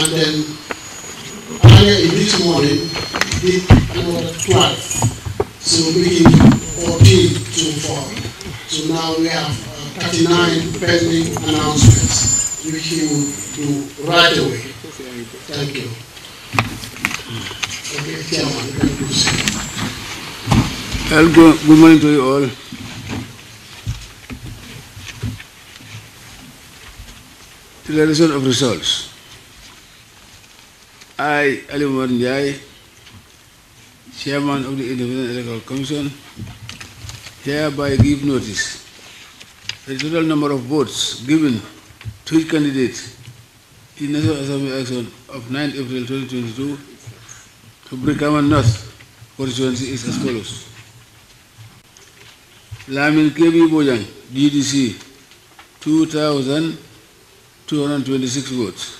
and then earlier in this morning did another uh, 12. So making 14 to 4. So now we have uh, 39 pending announcements, which he will do right away. Thank you. Okay, Chairman, you Well, good, good morning to you all. Declaration of results. I, Ali Umar Ndiaye, Chairman of the Independent Electoral Commission, hereby give notice the total number of votes given to each candidate in National Assembly election of 9 April 2022 to Brickham North constituency is as follows. Lamin KB Bojang, GDC, 2,226 votes.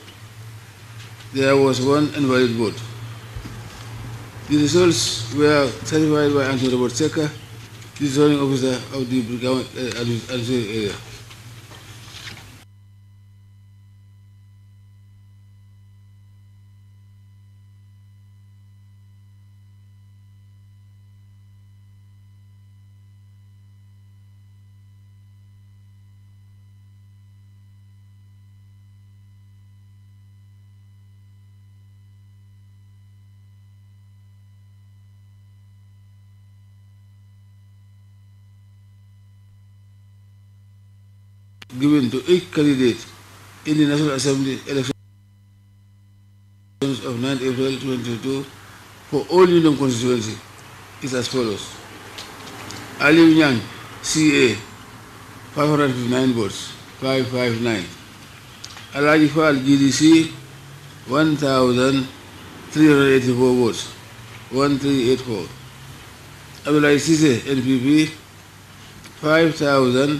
there was one invalid vote. The results were certified by Anthony Robert Secker, the zoning officer of the Brigade uh, Area. Uh, given to each candidate in the National Assembly elections of 9 April 2022 for all Union constituency is as follows. Ali Yang, CA, 559 votes, 559. Alaji Fal, GDC, 1,384 votes, 1,384. Abdullah Sise, NPP, 5,000.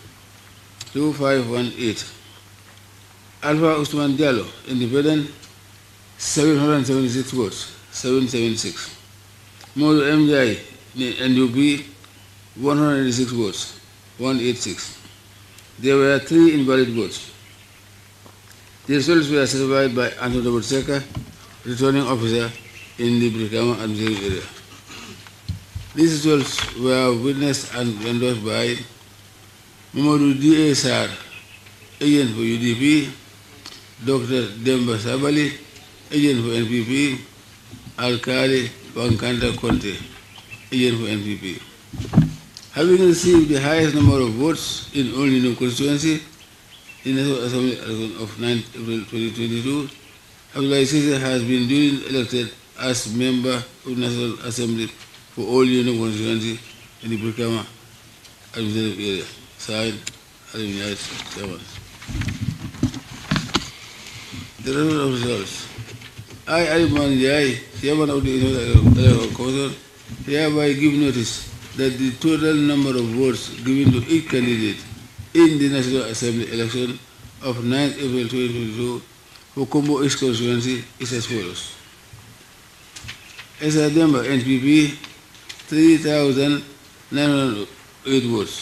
2518. Alpha Usman Diallo, independent, 776 votes, 776. Modu MJI, NUB, 186 votes, 186. There were three invalid votes. The results were certified by Anthony Dobotseka, returning officer in the Brikama administrative area. These results were witnessed and endorsed by Mamadou Dieng Sarr agent for UDP Dr Demba Sabali agent for NPP Alkali Wankanta Conte agent for NPP. Having received the highest number of votes in all new constituency in the Assembly of 9 April 2022, Abdoulaye has been duly elected as member of the National Assembly for all Union constituency in the Brikama administrative area. Sahil, Adivin Da rana The wasu of Ai, I, ya yi, ya bana wani ino daga kawasar, ya by give notice that the total number of votes given to each candidate in the National Assembly election of 9th April 2022 for Kumbo East constituency is as follows. As a member, NPP, 3,908 votes.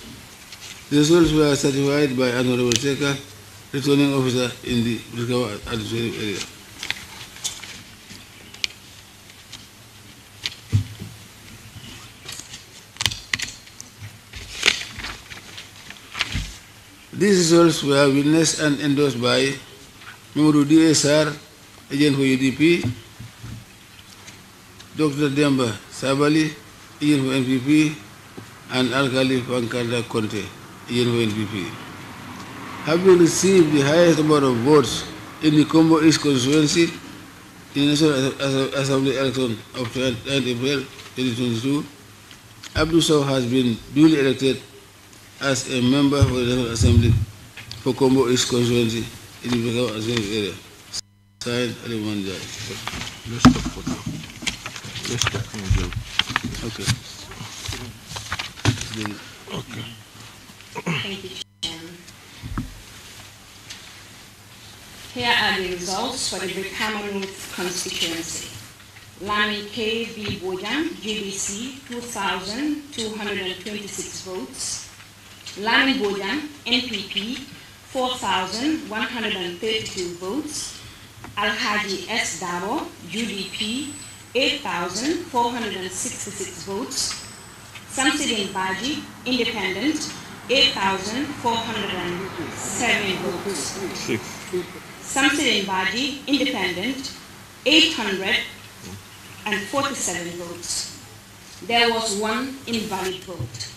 The results were certified by an honorable checker, returning officer in the Brikawa administrative area. These results were witnessed and endorsed by Mamoudou DSR, agent for UDP, Dr. Demba Sabali, agent for MPP, and Khalif Pankada Conte. Yoruba having received the highest number of votes in the Combo East constituency in the National Assembly election of 9 April 2022, Abdul Shaw has been duly elected as a member of the National Assembly for Combo East constituency in the Bukau Assembly area. Signed, Ali Manjai. Let's stop for now. Let's stop for now. Okay. Okay. Thank you, Chairman. Here are the results for the Brickhammon constituency. Lani K. B. Bojang, GBC, 2,226 votes. Lani Bojang, NPP, 4,132 votes. Alhaji S. Dabo, UDP, 8,466 votes. Samsidin Baji, Independent, 8,407 votes. Samson Baji, independent, 847 votes. There was one invalid vote.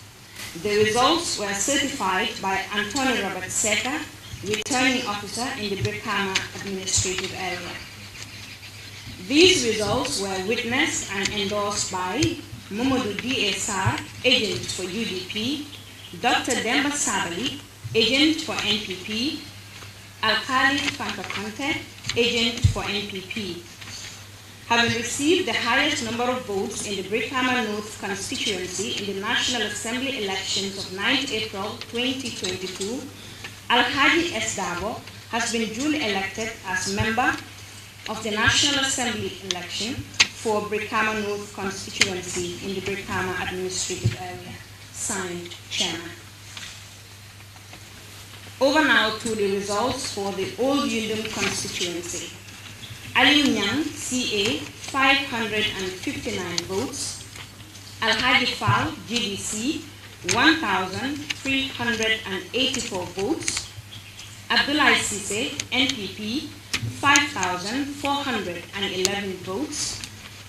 The results were certified by Antonio Robert Seta, returning officer in the Brikama administrative area. These results were witnessed and endorsed by Momodu D.S.R., agent for UDP, Dr. Demba Sabali, agent for NPP, Alkali Pankakante, agent for NPP, having received the highest number of votes in the Brickhammer North constituency in the National Assembly elections of 9 April 2022, Al-Hadi Esdabo has been duly elected as member of the National Assembly election for Brickhammer North constituency in the Brickhammer administrative area. Signed, Chairman. Over now to the results for the Old Yundum constituency. Ali Nyang, CA, 559 votes. Alhaji Fal, GDC, 1,384 votes. Abdullah Sise, NPP, 5,411 votes.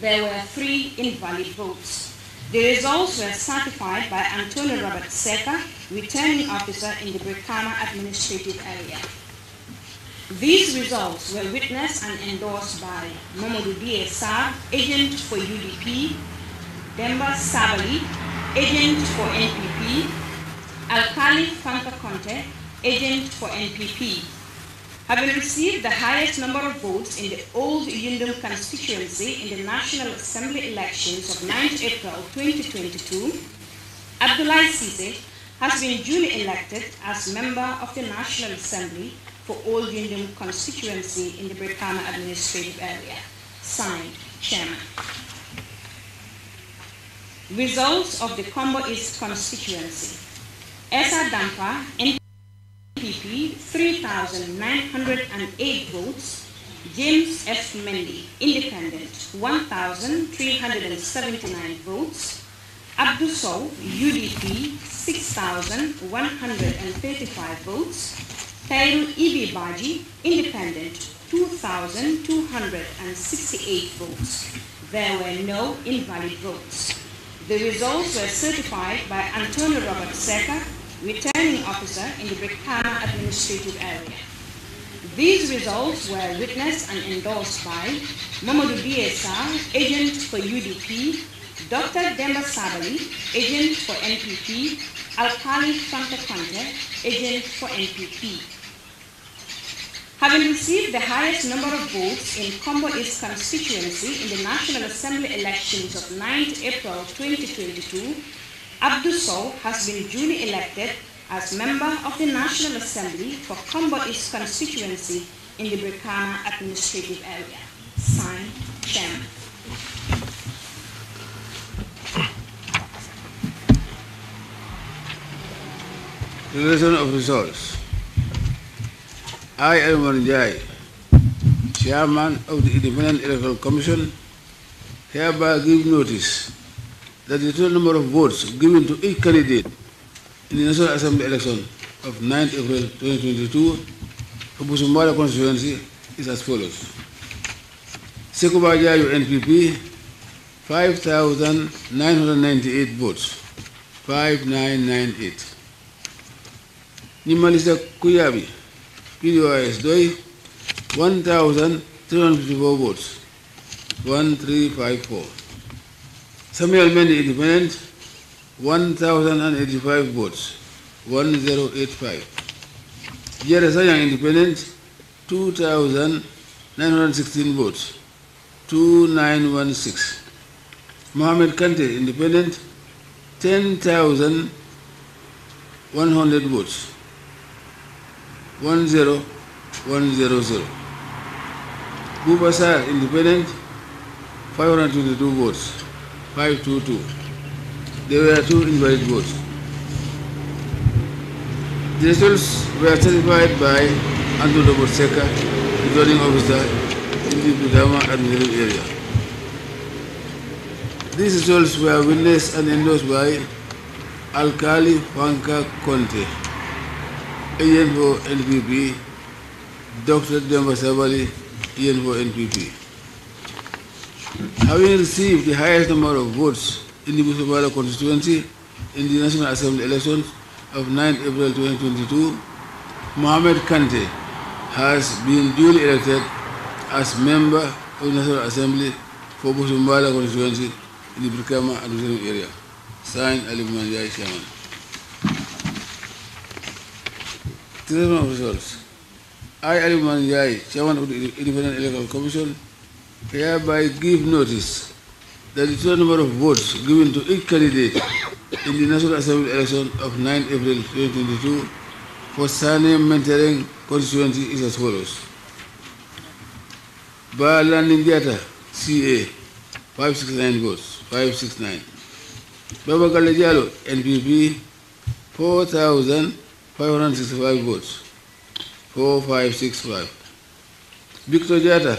there were three invalid votes. The results were certified by Antonio Robert Seca, returning officer in the Brikama administrative area. These results were witnessed and endorsed by Momo Biesar, agent for UDP, Demba Sabali, agent for NPP, Alkali Fanka Conte, agent for NPP, having received the highest number of votes in the old Yundum constituency in the National Assembly elections of 9 April 2022, Abdullah Sise has been duly elected as member of the National Assembly for Old Yundum constituency in the Brikama administrative area. Signed, Chairman. Results of the Combo East constituency. Esa Dampa, MPP 3,908 votes, James F. Mendy, Independent 1,379 votes, Abdusol, UDP 6,135 votes, Tayrul Ibi Baji, Independent 2,268 votes. There were no invalid votes. The results were certified by Antonio Robert Seca, returning officer in the Brikama administrative area. These results were witnessed and endorsed by Mamadou BSR, agent for UDP, Dr. Demba Sabali, agent for NPP, Alkali Fanta agent for NPP. Having received the highest number of votes in Combo East constituency in the National Assembly elections of 9 April 2022, Abdul Sow has been duly elected as member of the National Assembly for Combo East constituency in the Brikama administrative area. Signed, Chairman. Relation of results. I am Manjai, Chairman of the Independent Electoral Commission, hereby give notice that the total number of votes given to each candidate in the National Assembly election of 9 April 2022 for Busumbara constituency is as follows. Sekubajayo NPP, 5,998 votes, 5,998. Nimalisa Kuyabi, PDYS Doi, 1,354 votes, 1,354. Samuel made independent 1,085 votes, 1085. Jeresanyan independent 2,916 votes, 2916. Mohammed Kante independent 10,100 votes, 10100. Bubasar independent 522 votes, 522. There were two invalid votes. The results were certified by Andrew Robert the returning officer in the Budama administrative area. These results were witnessed and endorsed by Alkali Franca Conte, agent for NPP, Dr. Demba Savali, agent for NPP. Having received the highest number of votes in the Busabala constituency in the National Assembly elections of 9 April 2022, Mohamed Kante has been duly elected as member of the National Assembly for Busumbala constituency in the Brikama administrative area. Signed, Ali Manjai, Chairman. Statement of results. I, Ali Manjai, Chairman of the Independent Electoral Commission, Thereby give notice that the total number of votes given to each candidate in the National Assembly election of 9 April 2022 for Sane Mentoring constituency is as follows. Bala Landindiata, CA, 569 votes, 569. Baba Kalejalo, NPP, 4,565 votes, 4565. Victor Jata,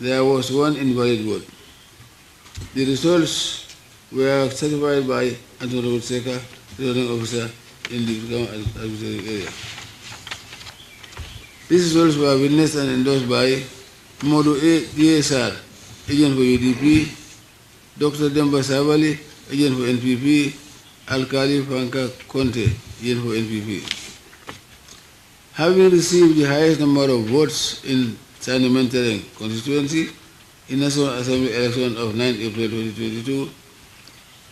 there was one invalid vote. The results were certified by Antonio Seka, returning officer in the Bukama area. These results were witnessed and endorsed by Modu A. DSR, agent for UDP, Dr. Demba Savali, agent for NPP, Alkali Franka Conte, agent for NPP. Having received the highest number of votes in Sani Mentereng constituency in National Assembly election of 9 April 2022,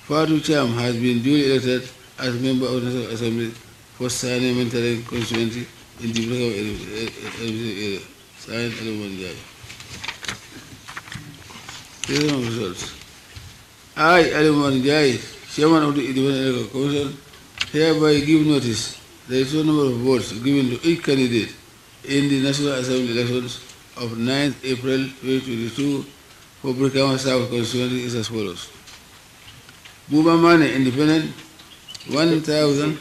Fatu Cham has been duly elected as member of National Assembly for Sani Mentereng constituency in the Black area. Signed, Elephant Guy. Here are results. I, Elephant Guy, Chairman of the Independent Electoral Commission, hereby give notice the total number of votes given to each candidate in the National Assembly elections of 9th April 2022 for Burkina South constituency is as follows. Bubamane Independent, 1,000.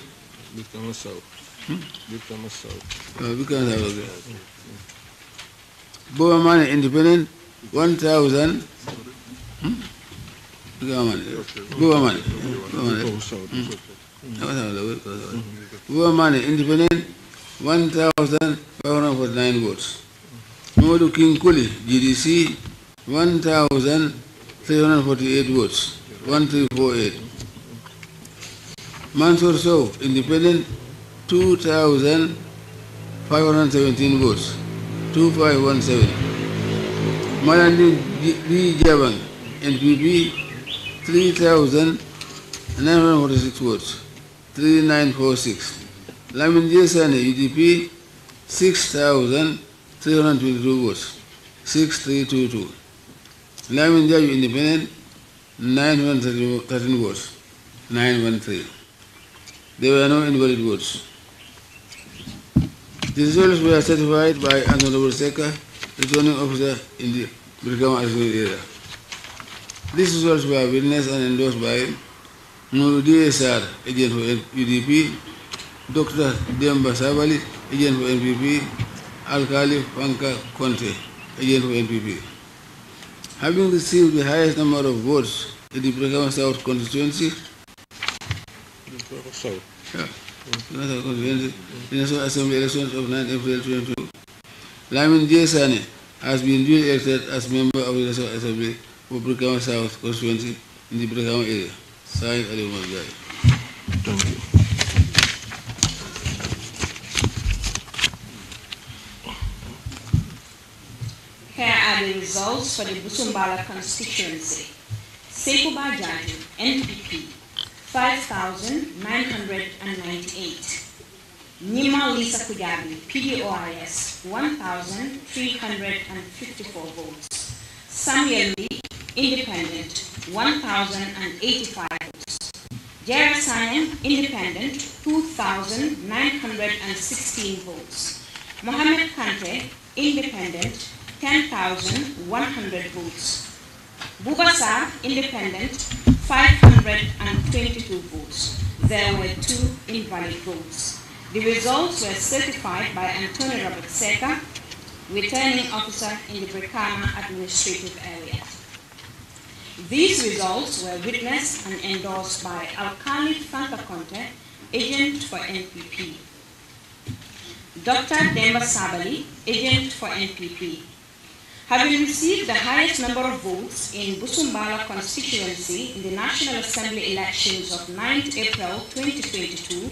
Burkina South. Hmm? South. Hmm? Oh, Burkina South, okay. Hmm. Bubamane Independent, 1,000. Hmm? Bubamane. Bubamane. Bubamane. Bubamane Independent, 1,549 votes. Modu King Kuli, GDC, 1,348 votes, 1,348. Mansur Sow, Independent, 2,517 votes, 2,517. Malandi D. Jabang, NPP, 3,946 votes, 3,946. Lamin Jesani, UDP, 6,000. 322 votes, 6322. Eleven judge independent, 913 votes, 913. There were no invalid votes. The results were certified by Honorable Seka, returning officer in the Brikama Assembly area. These results were witnessed and endorsed by Nurudi agent for UDP, Dr. Demba Savali, agent for NPP, Alkali Wanka Conte, agent of NPP. Having received the highest number of votes in the Brecama South constituency, South. Yeah. National constituency, the National Assembly elections of 9 April 2022, Lamin J. Sane has been duly elected as member of the National Assembly for Brecama South constituency in the Brecama area. Signed, Ali Thank you. Here are the results for the Busumbala constituency. Sekuba Jaju, NPP, 5,998. Nima Lisa Kugabi, PDOIS, 1,354 votes. Samuel Lee, Independent, 1,085 votes. Jared Sanem, Independent, 2,916 votes. Mohammed Kante, Independent, 10,100 votes. Bugasa Independent, 522 votes. There were two invalid votes. The results were certified by Antonio Robert Seca, returning officer in the Brikama administrative area. These results were witnessed and endorsed by Alkali Fantaconte, agent for NPP. Dr. Demba Sabali, agent for NPP having received the highest number of votes in Busumbala constituency in the National Assembly elections of 9th April 2022,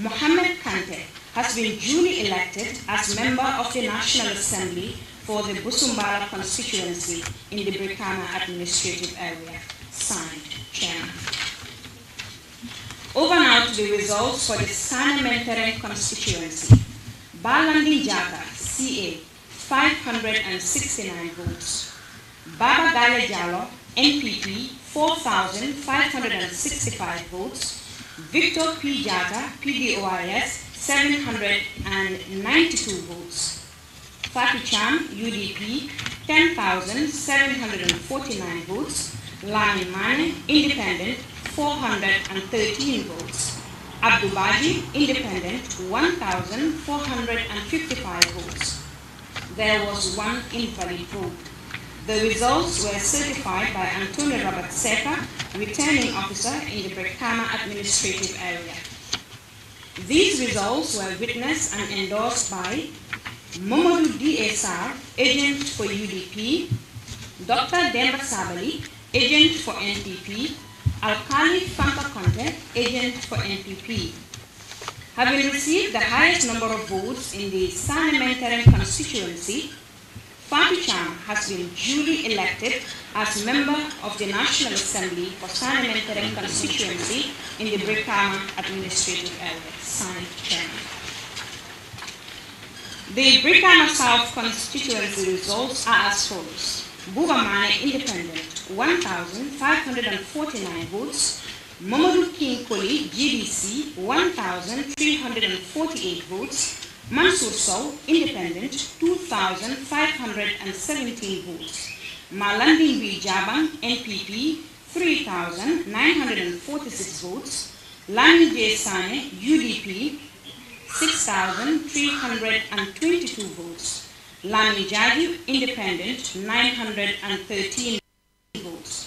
Mohammed Kante has been duly elected as member of the National Assembly for the Busumbala constituency in the Brikama administrative area. Signed, Chairman. Over now to the results for the Sana constituency. Balandi Jaka, CA, 569 votes. Baba Gale Jallo, NPP, 4,565 votes. Victor P. Jata, PDORS, 792 votes. Fatu Cham, UDP, 10,749 votes. Lani Mane, Independent, 413 votes. Abdubaji, Independent, 1,455 votes there was one invalid group. The results were certified by Antonio Robert Seca, returning officer in the Brekama administrative area. These results were witnessed and endorsed by Momolu DSR, agent for UDP, Dr. Demba Sabali, agent for NPP, Alkali Fanta Conte, agent for NPP, having received the highest number of votes in the Sanementaren constituency, Fatu Chan has been duly elected as member of the National Assembly for Sanementaren constituency in the Brikama administrative area. San Chairman. The Brikama South constituency results are as follows. Bugamane Independent, 1,549 votes, Mamadou King Koli, GBC, 1,348 votes. Mansour Sow, Independent, 2,517 votes. Malandingwi Jabang, NPP, 3,946 votes. Lani J. Sane, UDP, 6,322 votes. Lani Jaju, Independent, 913 votes.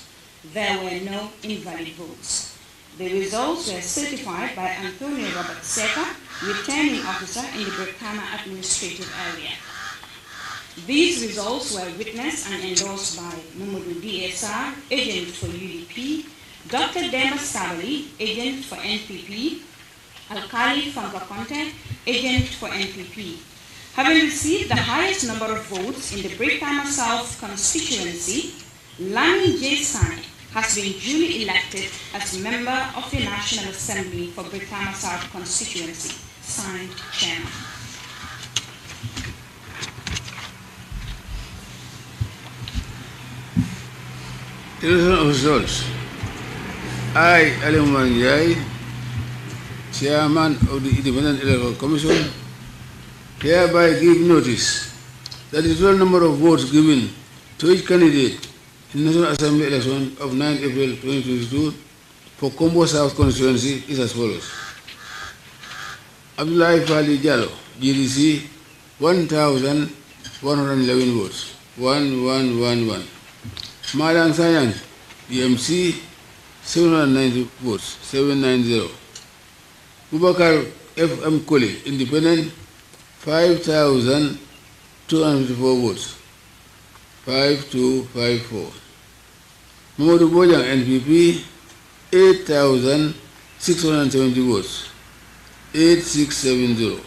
There were no invalid votes. The results were certified by Antonio Robert Seca, returning officer in the Brikama administrative area. These results were witnessed and endorsed by Mumudu DSR, agent for UDP, Dr. Dema Sabali, agent for NPP, Alkali Fangaponte, agent for NPP. Having received the highest number of votes in the Brikama South constituency, Lani J. Sane, has been duly elected as member of the National Assembly for South constituency. Signed, Chairman. Election results. I, Ali Manjai, Chairman of the Independent Electoral Commission, hereby give notice that the total number of votes given to each candidate the National Assembly election of 9 April 2022 for Combo South constituency is as follows. Abdullahi Fali Jallo, GDC, 1,111 votes, 1111. Madan Sayan, DMC, 790 votes, 790. Bubakar F.M. Koli, Independent, 5,254 votes, 5254. Mamadou Bojang, NPP, 8,670 votes, 8670.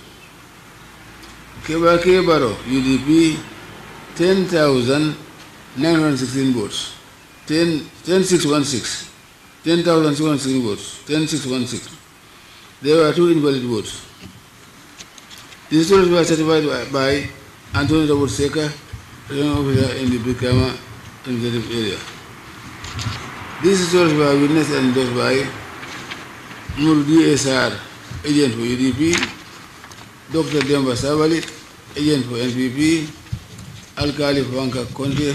Keba Kebaro, UDP, 10,916 votes, 10,616, 10,616 votes, 10,616. There were two invalid votes. These results were certified by Antonio Dabut Seka, President Officer in the Bikama Representative Area. This is source by witness and endorsed by Murdi SR, agent for UDP, Dr. Demba Savali, agent for NPP, Al-Khalif Wanka Conte,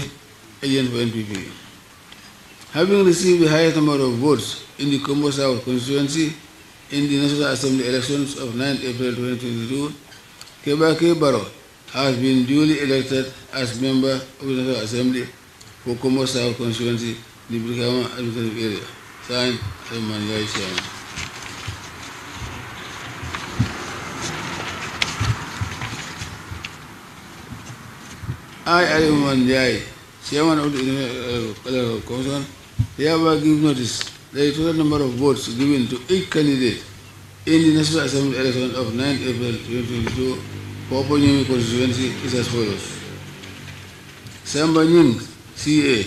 agent for NPP. Having received the highest number of votes in the Combo South constituency in the National Assembly elections of 9 April 2022, Kebake Baro has been duly elected as member of the National Assembly for Combo South constituency Dibrikama Administrative Area. Signed, Manigai Chairman. I, Ali Manjai, Chairman of the Commission, hereby give notice the total number of votes given to each candidate in the National Assembly election of 9 April 2022 for Oponyemi constituency is as follows. Samba Nying, CA,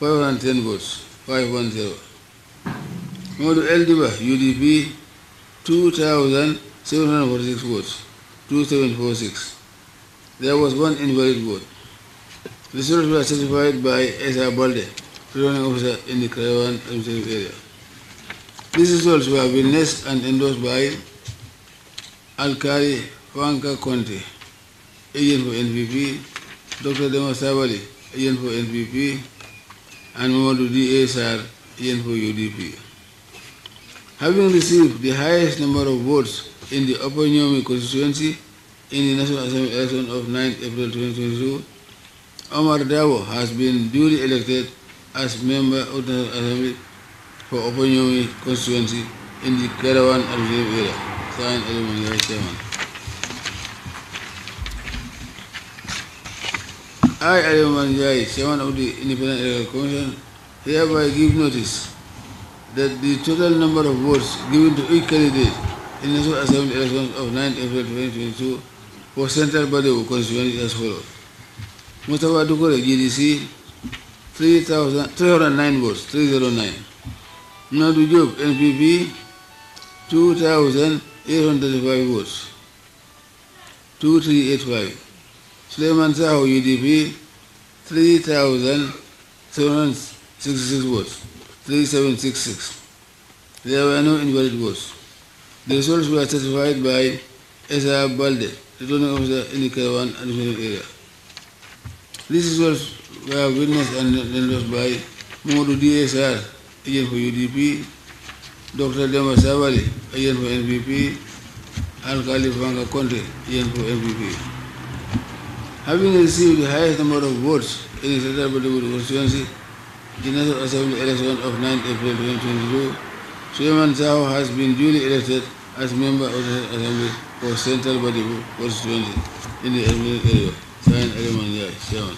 510 votes, 510. Modu Eldiba, UDP, 2,746 votes, 2,746. There was one invalid vote. Results were certified by S.R. Balde, presiding officer in the Caravan administrative area. These results were witnessed and endorsed by Alkari Wanka Conte, agent for NPP, Dr. Demo Sabali, agent for NPP, and Mamadou the Sar, for UDP. Having received the highest number of votes in the Upper Nyomi constituency in the National Assembly election of 9 April 2022, Omar Dabo has been duly elected as member of the National Assembly for Upper Nyomi constituency in the Caravan Reserve area. Signed, Chairman. I, Adam Manjai, chairman of the Independent Electoral Commission, hereby give notice that the total number of votes given to each candidate in the National Assembly elections of 9 April 2022 for Central Body constituency as follows. Mustafa Dukore, GDC, 309 votes, 309. Nadu Job, NPP, 2,835 votes, 2385. Suleiman Saho UDP 3,766 votes, 3,766. There were no invalid votes. The results were certified by Esa Balde, returning officer in the Caravan administrative area. These results were witnessed and endorsed by Modu DSR, agent for UDP, Dr. Demba Savali, agent for NPP, and Khalifa Conte, agent for NPP. Having received the highest number of votes in the Central Republican constituency, the National Assembly election of 9 April 2022, Suleiman Zhao has been duly elected as member of the Assembly for Central Body constituency in the Assembly area. Signed, Alemania, Chairman.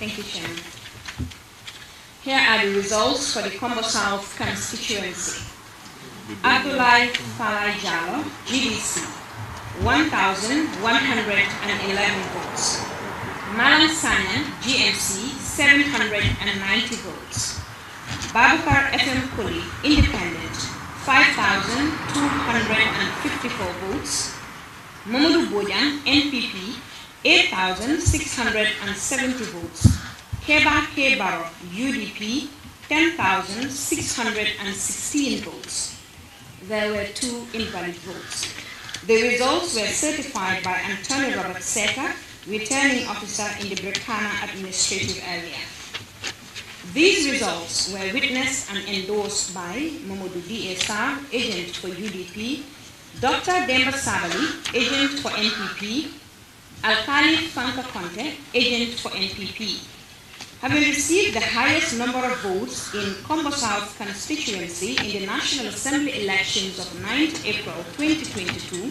Thank you, Chairman. Here are the results for the Combo South constituency. Abdulai Falai Jalo, GDC, 1,111 votes. Malan Sanya, GMC, 790 votes. Babakar FM Kuli, Independent, 5,254 votes. Mamadou Bojan, NPP, 8,670 votes. Keba Kebar of UDP, 10,616 votes. There were two invalid votes. The results were certified by Antonio Robert Seca, returning officer in the Brekana administrative area. These results were witnessed and endorsed by Momodu DSR, agent for UDP, Dr. Demba Sabali, agent for NPP, Alkali Fanka Conte, agent for NPP having received the highest number of votes in Combo South constituency in the National Assembly elections of 9th April 2022,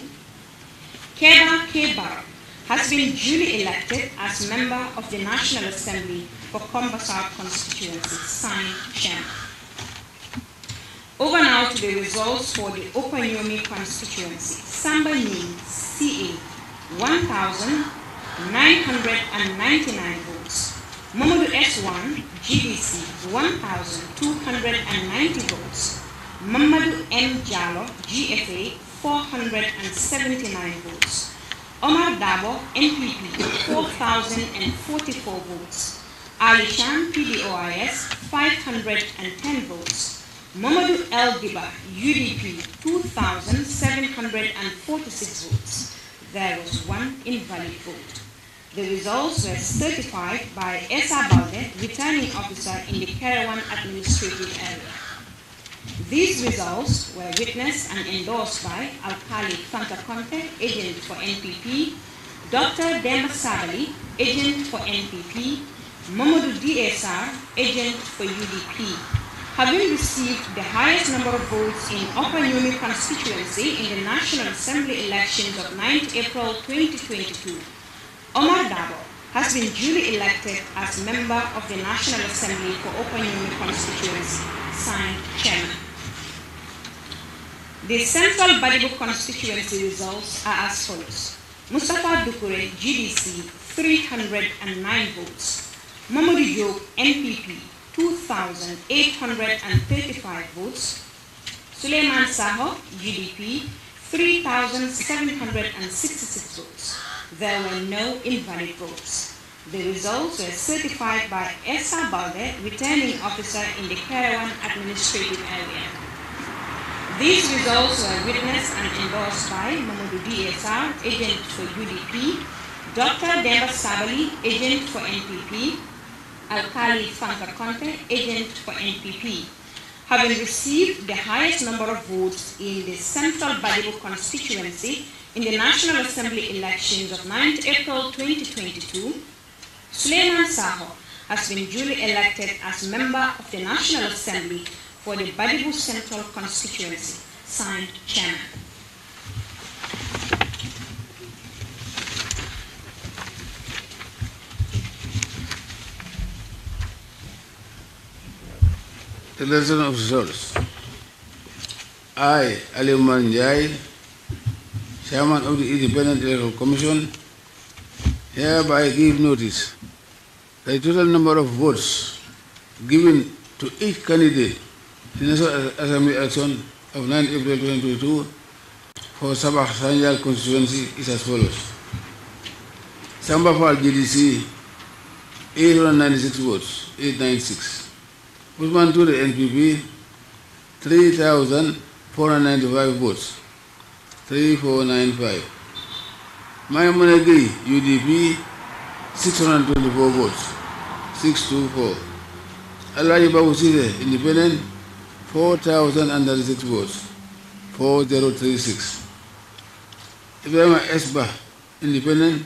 Keba Kebar has been duly elected as member of the National Assembly for Combo South constituency, signed Shem. Over now to the results for the Opanyomi constituency, Samba Ni, CA, 1,999 votes. Mamadou S1, GBC, 1,290 votes. Mamadou M. Jalo GFA, 479 votes. Omar Dabo, MPP, 4,044 votes. Ali Shan, PDOIS, 510 votes. Mamadou El Giba, UDP, 2,746 votes. There was one invalid vote. The results were certified by S.R. Balde, returning officer in the Kerawan administrative area. These results were witnessed and endorsed by Alkali Fanta Conte, agent for NPP, Dr. Dema Sabali, agent for NPP, Momodu DSR, agent for UDP. Having received the highest number of votes in Upper Numi constituency in the National Assembly elections of 9 April 2022, Omar Dabo has been duly elected as member of the National Assembly for Open Union constituency, signed chairman. The Central Badibu constituency results are as follows. Mustafa Dukure, GDC, 309 votes. Mamadou Diop, NPP, 2,835 votes. Suleiman Saho, GDP, 3,766 votes there were no invalid votes. The results were certified by Esa Balde, returning officer in the Kerawan administrative area. These results were witnessed and endorsed by Mamadou DSR, agent for UDP, Dr. Demba Sabali, agent for NPP, Alkali Fanka Conte, agent for NPP, having received the highest number of votes in the Central Badibu constituency in the National Assembly elections of 9 April 2022, Suleiman Saho has been duly elected as member of the National Assembly for the Badibu Central constituency, signed Chairman. Television of results. I, Ali Manjai, Chairman of the Independent Electoral Commission, hereby give notice that the total number of votes given to each candidate in the National Assembly election of 9 April 2022 for Sabah Sanjal constituency is as follows. Sambafal GDC 896 votes, 896. Usman Ture NPP 3,495 votes, 3495. Mayamunagiri UDP 624 votes 624. Alaji Babusile Independent 4036 votes 4036. Ibrahim Esba Independent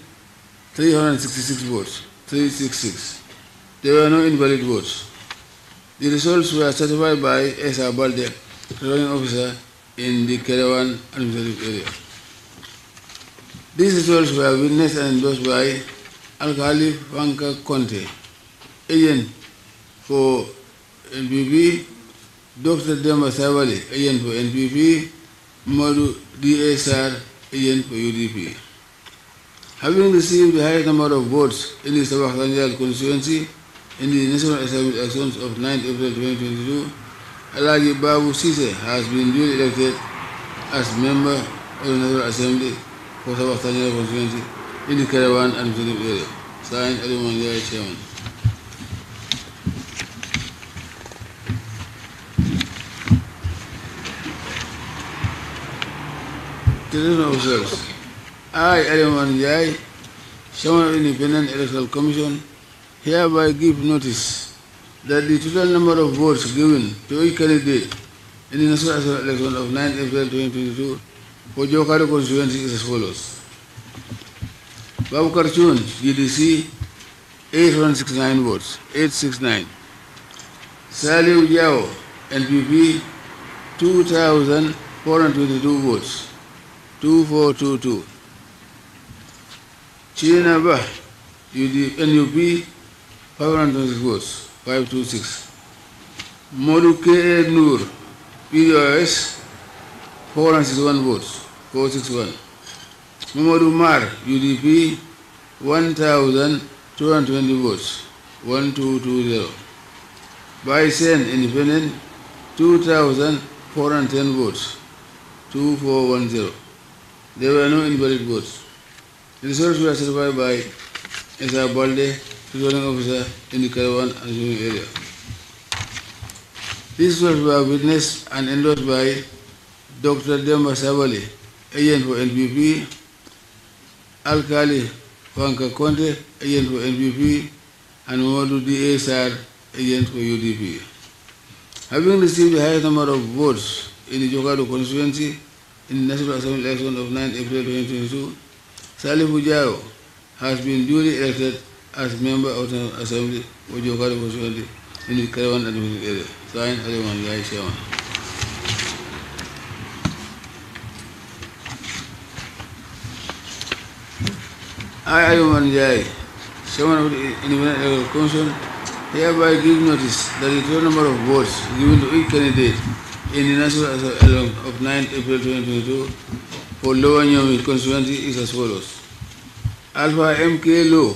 366 votes 366. There were no invalid votes. The results were certified by S. Balde, Returning Officer in the Caravan administrative area. These results were witnessed and endorsed by Al-Khalif Wanka Conte, agent for NPP, Dr. Demba Savali, agent for NPP, Madu DSR, agent for UDP. Having received the highest number of votes in the Sabah constituency in the National Assembly elections of 9 April 2022, Alagi Babu Sise has been duly elected as member of the National Assembly for South Tanzania constituency in the Caravan administrative area. Signed, Alimandia Chairman. Television officers. I, Alimandia, Chairman of the Independent Electoral Commission, hereby give notice that the total number of votes given to each candidate in the national election of 9 April 2022 for Jokari constituency is as follows. Babu Karchun, GDC, 869 votes, 869. Sali Ujao, NPP, 2,422 votes, 2422. Chinaba, NUP, 526 votes, 526. Modu Nur, Noor, PDOS, 461 votes, 461. Muhammadu Mar, UDP, 1,220 votes, 1220. Baisen, Independent, 2,410 votes, 2410. There were no invalid votes. The results were certified by Esa Balde, presiding officer in the Caravan Azumi Area. These works were witnessed and endorsed by Dr. Demba Sabali, agent for NPP, Alkali Fanka Conte, agent for NPP, and Mamadou D.A. agent for UDP. Having received the highest number of votes in the Jogado constituency in the National Assembly election of 9 April 2022, Salih Bujayo has been duly elected as member of the assembly for Jokari constituency in the Caravan administrative area. Signed, Hariman Gai Chairman. I, Hariman Gai, Chairman of the Independent Electoral Commission, hereby give notice that the total number of votes given to each candidate in the National Assembly of 9th April 2022 for Lower Nyomi constituency is as follows. Alpha MK Low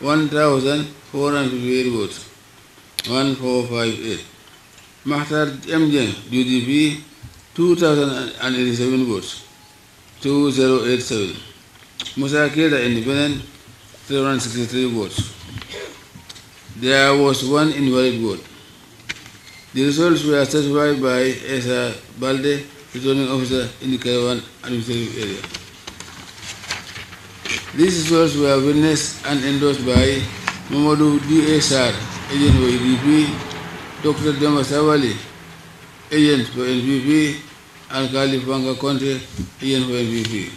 1458 votes. 1458. Mahtar MJ, UDP, 2087 votes. 2087. Musa Keda, Independent, 363 votes. There was one invalid vote. The results were certified by Esa Balde, returning officer in the Caravan administrative area. These results were witnessed and endorsed by Mamadou DSR, agent for EDP, Dr. Demba Savali, agent for NPP, and Kalifanga Conte, agent for NPP.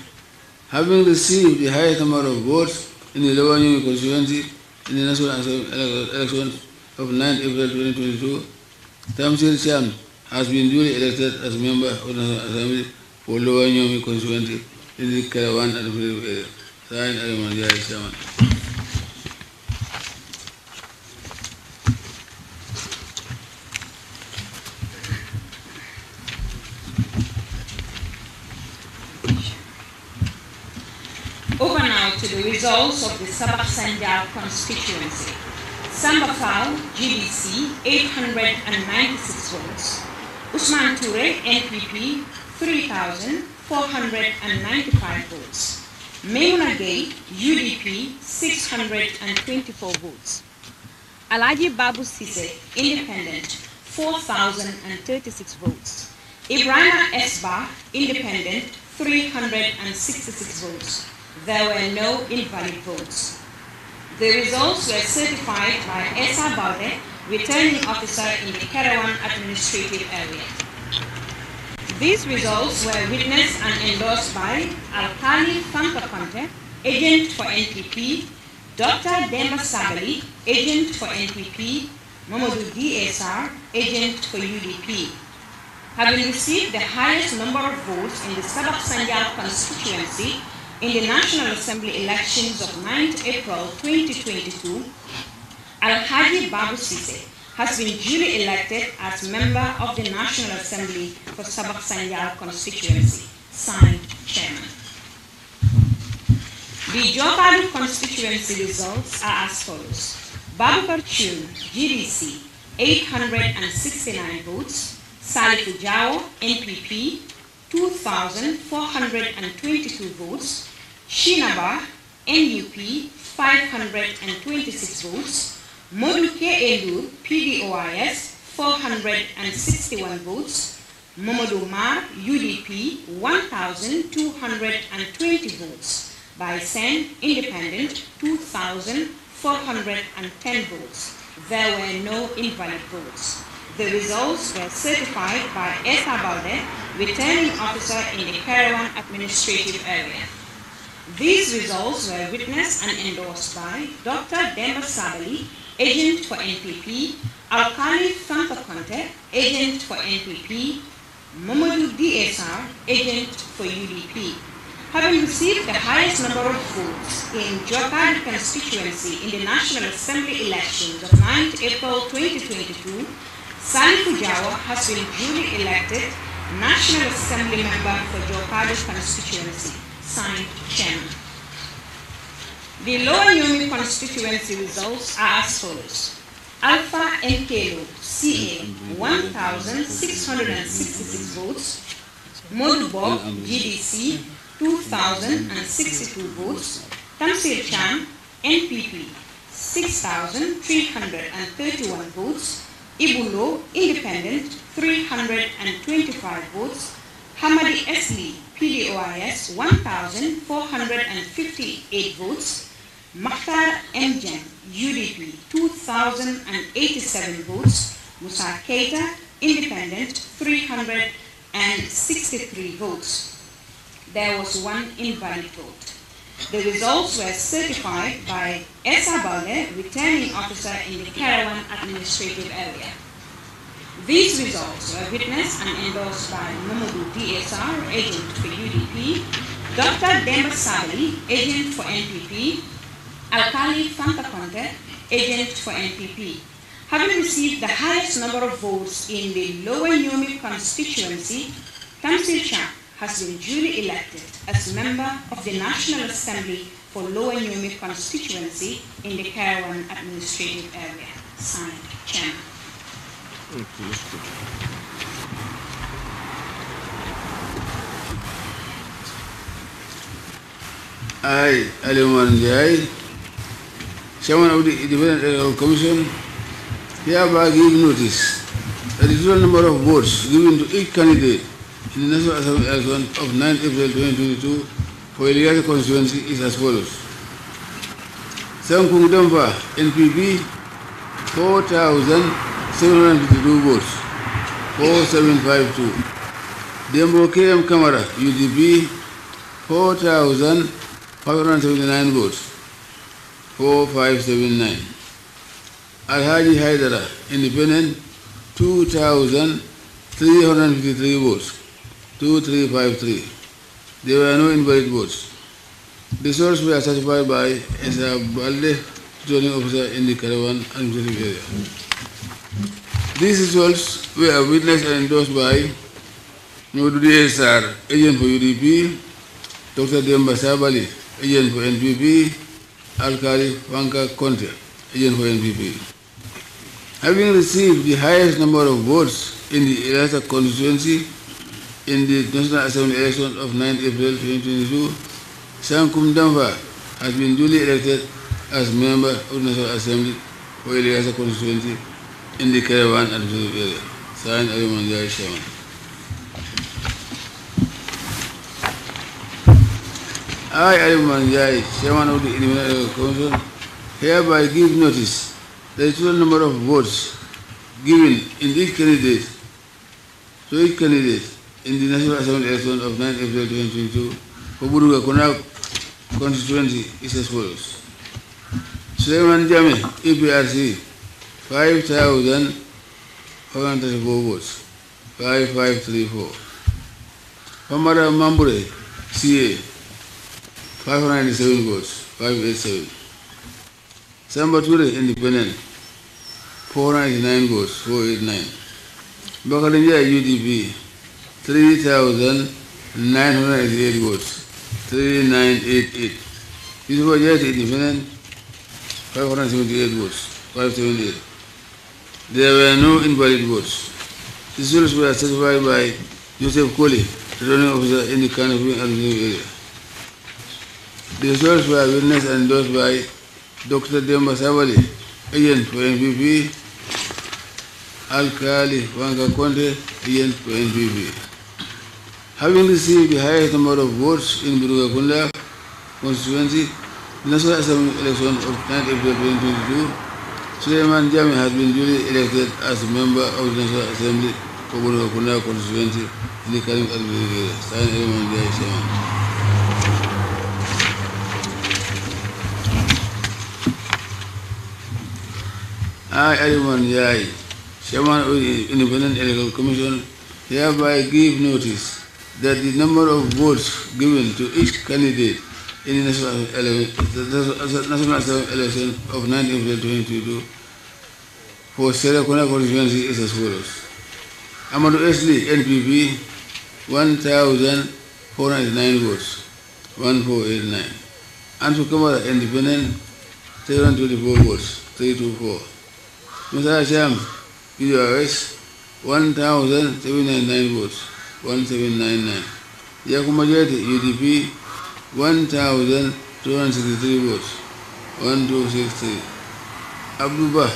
Having received the highest number of votes in the Lebanon Union constituency in the national election of 9 April 2022, Tamsil Sham has been duly elected as member of the National Assembly for Union constituency in the Caravan and area. Sai Over now to the results of the Sabah Sanjal constituency. Sambafal, GDC, 896 votes. Usman Ture, NPP, 3,495 votes. Maimuna Gay, UDP, 624 votes. Alaji Babu Sise, Independent, 4,036 votes. Ibrahim Esba, Independent, 366 votes. There were no invalid votes. The results were certified by Esa Baude, returning officer in the Kerawan administrative area. These results were witnessed and endorsed by Alkali Fankakonte, agent for NPP, Dr. Dema Sagali, agent for NPP, Mamadou DSR, agent for UDP. Having received the highest number of votes in the Sabak Sanjal constituency in the National Assembly elections of 9 April 2022, Al-Hadi Babu Sise, has been duly elected as member of the National Assembly for Sabak Sanyal constituency, signed chairman. The Jobadu constituency results are as follows. Babakar Chun, GDC, 869 votes. Salifu Jao, NPP, 2,422 votes. Shinaba, NUP, 526 votes. Modu Elu, PDOIS, 461 votes. Momodo Ma, UDP, 1,220 votes. Bison, Independent, 2,410 votes. There were no invalid votes. The results were certified by Esa Balde, returning officer in the Caravan administrative area. These results were witnessed and endorsed by Dr. Demba Sabali, agent for NPP, Alkali Santa Conte, agent for NPP, Mamadou DSR, agent for UDP. Having received the highest number of votes in Jokari constituency in the National Assembly elections of 9th April 2022, Sani Fujawa has been duly elected National Assembly member for Jokari constituency, signed Chairman. The lower Yumi constituency results are as follows. Alpha Nkelo CA 1,666 votes, Modubog GDC 2,062 votes, Tamsil Chan NPP 6,331 votes, Ibulo Independent 325 votes, Hamadi Esli PDOIS 1,458 votes, Makhtar Mjan, UDP, 2,087 votes. Musa Keita, Independent, 363 votes. There was one invalid vote. The results were certified by Esa Balde, returning officer in the Caravan administrative area. These results were witnessed and endorsed by Mamadou DSR, agent for UDP, Dr. Demba Sali, agent for NPP, Alkali Fantaconte, agent for NPP, having received the highest number of votes in the Lower Nyumi constituency, Tamsil Shah has been duly elected as member of the National Assembly for Lower Nyumi constituency in the Karawan administrative area. Signed, Chairman. Okay, I, Aliman Jai, chairman of the independent uh, commission hereby uh, give notice that the total number of votes given to each candidate in the National Assembly election of 9 April 2022 for Elias constituency is as follows. Sankung Dampa, NPP, 4,752 votes, 4,752. Dembo KM Kamara, UDP, 4,579 votes, 4579. Alhaji Haidara, independent, 2,353 votes, 2353. There were no invalid votes. Results were certified by Esra Balde, joining officer in the Caravan administrative area. These results were witnessed and endorsed by Nodudi SR, agent for UDP, Dr. Demba Sabali, agent for NPP, Alkali Konte, Having received the highest number of votes in the Elasa constituency in the National Assembly election of 9 April 2022, Sankum Damva has been duly elected as member of the National Assembly for Elasa constituency in the Caravan administrative area. Signed, Arimandiar Shaman. I, Ali Manjai, Chairman of the Elimination Council, hereby give notice that the total number of votes given in each candidate to each candidate in the National Assembly election of 9 April 2022 for Buruga Konak constituency is as follows. Suleiman Jame, EPRC, 5,434 votes, 5534. Pamara Mambure, CA, 597 votes, 587. Samba Ture, independent, 499 votes, 489. Bakalinja, UDP, 3,988 votes, 3988. This was just independent, 578 votes, 578. There were no invalid votes. These results were certified by Joseph Coley, returning officer in the Canopy Alumni area results by witnessed and endorsed by Dr. Demba Savali, agent for NPP, Al-Khali Wanga Conte, agent for NPP. Having received the highest number of votes in Burugakunda constituency, the National Assembly election of 9 April 2022, Suleiman Jami has been duly elected as a member of the National Assembly for Burugakunda constituency in the Karim everyone, yeah, Chairman of the Independent Electoral Commission hereby give notice that the number of votes given to each candidate in the National, election, national Election of 1922 for Sierra Kona constituency is as follows. Amadou Esli, NPP, 1,499 votes, 1,489. Ansu Kamara, Independent, 724 votes, 324. Mr. Hashem, QRS 1,799 votes, 1,799. Yakuma Jeti, UDP 1,263 votes, 1,263. Abduba,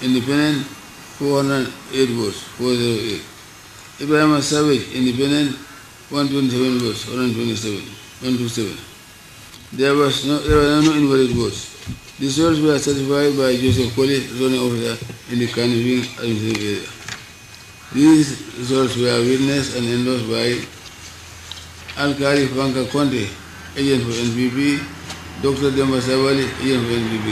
Independent 408 votes, 408. Ibrahim Savage, Independent 127 votes, 127, 127. There was no, there were no invalid votes. The souls were satisfied by Joseph Colley, zoning officer in the Canning administrative area. These results were witnessed and endorsed by Alkali Franka Conte, agent for NPP, Dr. Demba Savali, agent for NPP.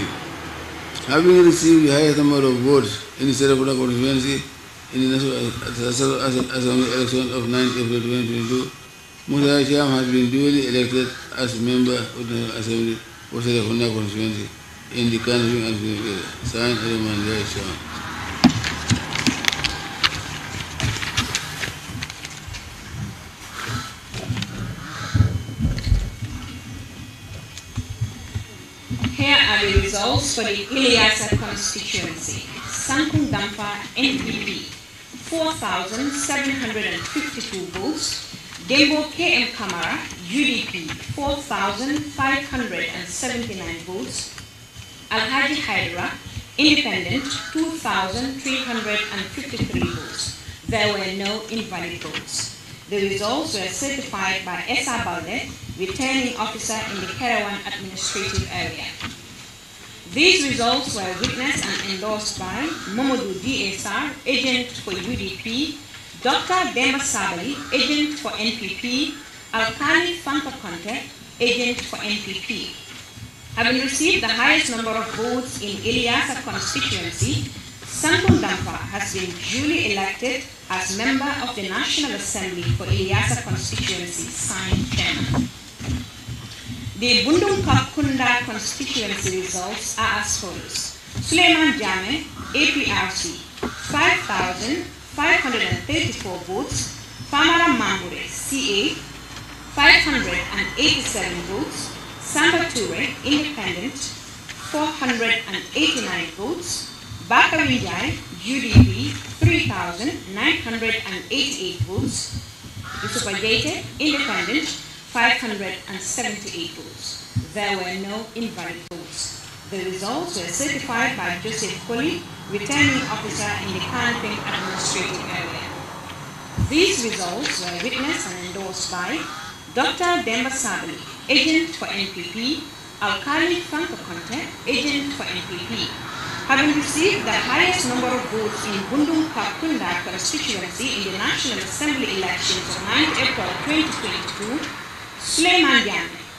Having received the highest number of votes in the Serapura constituency in the National Assembly election of 9 April 2022, Musa Sham has been duly elected as member of the National Assembly for Serapura constituency in the country of the science recommendation. Here are the results for the Ilyasa constituency. Sankung Dampa NPP, 4,752 votes. Dembo KM Kamara, UDP, 4,579 votes. Alhaji Hydra, independent, 2,353 votes. There were no invalid votes. The results were certified by Esa Balde, returning officer in the Kerawan administrative area. These results were witnessed and endorsed by Momodu DSR, agent for UDP, Dr. Demba Sabali, agent for NPP, Alkali Fantaconte, agent for NPP having received the highest number of votes in Ilyasa constituency, Sampun Dampa has been duly elected as member of the National Assembly for Ilyasa constituency, signed chairman. The Bundung Kapkunda constituency results are as follows. Suleiman Jame, APRC, 5,534 votes. Famara Mambure, CA, 587 votes. Samba Toure, eh? independent, 489 votes. Baka Vijay, UDP, 3,988 votes. Yusufa independent, 578 votes. There were no invalid votes. The results were certified by Joseph Colley, returning officer in the Kanping administrative area. These results were witnessed and endorsed by Dr. Demba Sabali, agent for NPP, alkalic Sankakonte, agent for NPP. Having received the highest number of votes in Bundung Kapunda constituency in the National Assembly elections on 9 April 2022, Suleiman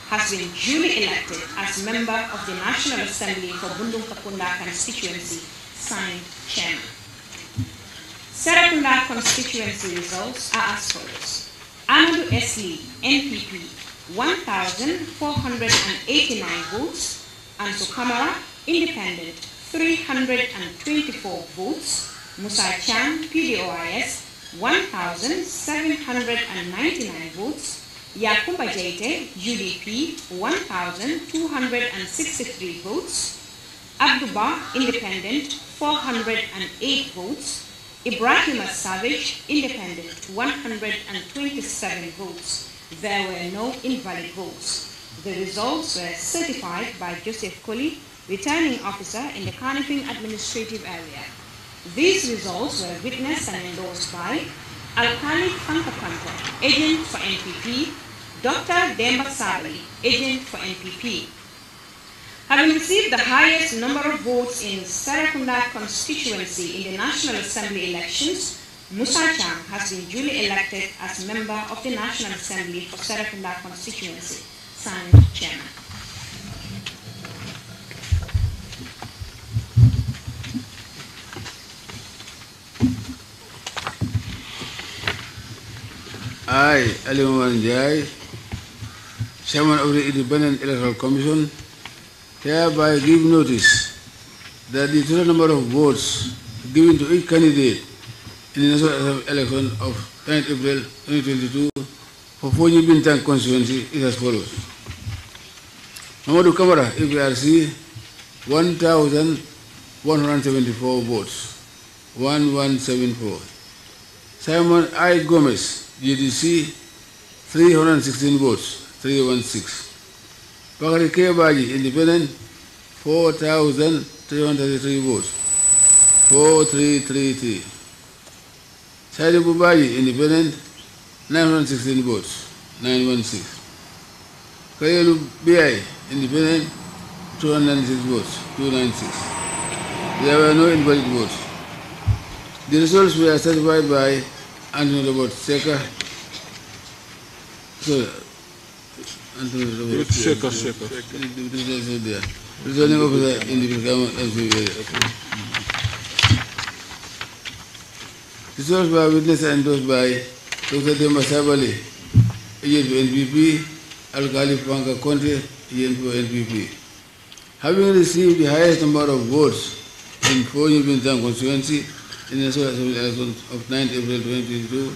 has been duly elected as member of the National Assembly for Bundung Kapunda constituency, signed chairman. Serakunda constituency results are as follows. Amadou Esli, NPP, 1,489 votes, and Sukamara, independent, 324 votes, Musa Chan, PDOIS, 1,799 votes, Yakuba Jete, UDP, 1,263 votes, Abduba, independent, 408 votes, Ibrahim Savage, independent, 127 votes. There were no invalid votes. The results were certified by Joseph Colley, returning officer in the Carnifing administrative area. These results were witnessed and endorsed by Alkali Kankakanko, agent for NPP, Dr. Demba Sabali, agent for NPP. Having received the highest number of votes in Sarakunda constituency in the National Assembly elections, Musa Chang has been duly elected as member of the National Assembly for Serafunda constituency. Signed, Chairman. I, Ali Jai, Chairman of the Independent Electoral Commission, hereby give notice that the total number of votes given to each candidate in the election of 9th April 2022 for Foji Bintang constituency is as follows. Mamadou Kamara, APRC, 1,174 votes, 1174. Simon I. Gomez, GDC, 316 votes, 316. Bakari K. Baji, Independent, 4,333 votes, 4333. Saidi Bubaji, independent, 916 votes, 916. Kayelu BI, independent, 296 votes, 296. There were no invalid votes. The results were certified by Anthony Robert Seka. Sorry, Anthony Robert Seka. Seka, Seka. Seka. Seka. Seka. Seka. Seka. This was by witness endorsed by Dr. Dema Sabali, agent for NPP, Al Khalif Panka Conte, agent for NPP. Having received the highest number of votes in four Yubinsang constituency in the National Assembly elections of 9th April 2022,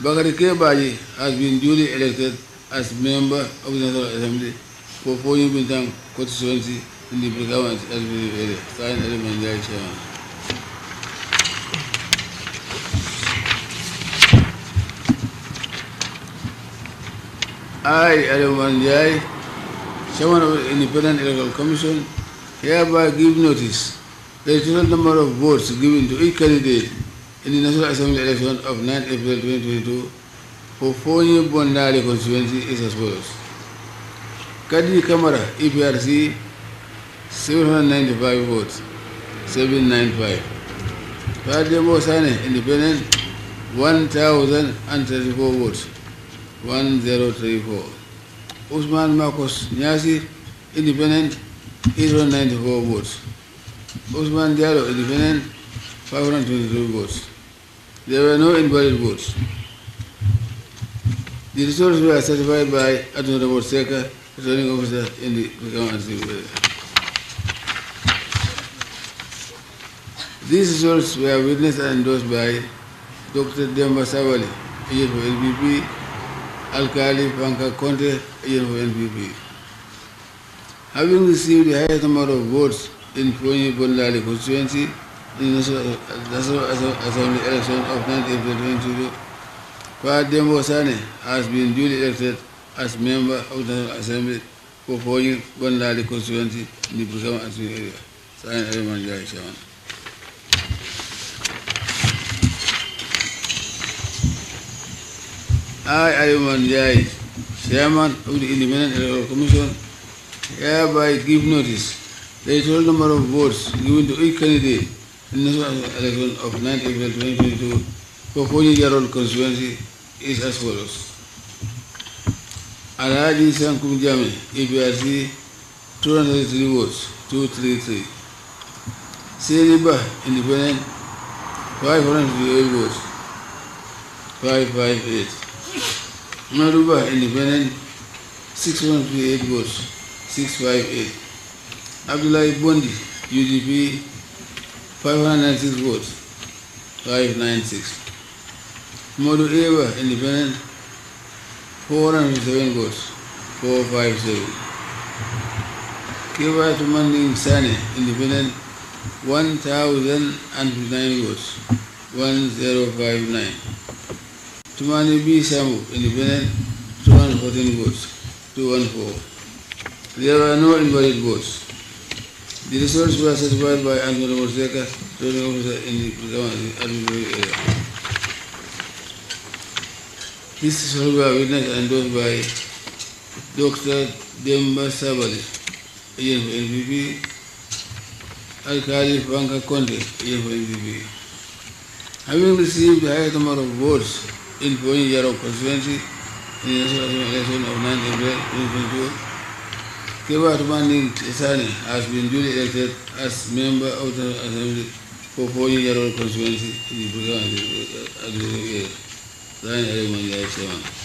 Bakari Kebaji has been duly elected as member of the National Assembly for four Yubinsang constituency in the Brigavans area. Signed, Element Chairman. I, Adam Jai, Chairman of the Independent Electoral Commission, hereby give notice the total number of votes given to each candidate in the National Assembly election of 9 April 2022 for new Bondali constituency is as follows. Kadiri Kamara, EPRC, 795 votes, 795. Padre Mosane, Independent, 1,034 votes, 1034. Usman Marcos Nyasi, independent, 894 votes. Usman Diallo, independent, 522 votes. There were no invalid votes. The results were certified by Honorable Seka, returning officer in the Kakaman These results were witnessed and endorsed by Dr. Demba Savali, agent for LPP, Al-Khalif Alkali Panka Conte, NPP, Having received the highest number of votes in Pony Bondali constituency in the National Assembly election of 9 April 2022, Fadembo Sane has been duly elected as member of the National Assembly for Pony Bondali constituency in the Pusama Assembly area. Signed, Chairman. I am judge, chairman of the independent electoral commission hereby give notice the total number of votes given to each candidate in the national election of 9th April 2022 for 14-year-old constituency is as follows. Alhaji Sankum Jami, APRC, 233 votes, 233. Siriba, Independent, 558 votes, 558. Maruba Independent 6138 votes 658. Abdullah Bondi UDP 596 votes 596. Modu Eva Independent 407 votes 457. Kiva Tumandi Sane Independent 1009 votes 1059. 290B Samu, independent, 214 votes, 214. There were no invalid votes. The results were certified by Admiral Morseka, training officer in the Admiralty area. This results were witnessed and endorsed by Dr. Demba Sabali, agent for NPP, Al-Khali Banka Conte, agent for NPP. Having received the highest number of votes, Ilikuwa hii ya constituency Keba Tumani Chesani has been duly elected as member of the Assembly for four year old constituency in the Thank you very much,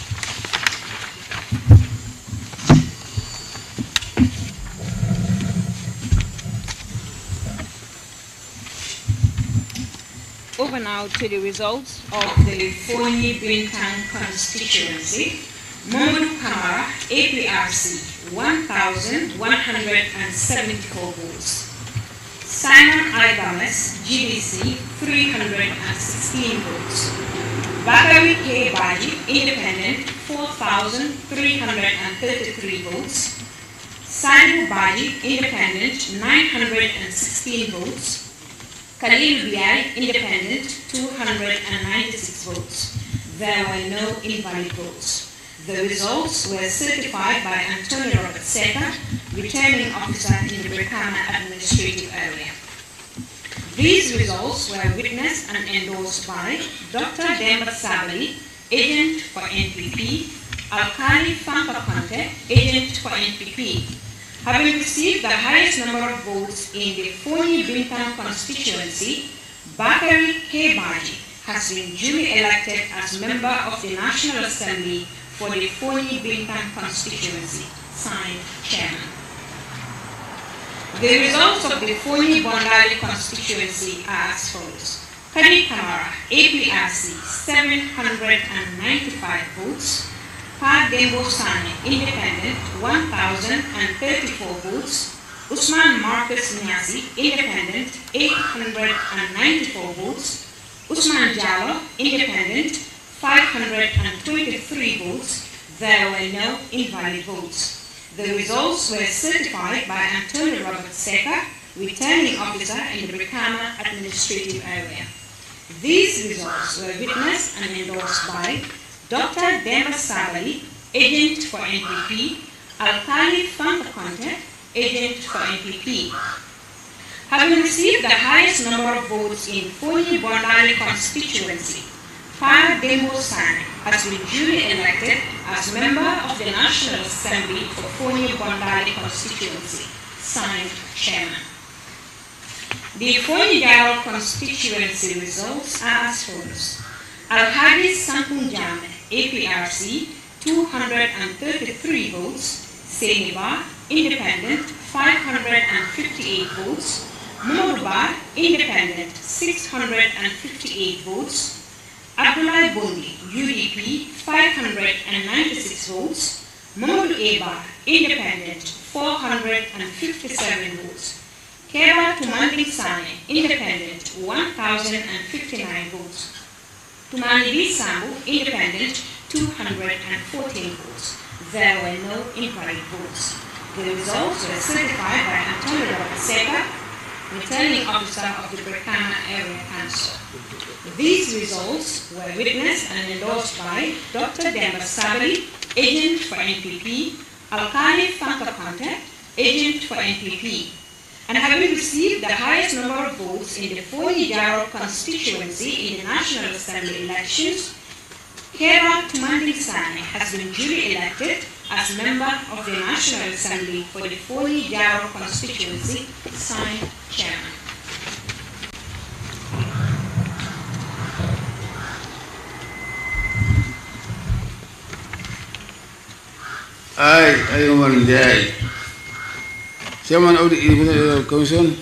Over now to the results of the Foni Bintang constituency. Momodu Kamara, APRC, 1,174 votes. Simon Ibames, GDC, 316 votes. Bakari K. Baji, Independent, 4,333 votes. Sandu Baji, Independent, 916 votes. Khalil independent, 296 votes. There were no invalid votes. The results were certified by Antonio Robert Seta, returning officer in the Brikama administrative area. These results were witnessed and endorsed by Dr. Demba Sabali, agent for NPP, Alkali Fampakonte, agent for NPP, having received the highest number of votes in the Foni Bintan constituency, Bakari Kebaji has been duly elected as member of the National Assembly for the Foni Bintan constituency. Signed, Chairman. The results of the Foni Bondali constituency are as follows. Kadi Kamara, APRC, 795 votes. 5 Devosthani Independent, 1,034 votes. Usman Marcus Niazi Independent, 894 votes. Usman Jalla Independent, 523 votes. There were no invalid votes. The results were certified by Antonio Robert Seca, returning officer in the Brikama administrative area. These results were witnessed and endorsed by Dr. Demas agent for NPP, Alkali Fangakonte, agent for NPP. Having received the highest number of votes in Foni Bonali constituency, Far Demo San has been duly elected as member of the National Assembly for Foni Bonali constituency, signed chairman. The Foni Dial constituency results are as follows. al Sampunjame APRC 233 votes, Senibar independent 558 votes, Monobar independent 658 votes, Abdullah Bondi UDP 596 votes, Mamadou Ebar independent 457 votes, Kera Tumanding Sane independent 1059 votes to Manlibi sample Independent 214 votes. There were no invalid votes. The results were certified by Antonio Robaseka, returning officer of the Brekana Area Council. These results were witnessed and endorsed by Dr. Demba Sabali, agent for NPP, Alkali Fanta Contact, agent for NPP, and having received the highest number of votes in the 40 Jarrow constituency in the National Assembly elections, Kera Tumandisani has been duly elected as member of the National Assembly for the 40 Jarrow constituency, signed chairman. Aye, I want Chairman of the Commission,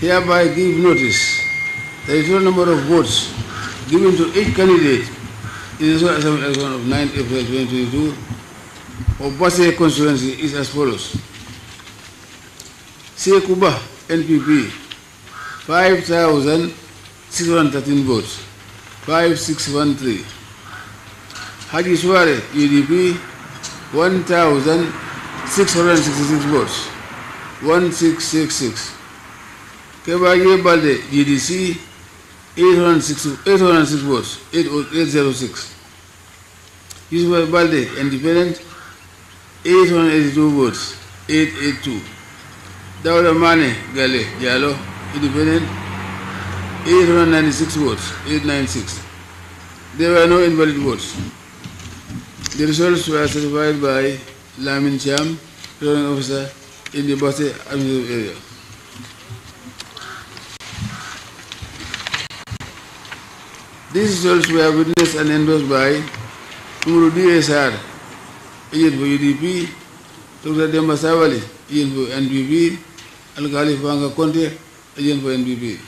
hereby give notice that the total number of votes given to each candidate in the Assembly of 9 April 2022 of Basay constituency is as follows. Sekuba, NPP, 5,613 votes, 5613. Haji Suare, UDP, 1,666 votes, 1666. Kebaye Balde, GDC 806 votes, 806. Yusuf Balde, Independent 882 votes, 882. Dawda Mane Gale Diallo, Independent 896 votes, 896. There were no invalid votes. The results were certified by Lamin Cham, Returning Officer in the Boston eh, area. Eh, These results were witnessed and endorsed by Umru DSR, agent for UDP, Dr. Demba Savali, agent for NPP, Al Khalif Conte, agent for NPP.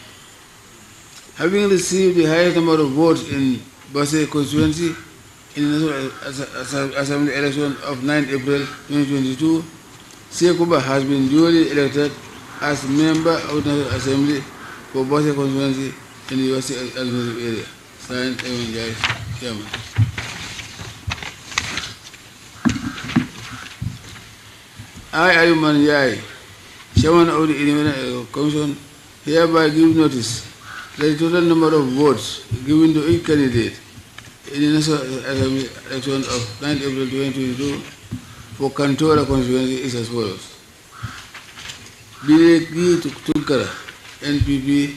Having received the highest number of votes in Basay constituency in the National Assembly election of 9 April 2022, Sekuba has been duly elected as member of the National Assembly for Bosse Constituency in the University Administrative Area. Signed, Evan Jai, Chairman. I, Ayuman Jai, Chairman of the Independent Commission, hereby give notice that the total number of votes given to each candidate in the National Assembly election of 9 April 2022 for control Kantora constituency is as follows. Directly to Tulkara, NPP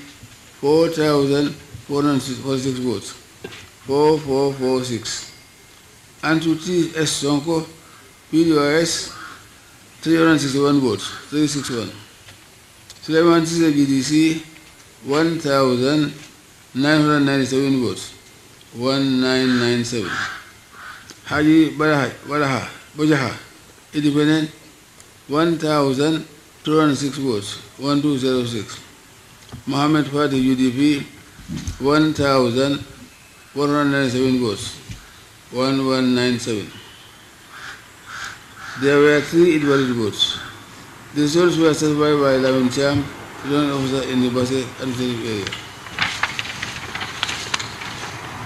4,446 votes, 4446. Antuti to T. S. Sonko, PDOS 361 votes, 361. Suleiman BDC, GDC 1,997 votes, 1997. Haji Baraha, Baraha, Bajaha independent 1,206 votes, 1,206. Muhammad Party UDP 1,197 votes, 1,197. There were three invalid votes. The results were certified by Lavin Cham, Returning Officer in the Basse Administrative Area.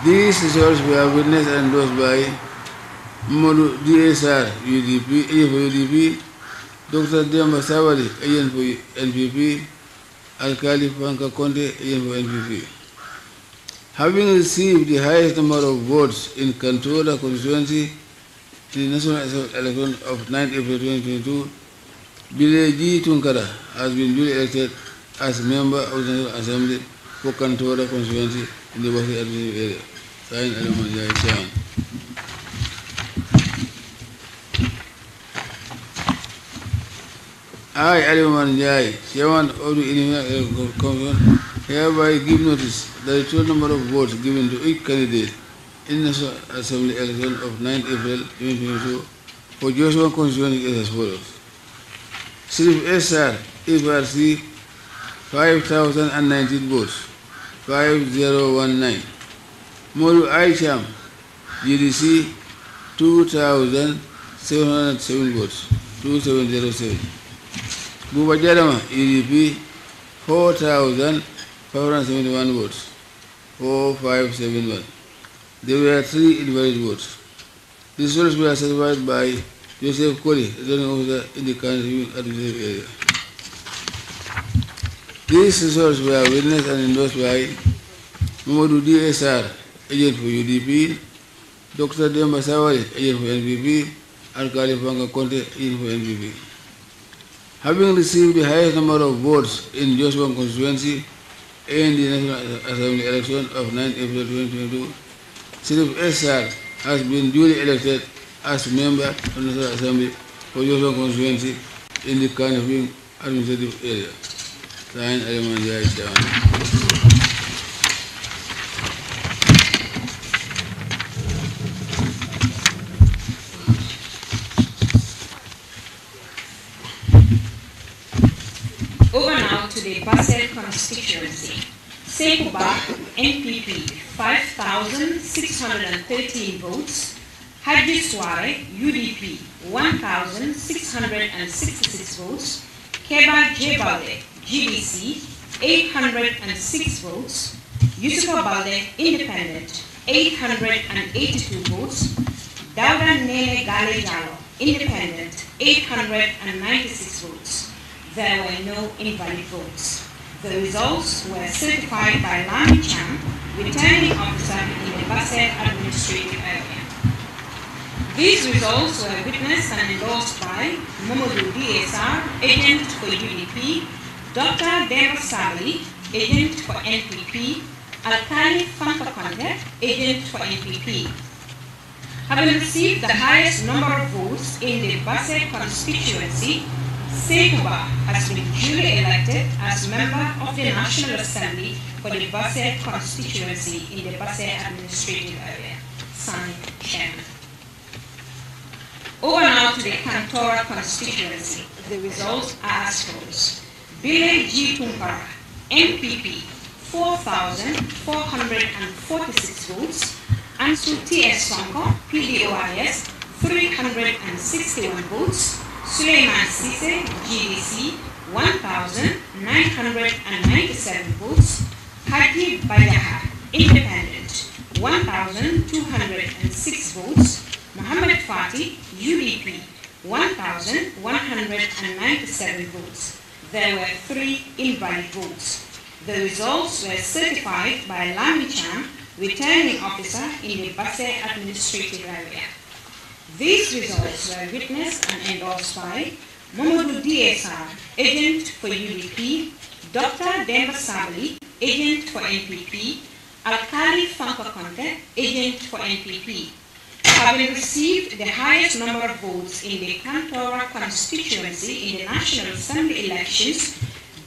These results were witnessed and endorsed by Mamadou Dieye UDP agent for UDP Docteur Demba NPP Alkali Fanka Conte agent NPP. Having received the highest number of votes in Kantola constituency in the national election of 9 April 2022, Bileji Tunkara has been duly elected as member of the National Assembly for Kantola constituency in the Wasi Administrative area. Signed, Alamanjai Chairman. I, Aliman Jai, Chairman of the Indian hereby give notice that the total number of votes given to each candidate in the Assembly election of 9 April 2022 for Joshua constituency is as follows. Sirif SR, FRC, 5,019 votes, 5019. Modu Aicham, GDC, 2,707 votes, 2707. Bhubajadama, EDP, 4,571 votes. 4571. There were three invalid votes. These votes were certified by Joseph Koli, returning officer in the country administrative area. These results were witnessed and endorsed by Mamadou DSR, agent for UDP, Dr. Demba Sawari, agent for NPP, and Khalifanga Conte, agent for NPP. Having received the highest number of votes in Joshua constituency in the National Assembly election of 9 April 2022, Sirif Esar has been duly elected as member of the National Assembly for Joseph constituency in the Kanifing administrative area. Signed, Alimandiai the Basel constituency. Sekubak, NPP, 5,613 votes. Haji Suare, UDP, 1,666 votes. Keba Jebalde, GBC, 806 votes. Yusufa Balde, Independent, 882 votes. Dauda Nene Gale Jalo, Independent, 896 votes there were no invalid votes. The results were certified by Lami Chan, returning officer in the Basel administrative area. These results were witnessed and endorsed by Momodu DSR, agent for UDP, Dr. Deva Sali, agent for NPP, Alkali Fankakonde, agent for NPP. Having received the highest number of votes in the Basel constituency, Sekuba has been duly elected as member of the National Assembly for the Basel constituency in the Basel administrative area. Signed, Chairman. Over now to the Cantora constituency. The results are as follows. Billy G. Tumpara, MPP, 4,446 votes. Ansu T.S. Sonko, PDOIS, 361 votes. Suleiman Sisse, GDC, 1,997 votes. Hadi Bayaha, Independent, 1,206 votes. Muhammad Fatih, UDP, 1,197 votes. There were three invalid votes. The results were certified by Lami returning officer in the Basse administrative area. These results were witnessed and endorsed by Momodu DSR, agent for UDP, Dr. Demba Sabali, agent for NPP, Alkali Fanko agent for NPP, having received the highest number of votes in the Kantora constituency in the National Assembly elections,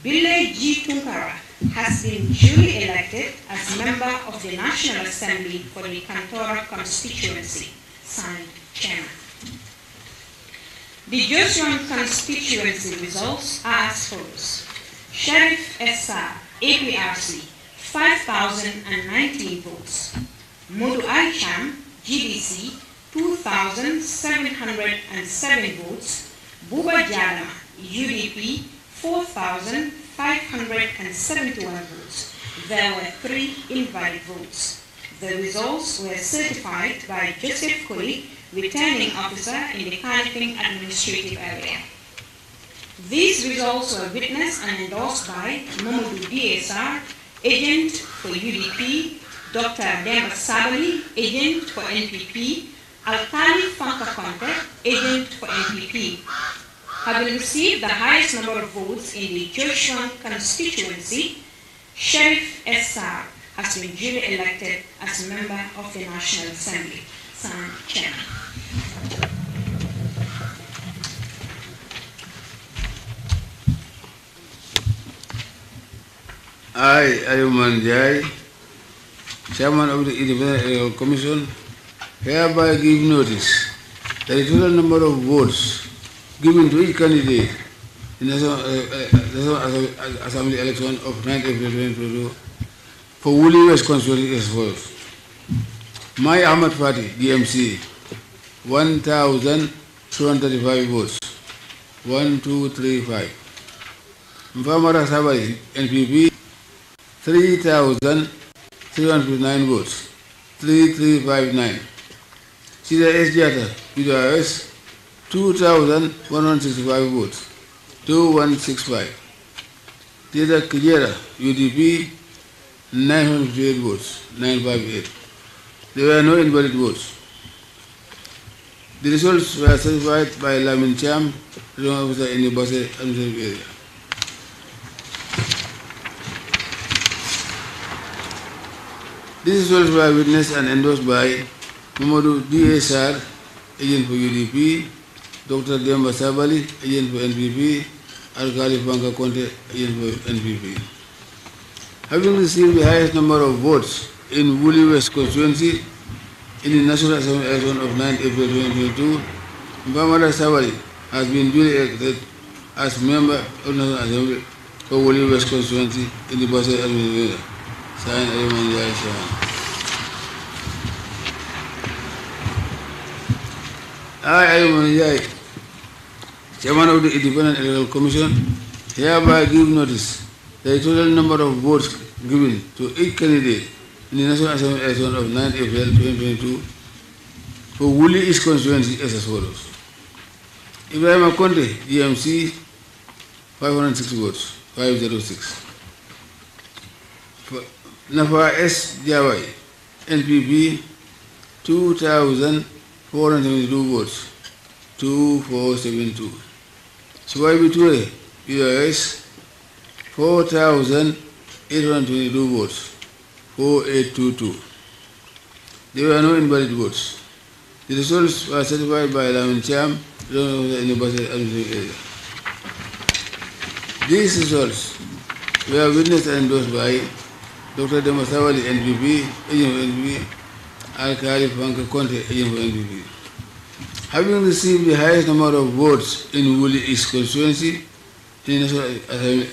Bile G. Tunkara has been duly elected as member of the National Assembly for the Kantora constituency. Signed, chairman. The Joseon constituency results are as follows. Sheriff SR, APRC, 5,019 votes. Modu Aicham, GDC, 2,707 votes. Buba Jalama, UDP, 4,571 votes. There were three invalid votes. The results were certified by Joseph Koli, returning officer in the Canning administrative area. These results were witnessed and endorsed by Mamadou DSR, agent for UDP, Dr. Demba Sabali, agent for NPP, Alkali Fanka Conte, agent for NPP, having received the highest number of votes in the Joshua constituency, Sheriff SR has been duly elected as a member of the National Assembly. Sound I, am Jai, Chairman of the Independent Electoral Commission, hereby give notice that the total number of votes given to each candidate in the uh, uh, Assembly election of nine April 2022 for Woolly West constituency is votes. My Ahmed Party DMC, 1,235 votes. 1,235. Mfamara Sabai, NPP, 3,359 votes. 3,359. Sida Jata, PWS, 2,165 votes. 2,165. Tida Kijera, UDP, 958 votes. 958. There were no invalid votes. The results were certified by Lamin Cham, regional officer in the Basse administrative area. These results were witnessed and endorsed by Mamadou DSR, agent for UDP, Dr. Demba Sabali, agent for NPP, and Khalif Conte, agent for NPP. Having received the highest number of votes, in Wuli West constituency in the National Assembly election of 9 April 2022, Mbamada Sabali has been duly elected as member of the National Assembly for Wuli West constituency in the Basel Administration. Signed, Edmund Jai I, Edmund Chairman of the Independent Electoral Commission, hereby give notice the total number of votes given to each candidate in the National Assembly election of 9 April 2022 for Wuli East constituency as follows. Ibrahim Akonde, DMC, 560 votes, 506. For Nafa S. Jawai, NPP, 2,472 votes, 2,472. Swaibi Ture, PIS, 4,822 votes, 0822. There were no invalid votes. The results were certified by Lamin Cham, University Administrative Area. These results were witnessed and endorsed by Dr. Demasawali, NPP, agent of NPP, Al Khalif Banka Conte, agent of Having received the highest number of votes in Wuli East constituency in the National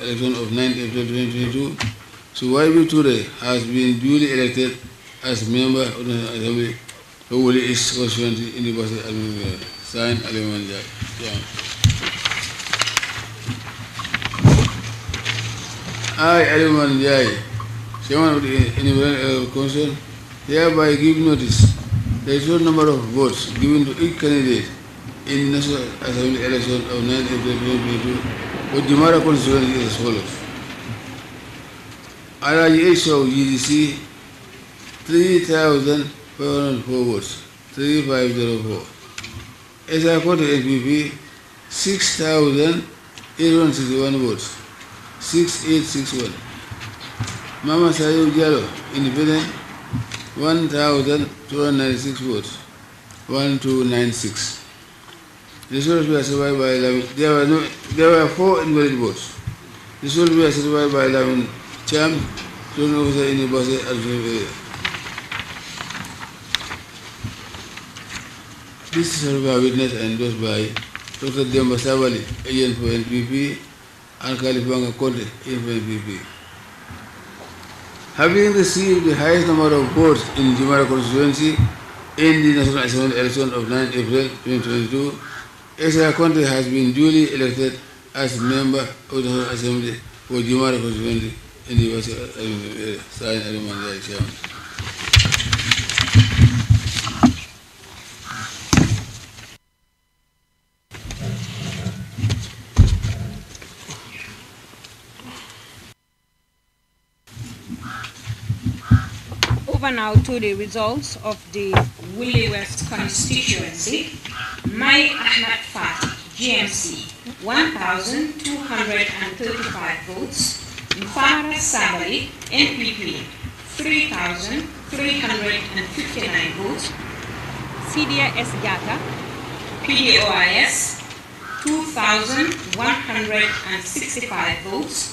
election of 9 April 2022, Suwaibu Ture has been duly elected as member of the Assembly of Wole East Signed, I, Aliman Jai, Chairman of the Independent Council, hereby give notice the total number of votes given to each candidate in the National Assembly election of 9 2022 with the Mara constituency is as follows. RIH of GDC 3,504 votes, 3,504. As I 6,861 votes, 6,861. Mama Sayub Jallo, independent, 1,296 votes, 1,296. This Results were survived by 11. There were, no, there were four invalid votes. This Results were survived by 11. This is a witness endorsed by Dr. Demba Savali, agent for NPP, and Kalifanga agent for NPP. Having received the highest number of votes in Jumara constituency in the National Assembly election of 9 April 2022, Ezra Conte has been duly elected as member of the National Assembly for Jumara constituency. Uh, uh, over now to the results of the Willie West constituency. My Ahmed Fat, GMC, 1,235 votes. Mfara Sabali, NPP, 3,359 votes. Sidia S. PDOIS, 2,165 votes.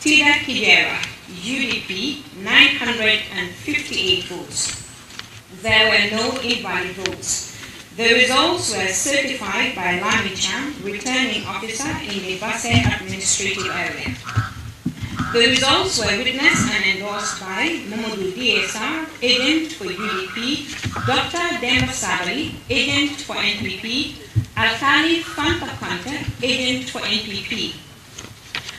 Tida Kijera, UDP, 958 votes. There were no invalid votes. The results were certified by Lamicham, returning officer in the Basse administrative area. The results were witnessed and endorsed by Momodou DSR, agent for UDP, Dr. Demba Sabali, agent for NPP, Alkali Fantakonte, agent for NPP.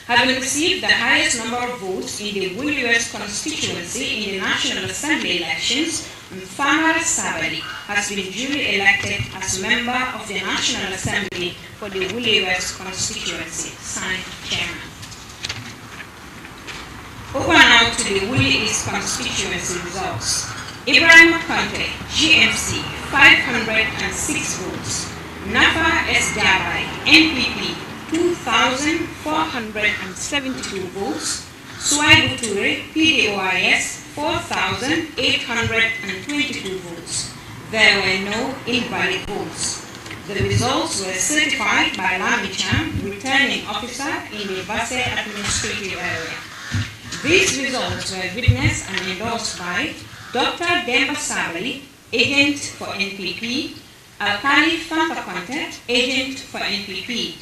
Having received the highest number of votes in the Wuluwes constituency in the National Assembly elections, Mfamara Sabali has been duly elected as member of the National Assembly for the Wuluwes constituency. Signed, Chairman. Open now to the East constituency results. Ibrahim Conte, GMC, 506 votes. Nafa S. Dabai, NPP, 2,472 votes. Swai Ture, PDOIS, 4,822 votes. There were no invalid votes. The results were certified by Lamicham, returning officer in the Basse administrative area. These results were witnessed and endorsed by Dr. Demba Sabali, agent for NPP, Alkali Fantaquantet, agent for NPP,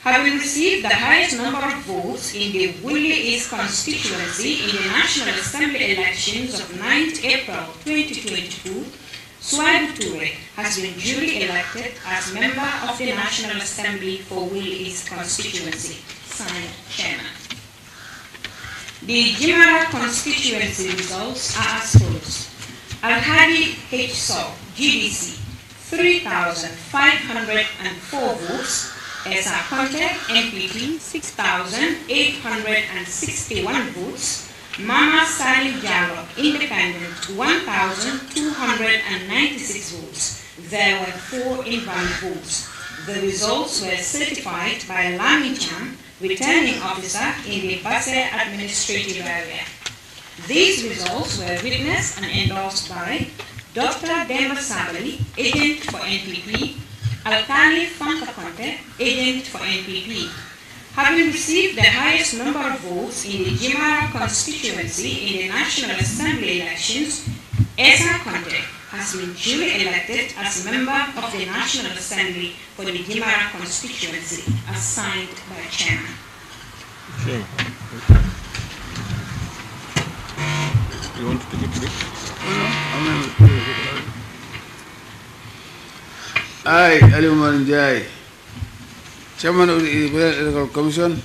having received the highest number of votes in the Woolley East constituency in the National Assembly elections of 9th April 2022, Swai Buture has been duly elected as member of the National Assembly for Woolley East constituency. Signed, Chairman. The Jimara constituency results are as follows. Al-Hadi H. Sok, GDC, 3,504 votes. SR our contact, MPT, 6,861 votes. Mama Sally Jallo, independent, 1,296 votes. There were four invalid votes. The results were certified by Lamichan, returning officer in the Basse administrative area. These results were witnessed and endorsed by Dr. Demba Sabali, agent for NPP, Alkali Fankakonte, agent for NPP. Having received the highest number of votes in the Jimara constituency in the National Assembly elections, Esa Conte, has been duly elected as a member of the National Assembly for the Dimara constituency, as signed by Chairman. Okay. You want to take it? I, Ali Manjai, Chairman of the Electoral Commission,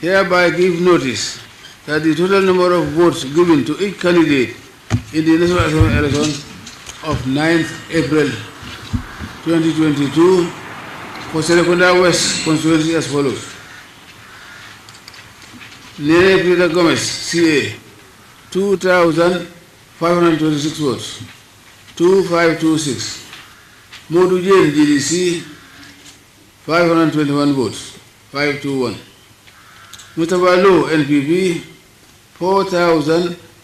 hereby give notice that the total number of votes given to each candidate in the National election of 9th April 2022 for Serekunda West constituency as follows. Lene Peter Gomez, CA, 2,526 votes, 2,526. Modu Jain, GDC, 521 votes, 521. Mustafa Low, NPP, 4,000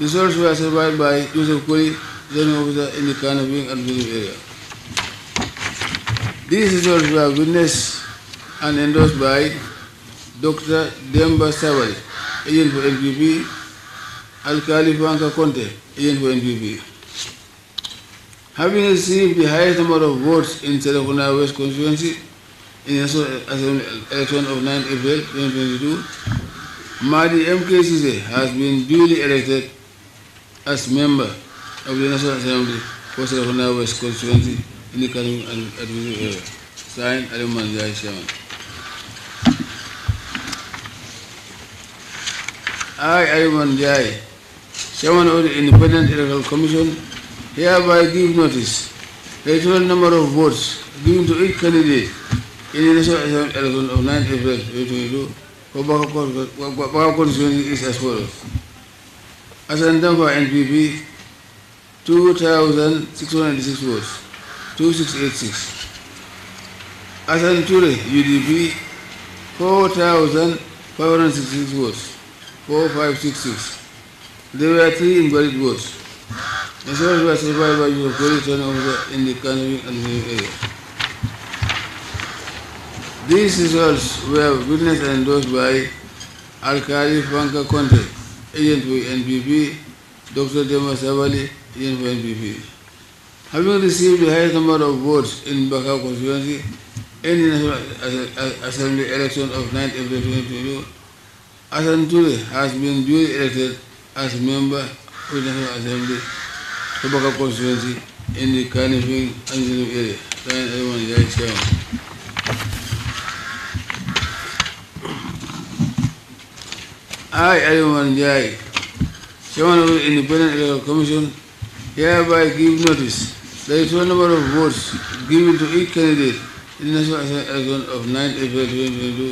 The results were surveyed by Joseph Kuri, zoning officer in the Kana and Building area. These results were witnessed and endorsed by Dr. Demba Savali, agent for NPP, Al-Khali Conte, agent for NPP. Having received the highest number of votes in Serafuna West constituency in the election of 9 April 2022, Madi MKCC has been duly elected as member of the National Assembly for Serafana West constituency in the Karim Administrative Area. Signed, Alim Manjai, Chairman. I, Alim Manjai, Chairman of the Independent Electoral Commission, hereby give notice the total number of votes given to each candidate in the National Assembly election of 9 April 2022 for Baka constituency is as follows. Assam Town for NPP 2,606 votes, 2686. Assam Ture UDP 4,566 votes, 4566. There were three invalid votes. As search was survivors, by use of police and in the country and area. These results were witnessed and endorsed by Al-Khari Franca Conte, agent for NPP, Dr. Thomas Abali, agent for NPP. Having received the highest number of votes in Baka constituency in the National Assembly election of 9th April 2022, Asan Ture has been duly elected as member of the National Assembly for Baka constituency in the Kanifing Angelum area. Ryan Edwin, Chairman. I, Ayman Jai, Chairman of the Independent Electoral uh, Commission, hereby give notice that the total number of votes given to each candidate in the National Election of 9 April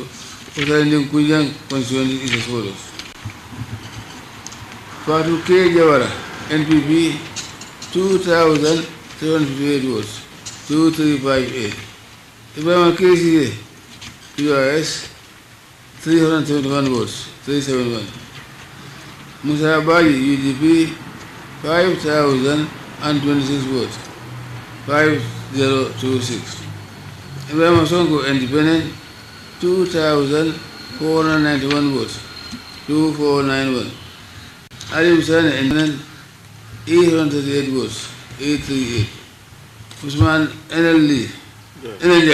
2022 for representing Kunjang constituency is as follows. Fatu K. Jawara, NPP, 2,758 votes, 2358. Ibrahim K. C. URS, 371 votes, 371. Musa Baji, UDP, 5,026 votes, 5026. Ibrahim Sonko, Independent, 2,491 votes, 2491. Ali Musa Independent, 838 votes, 838. Usman NLD, NLJ,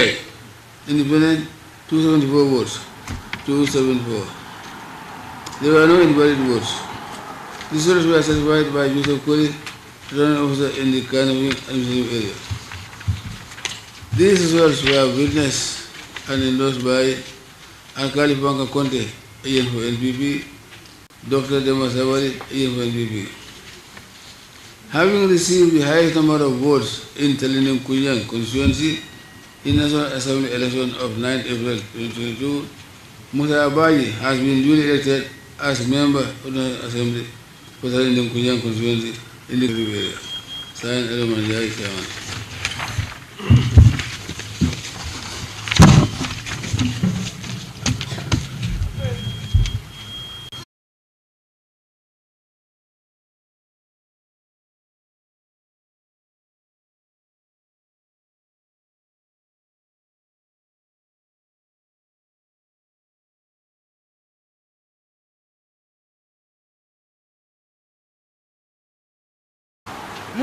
Independent, 274 votes, 274. There were no invalid votes. These results were satisfied by Joseph Kuri, query officer in the Carnegie administrative area. These results were witnessed and endorsed by Alkali Panka Conte, agent for NPP, Dr. Demas Awari, agent for NPP. Having received the highest number of votes in Talinim Kunyang constituency in National Assembly election of 9 April 2022, Musa Abaji has been duly elected as member of the assembly for the Indian Kunjan constituency in the Riviera. Signed, Adam Manjai Chairman.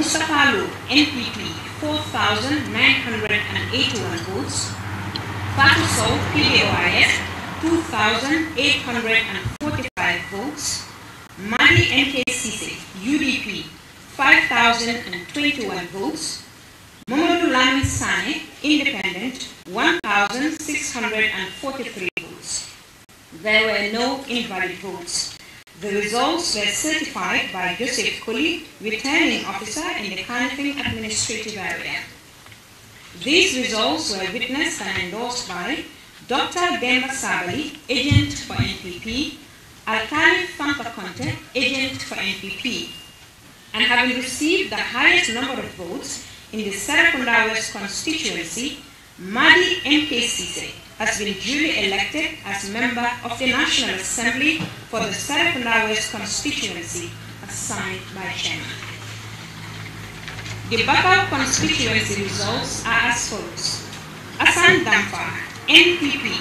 Mustafa NPP 4,981 votes, Batu South 2,845 votes, Mali MKCC UDP 5,021 votes, Momo Lamine Sane Independent 1,643 votes. There were no invalid votes. The results were certified by Joseph Kuli, returning officer in the Kanifing administrative area. These results were witnessed and endorsed by Dr. Demba Sabali, agent for NPP, Alkali Fampakonte, agent for NPP, and having received the highest number of votes in the Sarakunda West constituency, Madi MKCC, has been duly elected as member of the National Assembly for the Serapunda West constituency, as signed by Chairman. The Bakau constituency results are as follows. Asan Damfa, NPP,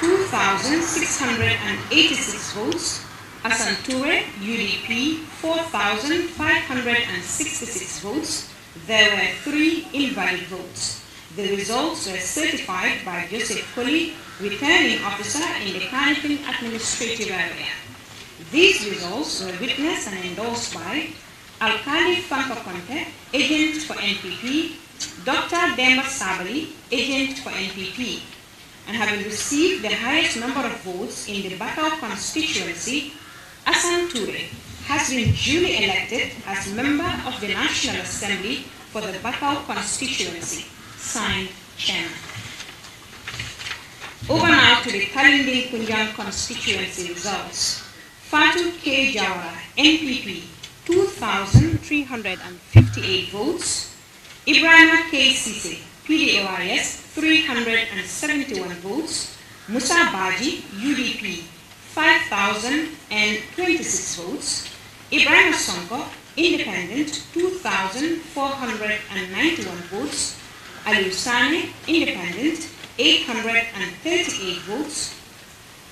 2,686 votes. Asan Toure, UDP, 4,566 votes. There were three invalid votes. The results were certified by Joseph Kuli, returning officer in the Carnarvon administrative area. These results were witnessed and endorsed by Alkali Fankokonte, agent for NPP, Dr. Demba Sabali, agent for NPP, and having received the highest number of votes in the Bakau constituency, Asan Ture has been duly elected as member of the National Assembly for the Bakau constituency signed chairman. Over now to the Kalimbing Kunjan constituency results. Fatu K. Jawara, NPP, 2,358 votes. Ibrahima K. Sise, PDORS, 371 votes. Musa Baji, UDP, 5,026 votes. Ibrahim Sonko, Independent, 2,491 votes. Alusani, independent, 838 votes.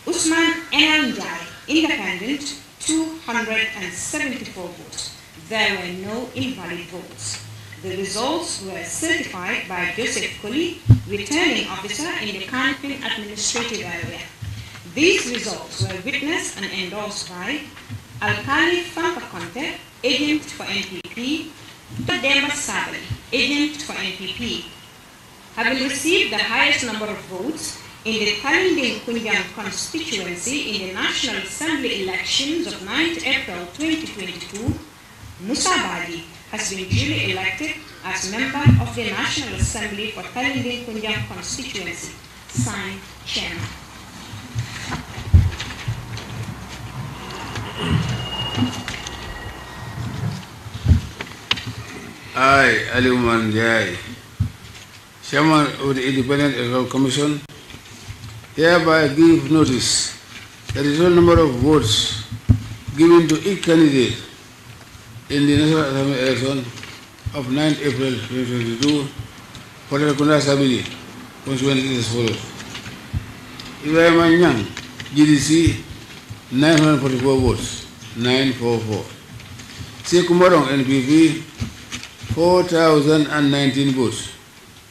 Usman Enandai, independent, 274 votes. There were no invalid votes. The results were certified by Joseph Kuli, returning officer in the Kanpin administrative area. These results were witnessed and endorsed by Alkali Fankakonte, agent for NPP, Demba Sabali, agent for NPP, having received the highest number of votes in the Kalindin Kunyang constituency in the National Assembly elections of 9th April 2022, Musa Badi has been duly elected as member of the National Assembly for Kalindin Kunyang constituency. Signed, Chairman. I, Aliman Jai. Chairman of the Independent Electoral Commission, hereby give notice that the total number of votes given to each candidate in the National Assembly election of 9 April 2022 for the Kunda Sabili constituency is as follows. Ibrahim Anyang, GDC, 944 votes, 944. Sekumbarong, NPP, 4,019 votes,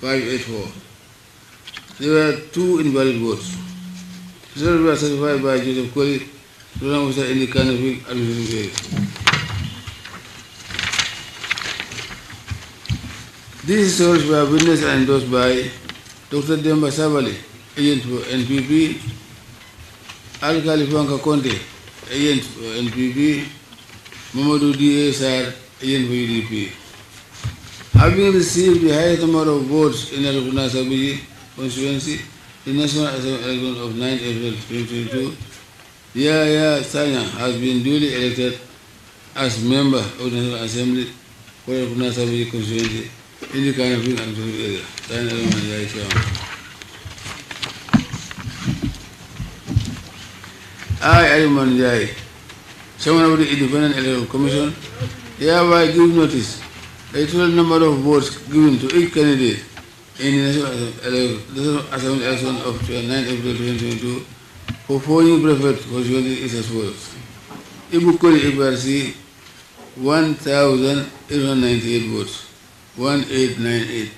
584. There were two invalid votes. Results were certified by Joseph Colley, program officer in the Carnatic administrative area. These results were witnessed and endorsed by Dr. Demba Savali, agent for NPP, Al Khalifanka Conte, agent for NPP, Mamadou D. agent for UDP. Having received the highest number of votes in the Aruguna Sabiji constituency, the National Assembly election of 9 April 2022, Yaya Sanya has been duly elected as member of the National Assembly for Aruguna Sabiji constituency in the Kanafin and Tulu area. Sanya Yaya Sanya. I, Ariman Jai, chairman of the Independent Electoral Commission, hereby give notice equal number of votes given to each candidate in the National Assembly election of 9 April 2022 for four following preferred constituency is as follows. Ibu Kori Ibarsi, 1,898 votes, 1898.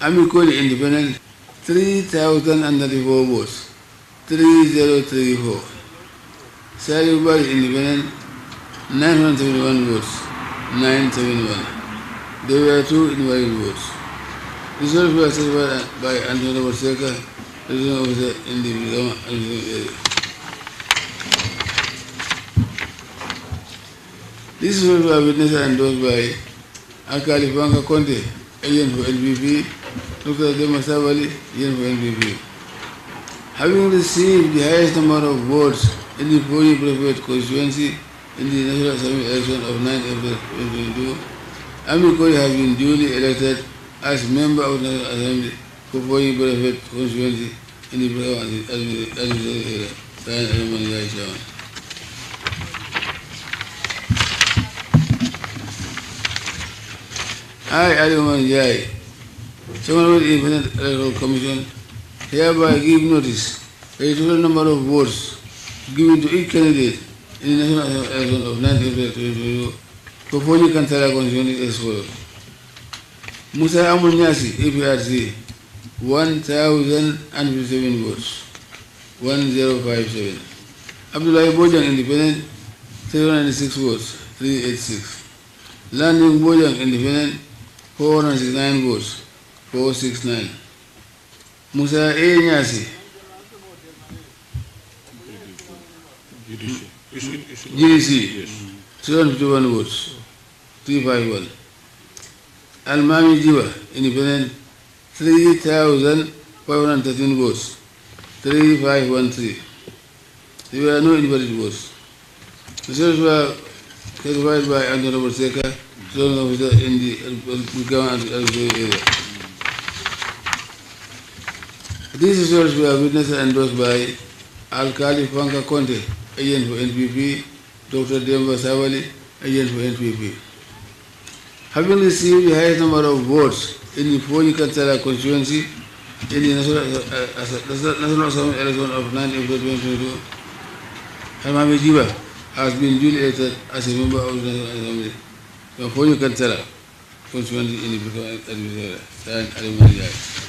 Amikori Independent, 3,034 votes, 3034. Saribari Independent, 971 votes, 971. There were two invalid votes. This was specified by Antonio Fonseca, president of the Vilama area. This was witnessed and endorsed by Akali Banka Conte, agent for NPP, Dr. Dema Savali, agent for NPP. Having received the highest number of votes in the Pony private constituency, in the National Assembly election of 9 April 2022, Amikori has been duly elected as member of the National Assembly for Boeing Benefit Constituency in the Brahman Administrative I, Aliman Jai, Chairman of the Independent Electoral Commission, hereby give notice that the total number of votes given to each candidate ko fo ñu cancela condición es solo Musa amul ñaasi APRC one thousand and fifty seven votes one zero five seven Abdoulaye Bojang independent 396 votes three eight six Landing Bojang independent four hundred sixty nine votes four six nine Musa A Nyasi. Girisi, yes. 351 votes, 351. Almami Jiwa, independent, 3,513 votes, 3,513. There were no invalid votes. Results were certified by Honorable Seka, Zone Officer in the Government area. These results were witnessed and endorsed by Al-Khali Panka Conte, أينه NPP, Dr. Demba Savali, أينه NPP. Having received the highest number of votes in the Pony Katsala constituency in the National, uh, National Assembly election of 9 April 2022, Hamami Jiba has been duly elected as a member of the National Assembly. The Pony Katsala constituency in the Bukama Administrator, Sayan Alimani Jai.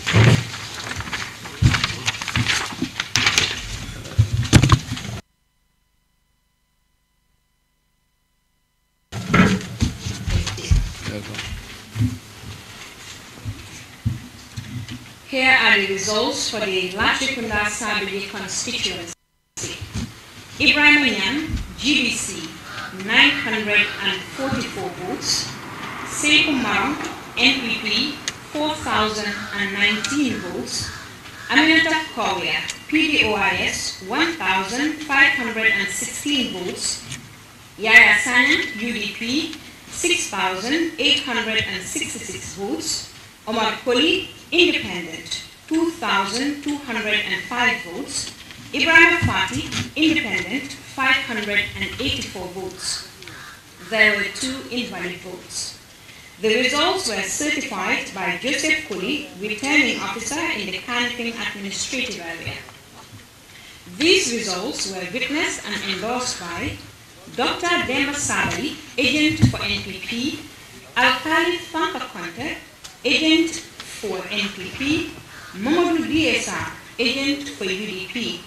Here are the results for the Latrikunda Sabri constituency. Ibrahimian, GBC, 944 votes. Sekumar, NPP, 4,019 votes. Aminata Korea, PDOIS, 1,516 votes. Yaya Sana, UDP, 6,866 votes. Omar Koli, independent, 2,205 votes. Ibrahim Fati, independent, 584 votes. There were two invalid votes. The results were certified by Joseph Kuli, returning officer in the Kanping administrative area. These results were witnessed and endorsed by Dr. Demba Sabali, agent for NPP, Alkali Fankakwanta, agent for NPP, Mamadou Diesa, agent for UDP,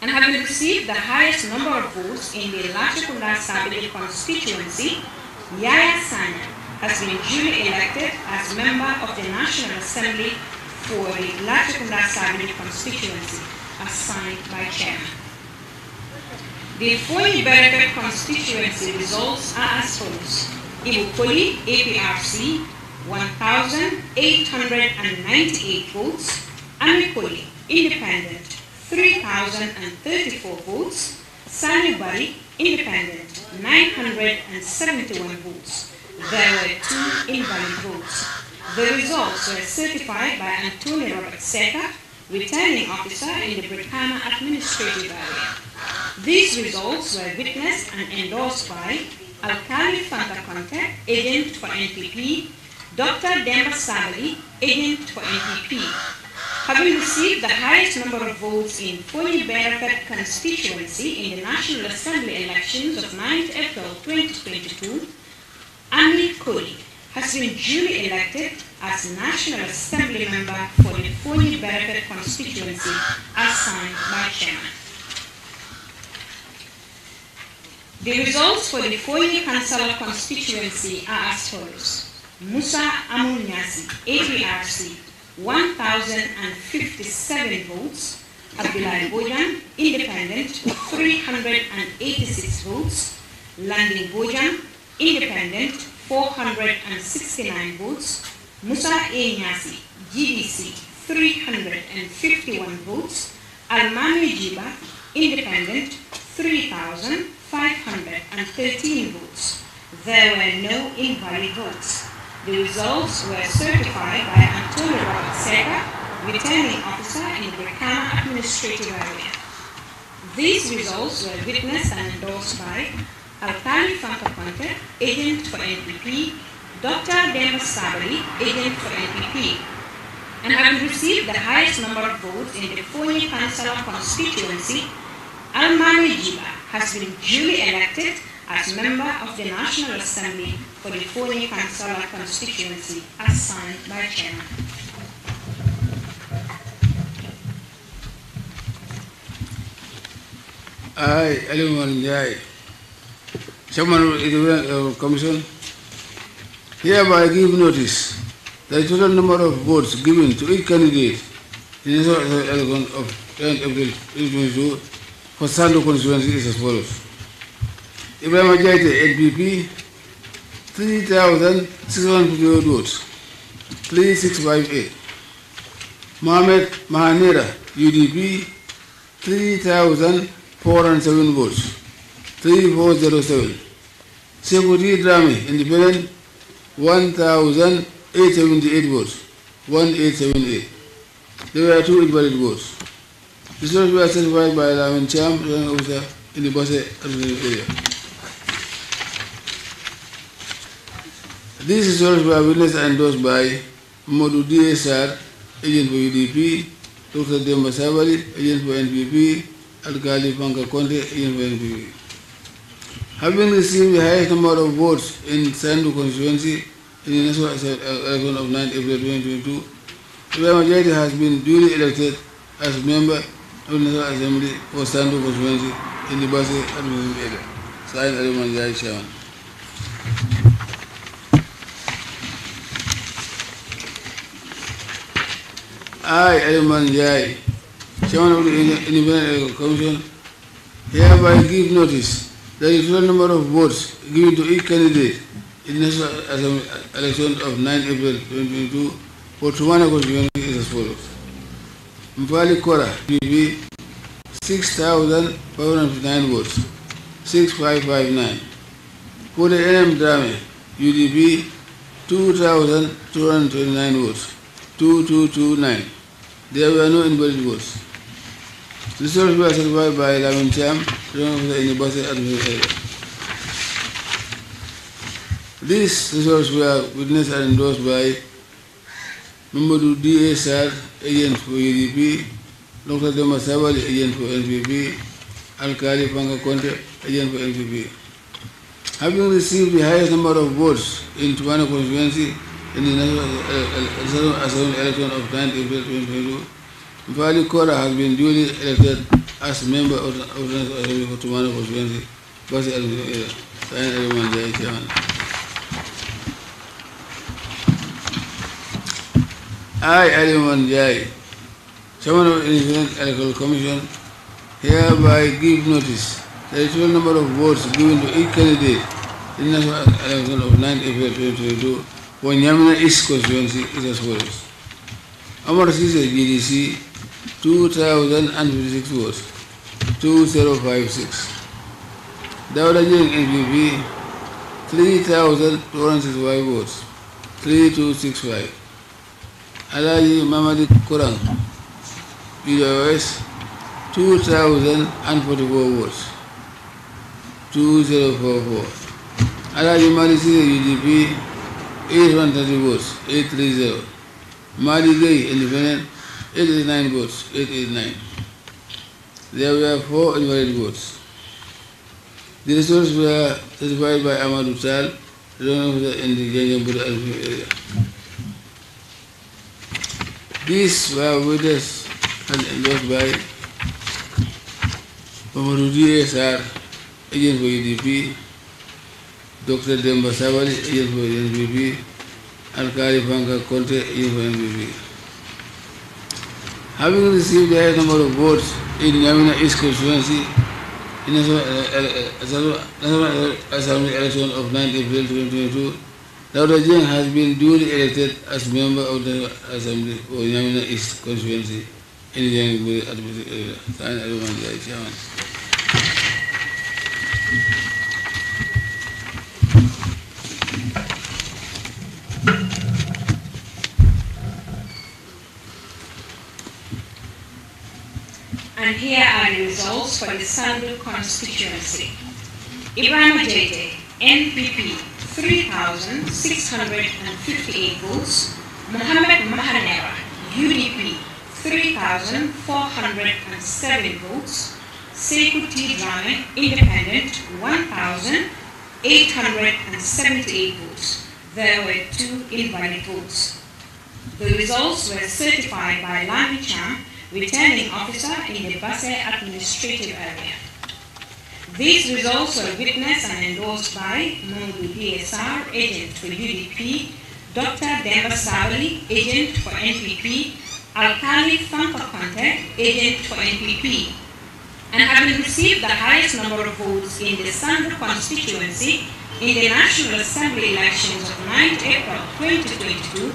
and having received the highest number of votes in the Lachikula Sabine constituency, Yaya Sanya has been duly elected as member of the National Assembly for the Lachikula Sabine constituency, as signed by Chairman. The Foyi Bereket constituency results are as follows. Ibukoli, APRC, 1,898 votes, Amikoli, independent, 3,034 votes, Sanubari, independent, 971 votes. There were two invalid votes. The results were certified by Antonio Robert Seca, returning officer in the Brikama administrative area. These results were witnessed and endorsed by Alkali Fanta Contact, agent for NPP, Dr. Demba Dambasali, agent for NPP, having received the highest number of votes in Pony Barakat constituency in the National Assembly elections of 9th April 2022, Ami Koli has been duly elected as National Assembly member for the Pony Barakat constituency as signed by Chairman. The results for the Foyer Council constituency are as follows. Musa Amunyasi, APRC, 1,057 votes. Abdullah Bojan, independent, 386 votes. Landing Bojan, independent, 469 votes. Musa Enyasi, GDC, 351 votes. Almami Jiba, independent, 3,513 votes. There were no invalid votes. The results were certified by Antonio Robert Sega, returning officer in the Kana administrative area. These results were witnessed and endorsed by Alkali Fankaponte, agent for NPP, Dr. Demas Sabali, agent for NPP, and having received the highest number of votes in the Foni Council constituency, Almani Jiba has been duly elected as member of the National Assembly for the Pone Kansala constituency, as signed by Chairman. Aye, everyone. aye. Chairman of the uh, Commission, hereby give notice that the total number of votes given to each candidate in the election of 2022 for Sando constituency is as follows. Ibrahim Ajayi, NPP, 3,658 votes, 3658. Mohamed Mahanera, UDP, 3,407 votes, 3407. Security Drami, Independent, 1,878 votes, 1878. There were two invalid votes. Results were certified by Lamin Cham, officer in the Bosse area. These results were witnessed and endorsed by Modu DSR, agent for UDP, Dr. Demba agent for NPP, Alkali ghali Panka Conte, agent for NPP. Having received the highest number of votes in Sandu constituency in the national election of 9 April 2022, the majority has been duly elected as member of the National Assembly for Sandu constituency in the Basi administrative area. Signed, Ibrahim Ajayati Chairman. I, Edmund Jai, Chairman of the Independent Commission, hereby give notice that the total number of votes given to each candidate in the National Election of 9 April 2022 for Tumana constituency is as follows. Mpali Kora, PB, 6,559 votes, 6,559. For the NM Drame, UDP, 2,229 votes, 2,229. There were no invalid votes. Results were certified by 11 term, in the Area. These results were witnessed and endorsed by Mamadou D.A. Sar, agent for UDP, Dr. Dema Sabali, agent for NPP, Al-Khali Panka Conte, agent for NPP. Having received the highest number of votes in Tubana constituency, in the election of April 2022. Vali Kora has been duly elected as member of the National Assembly for Tumana constituency, Basi Election uh, Signed everyone there, Chairman. I, Aliman Jai, Chairman of the Independent Electoral Commission, hereby give notice that the total number of votes given to each candidate in the national Assembly election of 9 April 2022 Wanyamina East constituency is as follows. Amar Sisa GDC 2056 votes, 2056. Dawda Jeng NPP 3265 votes, 3265. Alaji Mamadi Kurang, PWS 2044 votes, 2044. Alaji Mali Sisa UDP is 130 votes, 830. Mali Gay, independent, 889 votes, 889. There were four invalid votes. The results were certified by Ahmad Utsal, runner of the Indian area. These were witnessed and endorsed by Pamarudi SR, agent for UDP, Dr. Demba Sabali, yes Panka Having received the highest number of votes in Namina East constituency in the National Assembly election of 9 April 2022, Dr. has been duly elected as member of the Assembly for Namina East constituency in the Yangon Administrative Area. Chairman. here are the results for the Sandu constituency. Ibrahim Jete, NPP, 3,658 votes. Mohamed Mahanera, UDP, 3,407 votes. Sekou T. Drame, Independent, 1,878 votes. There were two invalid votes. The results were certified by Lami Chan returning officer in the Basel administrative area. These results were witnessed and endorsed by Mungu DSR, agent for UDP, Dr. Demba Savali, agent for NPP, Alkali Fankapante, agent for NPP, and having received the highest number of votes in the Sandra constituency in the National Assembly elections of 9 April 2022,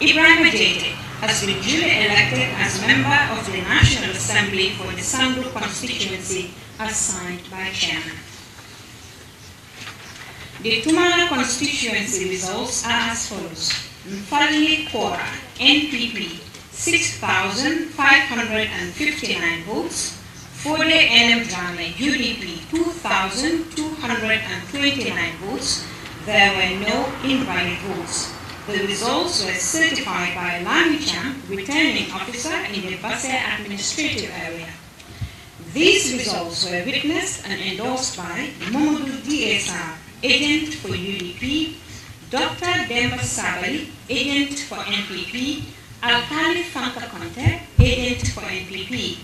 Ibrahim Jete, has been duly elected as member of the National Assembly for the Sandur constituency as signed by Chairman. The Tumala constituency results are as follows. Mfalli Kora, NPP, 6,559 votes. Fole NM Dame, UDP, 2,229 votes. There were no invalid votes. The results were certified by LAMICHAM returning officer in the Basay administrative area. These results were witnessed and endorsed by Mamadou DSR, agent for UDP, Dr. Demba Sabali, agent for NPP, Alkali Fanka Conte, agent for NPP.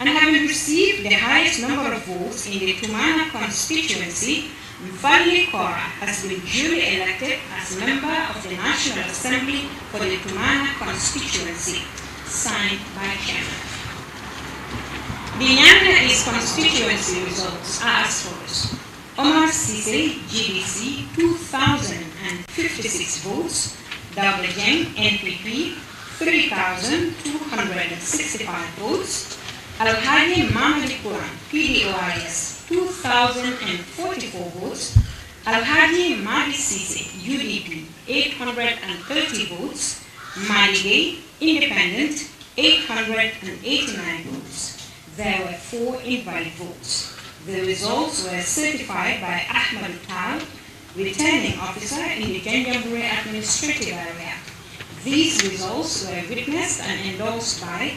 And having received the highest number of votes in the Tumana constituency, and finally, Cora has been duly elected as member of the National Assembly for the Tumana constituency, signed by Chairman. Nyanga East constituency results are as follows. Omar Sise, GBC, 2,056 votes. Double NPP, 3,265 votes. Alhaji Mamadi Quran, PDOIS, 2,044 votes, Alhaji Mali Sisi, UDP, 830 votes, Maligay, Independent, 889 votes. There were four invalid votes. The results were certified by Ahmed Tal, returning officer in the Janjambure administrative area. These results were witnessed and endorsed by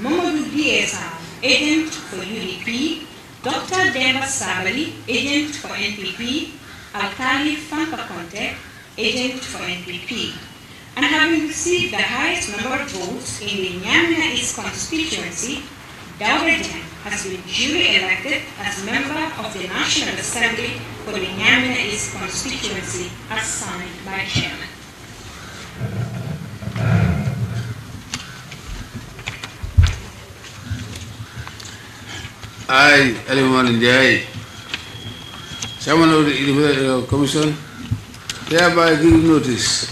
Mamadou DSR, agent for UDP, Dr. Demba Sabali, agent for NPP, Alkali Fankakonte, agent for NPP. And having received the highest number of votes in the Nyamina East constituency, Daurejan has been duly elected as member of the National Assembly for the Nyamina East constituency as signed by Chairman. I, Aliman Ndiaye, Chairman of the Electoral uh, Commission, thereby give notice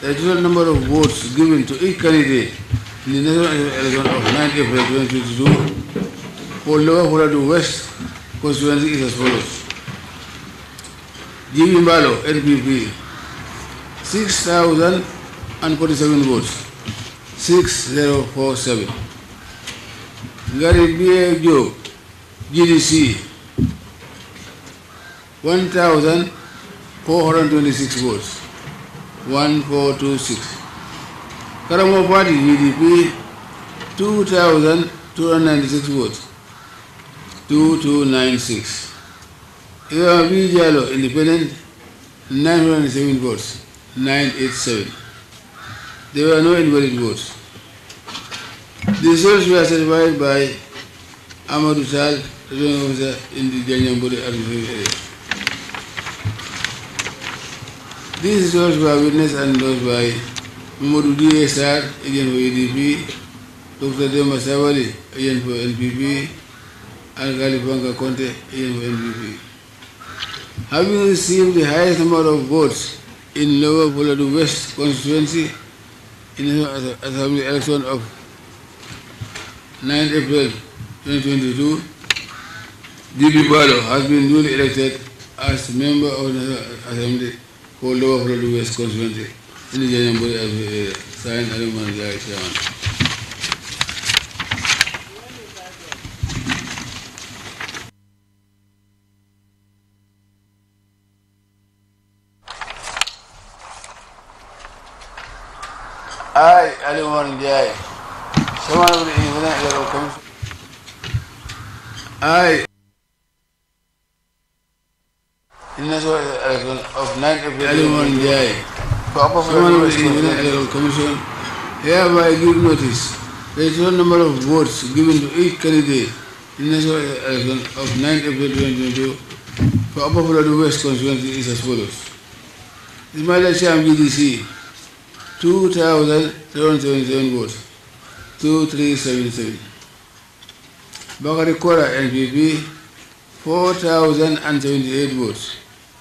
that the total number of votes given to each candidate in the national election of 9 April 2022 for Lower Huladu West constituency is as follows. Jimmy Mbalo, NPP, 6,047 votes, 6047. Gary B. Joe, GDC 1,426 votes 1426 Karamo party GDP 2,296 votes 2296 ARB Jalo independent 907 votes 987 there were no invalid votes the results were certified by Amadou Tal Renounce in the Janyamburi area. This is what we by witness and those by Mamadou DSR, agent for ADP, Dr. Demba Savali, agent for NPP, and Kalipanka Conte, agent for NPP. Having received the highest number of votes in Lower Poladu West constituency in the assembly election of 9 April 2022, Julie has been duly elected as member of the Assembly for Lower Florida West Constituency uh, in the General Body as signed Alaman Guy Chairman. I, Alaman Jai, someone of the Independent Electoral النشر election of 9 April 2021. The Honorable Independent Election Commission hereby give notice the total number of votes given to each candidate in the national election of 9 April 2022 for Upper Florida West constituency is as follows. Ismail Sham GDC, 2,777 votes, 2,377. Bakari Kora NPP, 4,078 votes,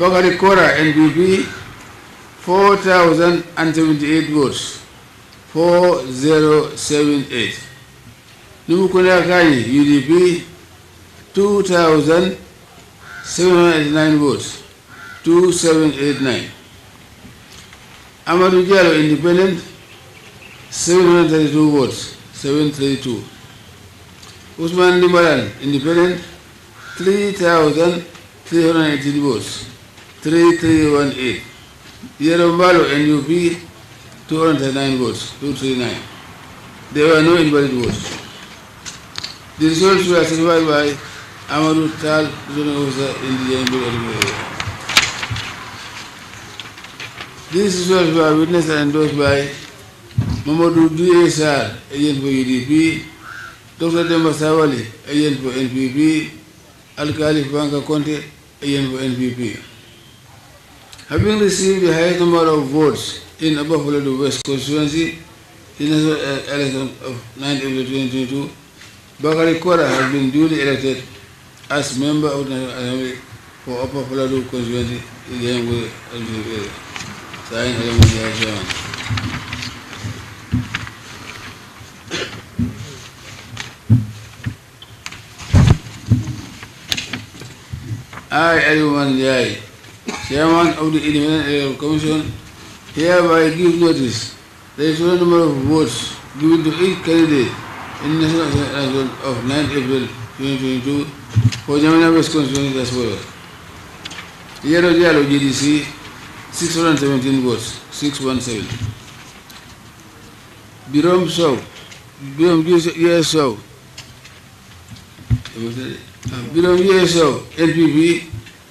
Bogari Kora NPP 4078 votes 4078 Numukunda UDP 2789 votes 2789 Amadou Diallo Independent 732 votes 732 Usman Limbalan Independent 3318 votes 3318. Year of Malo, NUP, 209 votes, 239. There were no invalid votes. The results were certified by Amadou Tal, zoning officer in the area. These results were witnessed and endorsed by Mamadou DSR, agent for UDP, Dr. Demba Savali, agent for NPP, Al-Khalif Banka Conte, agent for NPP. Having received the highest number of votes in Abafuladu West constituency in the uh, election of 9 April 2022, Bakari has been duly elected as member of the National Assembly for Upper Fuladu constituency in the Yangwe Assembly. Signed, I, everyone, I chairman of the Independent Electoral Commission, hereby give notice the total number of votes given to each candidate in the national election of 9 April 2022 for Jamina West constituency as well. Yellow Yellow GDC 617 votes, 617. Birom South, Birom US South, Birom US South, NPP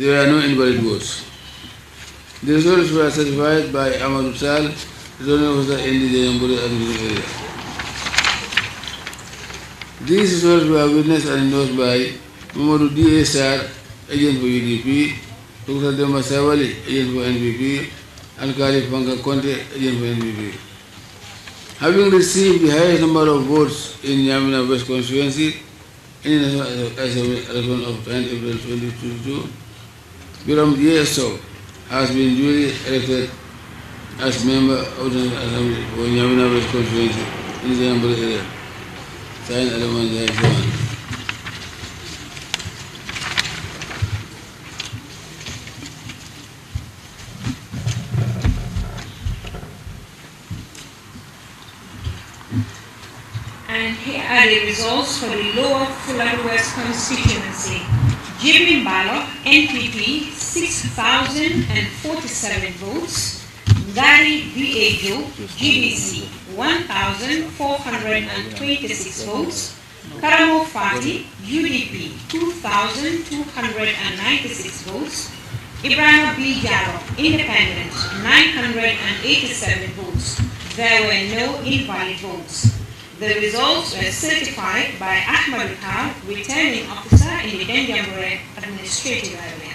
there are no invalid votes. The results were certified by Ahmad Upsal, returning officer in the Jayamburi administrative area. These results were witnessed and endorsed by Mamadou DSR, agent for UDP, Dr. Dema Savali, agent for NPP, and Khalif Banka Conte, agent for NPP. Having received the highest number of votes in Yamina West constituency in the election of 20 April 2022, Biram Yeso has been duly elected as member of the Assembly for Yamina Constituency in the Amber area. Signed, Alaman Jackson. And here are the results for the Lower Fulham West constituency. Jibrin Balog, NPP, 6,047 votes. Ngari Diego, GBC, 1,426 votes. Karamo Fati, UDP, 2,296 votes. Ibrahim B. Yaro, Independent, 987 votes. There were no invalid votes. The results were certified by Ahmad Khan, returning officer in the Denjambore administrative area.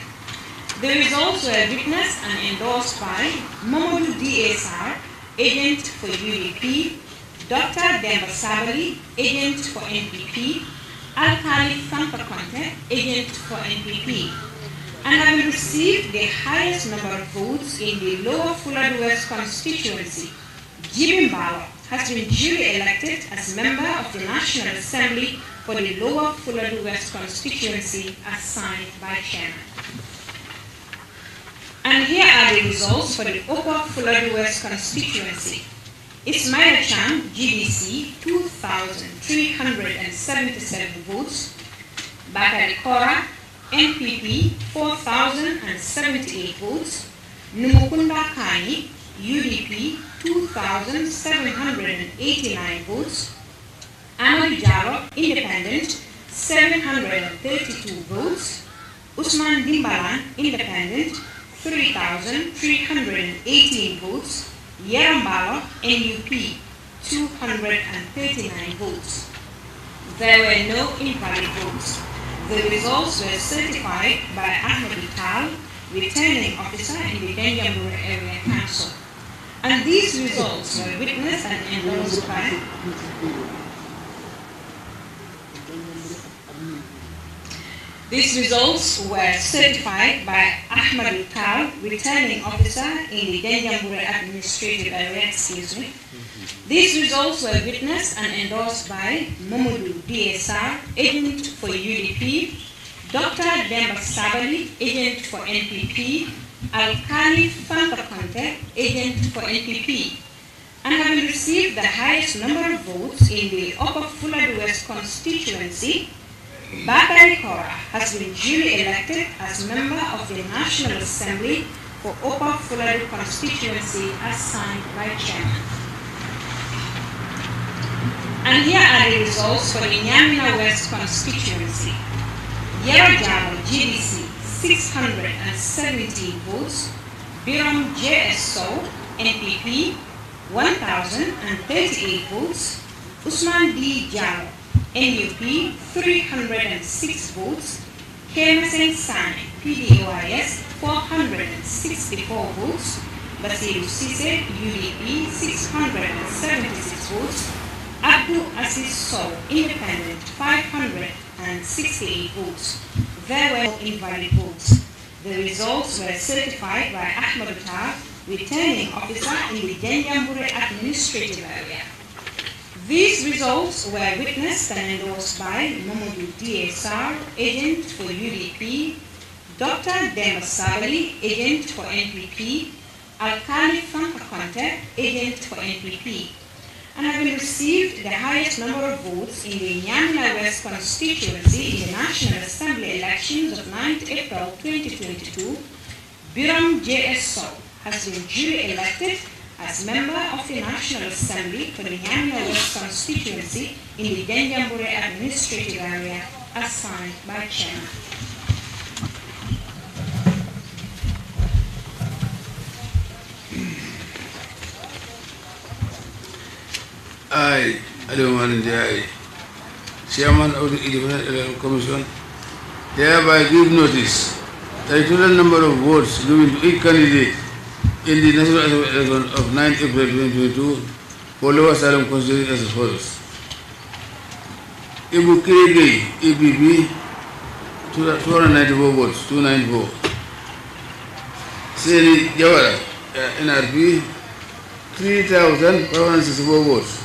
The results were witnessed and endorsed by Mamadou DSR, agent for UDP, Dr. Demba agent for NPP, Alkali khalid agent for NPP, and having received the highest number of votes in the Lower Fulad West constituency, Jimimbawa, has been duly elected as member of the National Assembly for the Lower Fulani West constituency as signed by chairman. And here are the results for the Upper Fulani West constituency. Maya Chan, GDC, 2,377 votes. Bakari Kora, NPP, 4,078 votes. Numukunda Kani, UDP, 2,789 votes. Amal Jaro, independent, 732 votes. Usman Dimbalan, independent, 3,318 votes. Yerambalo, NUP, 239 votes. There were no invalid votes. The results were certified by Ahmed Tal, returning officer in the Benjamin area council. And these results were witnessed and endorsed by These results were certified by Ahmad Kal, returning officer in the Denyambura administrative area, excuse me. These results were witnessed and endorsed by Momodu DSR, agent for UDP, Dr. Demba Sabali, agent for NPP, alkali sulfur content agent for NPP and having received the highest number of votes in the Upper Fulad West constituency, Bakari Kora has been duly elected as member of the National Assembly for Upper Fulad constituency as signed by chairman. And here are the results for the Nyamina West constituency. Yarajama GDC 670 votes, Biram J.S. NPP, 1,038 votes, Usman D. Jal, NUP, 306 votes, Kermesen Sane, PDOIS, 464 votes, Basiru Sise, UDP, 676 votes, Abdul Aziz Sow, Independent, 568 votes very well invalid votes. The results were certified by Ahmed Attar, returning officer in the Denyambure administrative area. These results were witnessed and endorsed by Momodu DSR, agent for UDP, Dr. Demba Sabali, agent for NPP, Alkali khali Frank agent for NPP and having received the highest number of votes in the Nyamna West constituency in the National Assembly elections of 9th April 2022, Biram J.S. Sow has been duly elected as member of the National Assembly for the Nyamna West constituency in the Denjambure administrative area assigned by Chairman. I, Aliyu Manjari, Chairman of the Independent Election Commission, thereby give notice that the total number of votes given to each candidate in the National Election of 9 April 2022 for Lower Salem constituency as follows. Ibu Kirege, EBB, 294 votes, 294. Seri Jawara, uh, NRP, 3,564 votes,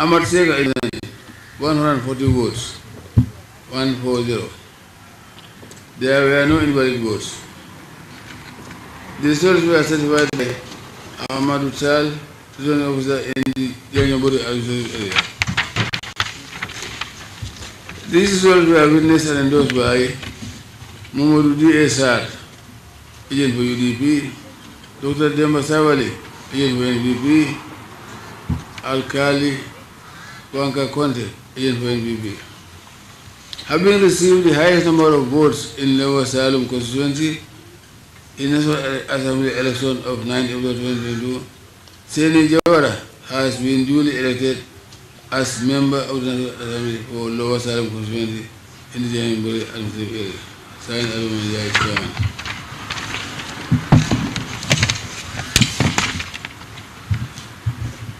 Ahmad Sega 140 votes. 140. There were no invalid votes. The results were certified by Amadu Utsal, prison officer in the Yanyaburi area. These results were witnessed and endorsed by Mumudu D.S.R., agent for UDP, Dr. Demba Savali, agent for NDP, Al-Khali, Wanka Konte, Ian BB, having received the highest number of votes in Lower Salem constituency in National Assembly election of 9 April 2022, Seni Jawara has been duly elected as member of the National Assembly for Lower Salem constituency in the Jainburi administrative area. Signed, Alumni Chairman.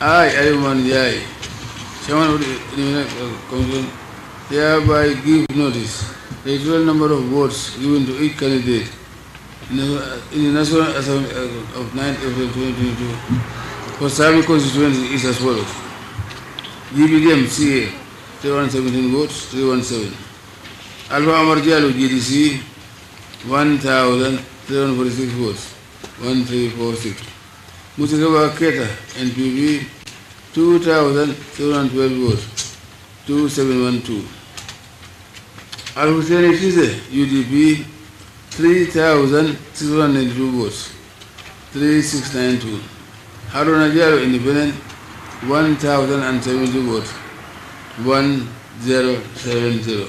I, everyone, Thereby of give notice the total number of votes given to each candidate in the, National Assembly of 9 April 2022 for Sami constituency is as follows. GBDM CA 317 votes, 317. Alpha Amar GDC 1,346 votes, 1,346. Musikaba Keta N.P.V. 2,712 votes, 2712. Al-Hussein Shize, UDP, 3,692 votes, 3692. Haruna Independent, 1,072 votes, 1070.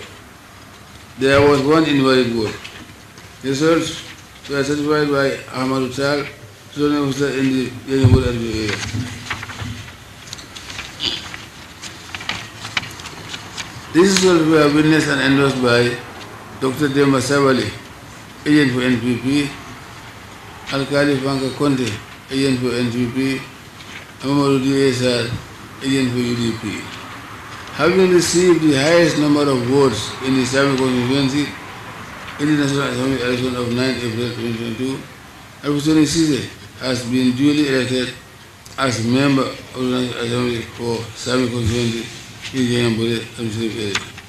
There was one invalid vote. Results were certified by Ahmad Utsal, Sunan Hussein in the Yenibur This is have witnessed and endorsed by Dr. Demba Savali, agent for NPP, Alkali Panka Conte, agent for NPP, Amadou Diesar, agent for UDP. Having received the highest number of votes in the Islamic constituency in the National Assembly election of 9 April 2022, Sani Sisi has been duly elected as member of the National Assembly for Islamic constituency இது செய்யும்போது அப்படி சொல்லி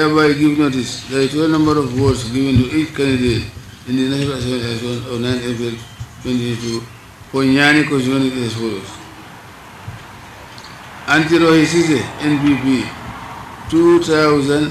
hereby give notice that the total number of votes given to each candidate in the National Assembly election of 9 April 2022 for Nyani constituency as follows. anti Sise, NPP, 2,000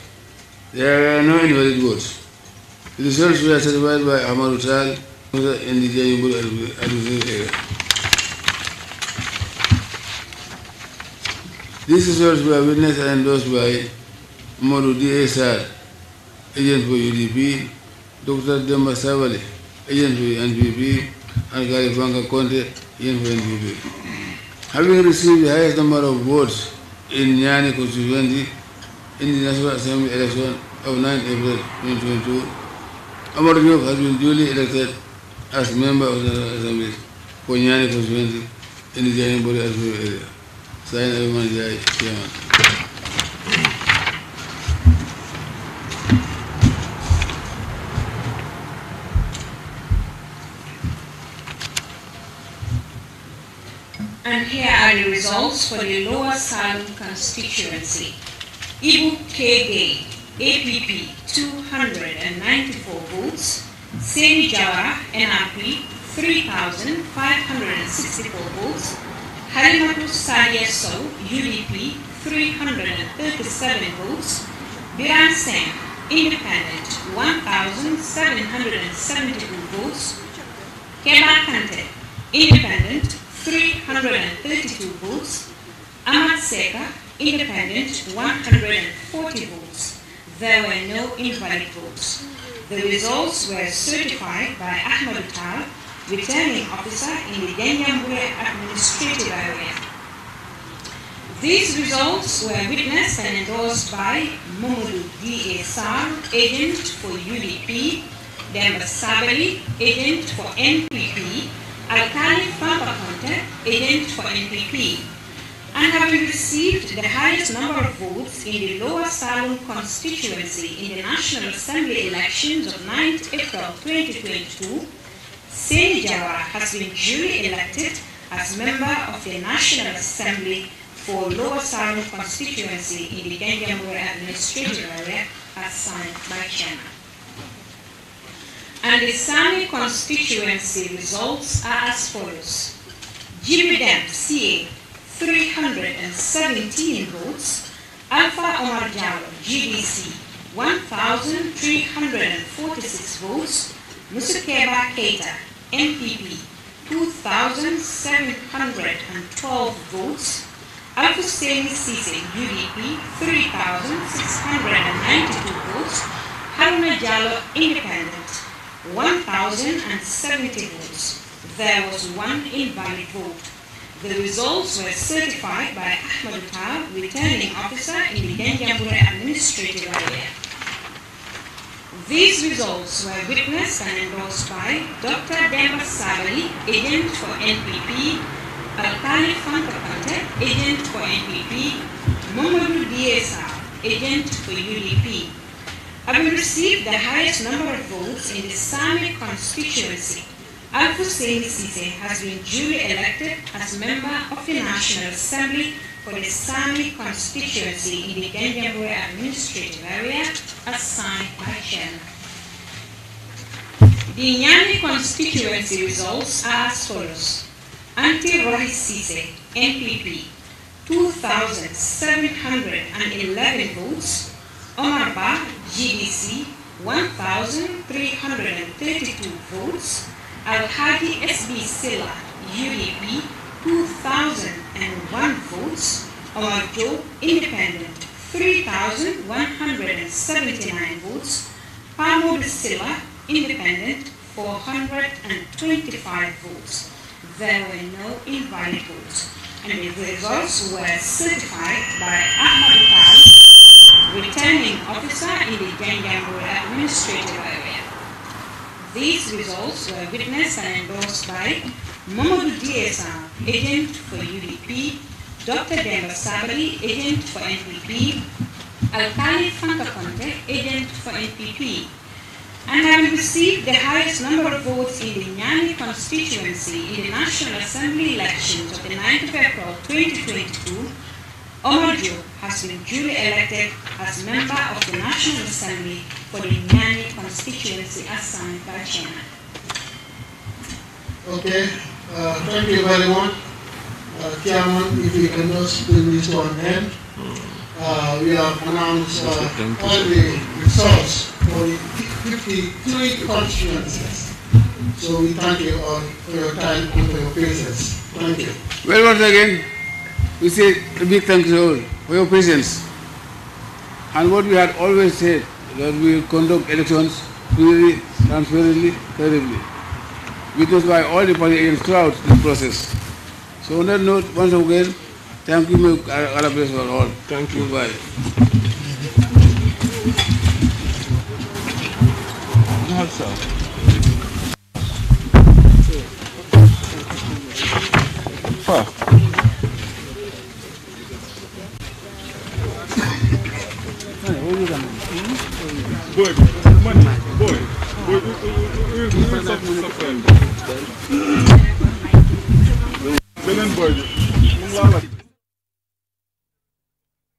There are no invalid votes. The results were certified by Ahmad Utal in the Jayabul Area. These results were witnessed and endorsed by Modu DSR, agent for UDP, Dr. Demba Savali, agent for NPP, and Garifanga Conte, agent for NPP. Having received the highest number of votes in Yani constituency, in the National Assembly election of 9 April 2022, Amar has been duly elected as member of the National Assembly for Nyani constituency in the Jainbori Assembly area. Jai, Chairman. and here are the results for the Lower Salem constituency. Ibu KK, APP 294 votes, Semi Jawa, NRP 3,564 votes, Halimatu Sadiaso, UDP 337 votes, Biran Independent 1,772 votes, Kemal Kante, Independent 332 votes, Amat Seka, independent 140 votes. There were no invalid votes. The results were certified by Ahmed Tal, returning officer in the Denyambwe administrative area. These results were witnessed and endorsed by Momodu D.A. agent for UDP, Demba Sabali, agent for NPP, Alkali Pampakonte, agent for NPP, and having received the highest number of votes in the Lower Salon constituency in the National Assembly elections of 9th April 2022, Saint Jara has been duly elected as member of the National Assembly for Lower Salon constituency in the Gengambur administrative area as signed by chairman. And the Sami constituency results are as follows. Jimmy Dem, CA, 317 votes, Alpha Omar Jawad, GDC, 1,346 votes, Keba Keita, MPP, 2,712 votes, Alpha hussein Sisi, UDP, 3,692 votes, Haruna Jallo, Independent, 1,070 votes. There was one invalid vote. The results were certified by Ahmad Utab, returning officer in the Denjambura administrative area. These results were witnessed and endorsed by Dr. Deva Savali, agent for NPP, Altani Fankapate, agent for NPP, Mamadou Diesa, agent for UDP. Having received the highest number of votes in the Sami constituency, Alpha Hussein Sise has been duly elected as member of the National Assembly for the Sami constituency in the Ganjabwe administrative area as by Chen. The Nyani constituency results are as follows. Anti Rohit Sise, NPP, 2,711 votes. Omar Ba, GDC, 1,332 votes. Al-Hadi SB Silla, UDP, 2,001 votes, Omar Joe Independent, 3,179 votes, Palmod Silla, Independent, 425 votes. There were no invalid votes, and the results were certified by Ahmad Khan, returning officer in the Gangambur administrative area. These results were witnessed and endorsed by Mamadou DSR, agent for UDP, Dr. Demba Sabali, agent for NPP, Alkali Fantaconte, agent for NPP, and having received the highest number of votes in the Nyani constituency in the National Assembly elections of the 9th of April 2022, Omarjo has been duly elected as member of the National Assembly for the Nyani constituency assigned by chairman. Okay, uh, thank you very much. Uh, chairman, if you can just bring this to an end. Uh, we have announced uh, all the results for the 53 constituencies. So we thank you all for your time and for your patience. Thank you. Very much again? We say a big thank you all for your patience. And what we had always said, that we will conduct elections freely, transparently, terribly, witnessed by all the party agents throughout this process. So on that note, once again, thank you, my Arabes for all. Thank you. Goodbye. much, Boy, money, boy. Boy, we boy.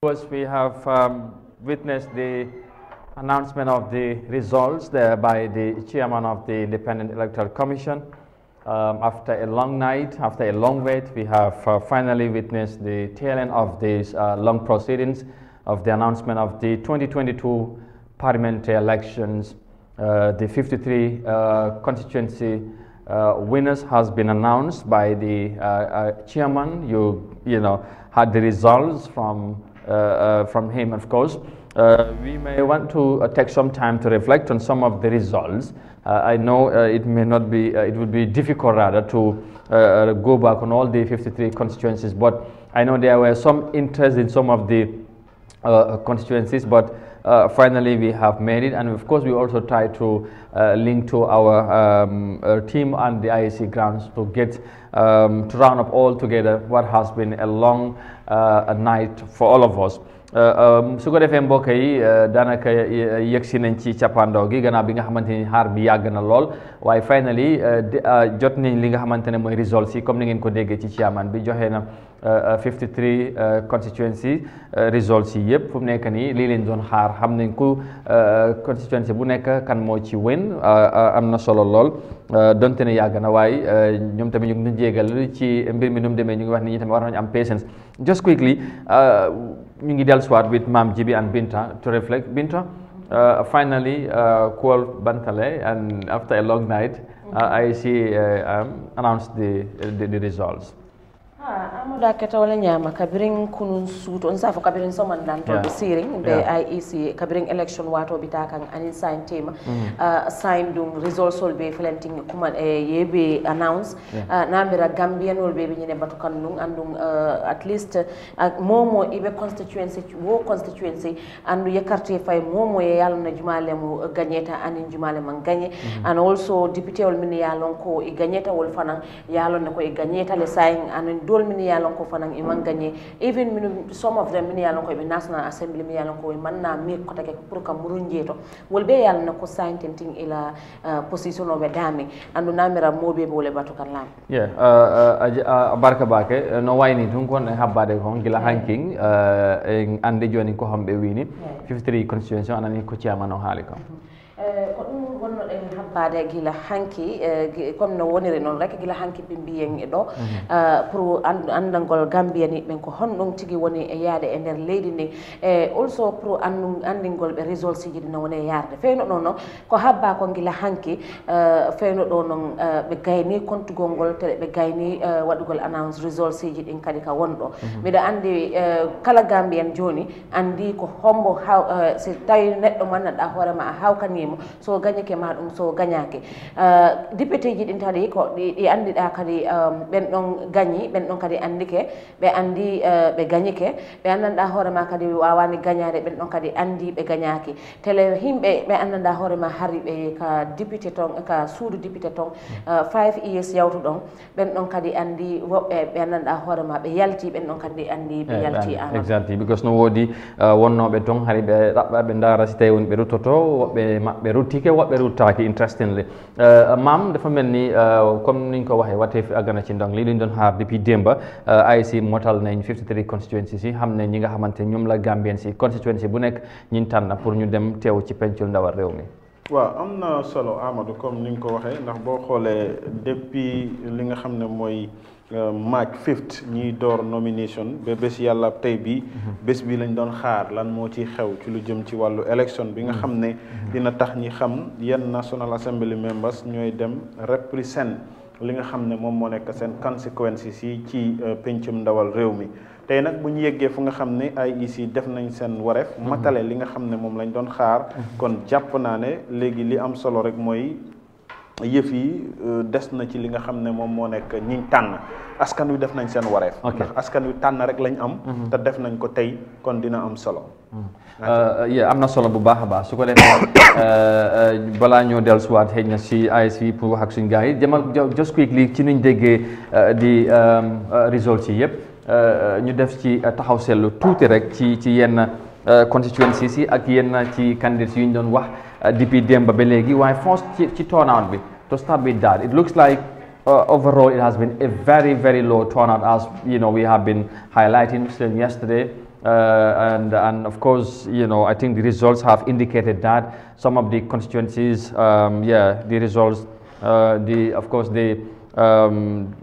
First, we have um, witnessed the announcement of the results there by the chairman of the Independent Electoral Commission. Um, after a long night, after a long wait, we have uh, finally witnessed the tail end of these uh, long proceedings of the announcement of the 2022 parliamentary elections, uh, the 53 uh, constituency uh, winners has been announced by the uh, chairman. You, you know, had the results from, from him, of course. Uh, we may want to uh, take some time to reflect on some of the results. Uh, I know it may not be, it would be difficult rather to go back on all the 53 constituencies, but I know there were some interest in some of the uh, uh, constituencies but uh, finally we have made it and of course we also try to uh, link to our, um, our, uh, team and the IEC grants to get um, to round up all together what has been a long night for all of us. Euh, euh, su ko defee mbokk yi euh, daanaka yëg si nañ ci cappaandaw gi gannaaw bi nga xamante ni xaar bi yàgg na lool waaye finally jot nañ li nga xamante ne mooy results yi comme ni ngeen ko déggee ci chairman bi joxe na 53 constituency results yi yëpp fu mu nekk nii lii leen doon xaar xam nañ ku constituency bu nekk kan moo ci wén am na solo lool donte ne yàgg na waaye ñoom tamit ñu ngi jéegal ci mbir mi nu demee ñu ngi wax ni ñu tamit war nañu am patience just ñu ngi dellusiwaat with Mam Jibi and Binta to reflect Binta uh, finally call uh, Bantale and after a long night uh, mm-hmm. I see um, announced the the results. ha amadou aketawla ñama kabirin kunun suuto on safo kabirin soman lantoɓe sirin ɓe iec kabirin élection watoɓe ta kan anin sign tema mm. sign ɗum résolt sol ɓe flentin kuma e yeɓe annonce nambira gambiyanol ɓe ɓe ñine mbatu kan ɗum andum uh, at least uh, momo iɓe constituency wo constituency andu yakkarte fay momo ye yallana jumalemo gagneta anin jumalema gagne mm-hmm. an olso député ol min yalon ko e gagnetawol fanan yalonne ko e gagnetale sign anin dol min yalon ko fanan iman gagné even min some of them min yalon ko be national assembly min yalon ko man na mi ko take pour kam murun jeto wol be yalon ko saintenting ila uh, position o be dami andu namira mobe bole batu kan lam yeah uh, uh, uh barka bake uh, no wayni tun kon habbade ko gila hanking uh, ande joni ko hambe wini 53 constitution anani ko chairman o haali kam mm -hmm. Eh, ko ɗum wonnoɗen habbade gila hanki eh, comme no woniri noon rek gila hanki ɓe mbiyen e ɗo mhm. eh, pour andangol gambiya ni ɓen ko honɗon tigui woni e yaade e nder leydi ndi e also pour andingol ɓe résol si jiɗi no woni e yarde feyno ɗo noon ko habba ko gila hanki feyno ɗo noon ɓe gayni comptugol ngol tele ɓe gayni waɗugol annonce résol si ji ɗin kadi ka wonɗo mhm. mbiɗa andi kala gambiyan joni andi ko hombo haw si tawi neɗɗo mannaɗa hoorema a hawkanima mo so gañake ma ɗum so gañake uh, député ji ɗin tadi ko ɗi anndiɗa kadi um, ɓen ɗon gañi ɓen ɗon kadi anndike ɓe anndi uh, ɓe gañike ɓe anndanɗa hoorema kadi wawani gañade ɓen ɗon kadi anndi ɓe gañaki tele himɓe ɓe anndanɗa hoorema haari ɓe ka député ton ka suudu député ton 5 uh, years yawtu ɗon ɓen ɗon kadi anndi woɓɓe ɓe anndanɗa hoorema ɓe yalti ɓen ɗon kadi anndi ɓe eh, yalti an exactly because no woodi wonnoɓe ton haari ɓe ɗaɓɓa ɓe daara si tawi woni ɓe ruttoto woɓɓe ma ɓe ruttike woɓɓe ruttaki interestingly uh, mam dafa mel ni uh, comme niñ ko waxee watee fi agana ci ndong li luñ doon xaar depuis démba uh, IEC motal nañ 53 constituencies yi xam ne ñi nga xamante ñoom la Gambien constituency bu nekk ñiñ tànn pour ñu teew ci pencul ndawal réew mi waaw am na solo Amadou comme ni ko waxee ndax boo xoolee depuis li xam ne mooy March euh, 5th door nomination ba bés yàlla tey bi mhm. bés bi lañ doon xaar lan moo ci xew ci lu jëm ci wàllu élection bi nga xam ne mhm. Mhm. dina tax ñi xam yan National Assembly members ñooy dem represent li nga xam ne moom moo nekk seen conséquences yi ci euh, pencum ndawal réew mi tey nag bu ñu yeggee fu nga xam ne ay IEC def nañ seen wareef matale li nga xam ne moom lañ doon xaar kon jàpp naa ne léegi li am solo rek mooy yëf yi euh, des na ci li nga xam ne moom moo nekk ñiñ tànn askan wi def nañ seen wareef ndax askan wi tànn rek lañ am mhm. te def nañ ko tey kon dina am solo mhm. euh, am na solo bu baax a baax su ko defee euh, balaa ñoo dellusiwaat xëy na si ISV pour wax ak suñu gars yi jamal just quickly ci niñ déggee di result yi yëpp ñu def ci taxaw seetlu tuuti rek ci ci yenn constituency yi ak yenn ci candidates yu ñu doon wax depuis démb ba léegi waaye fonce ci ci bi to start with that it looks like uh, overall it has been a very very low turnout as you know we have been highlighting since yesterday uh, and and of course you know I think the results have indicated that some of the constituencies um, yeah the results uh, the of course the um,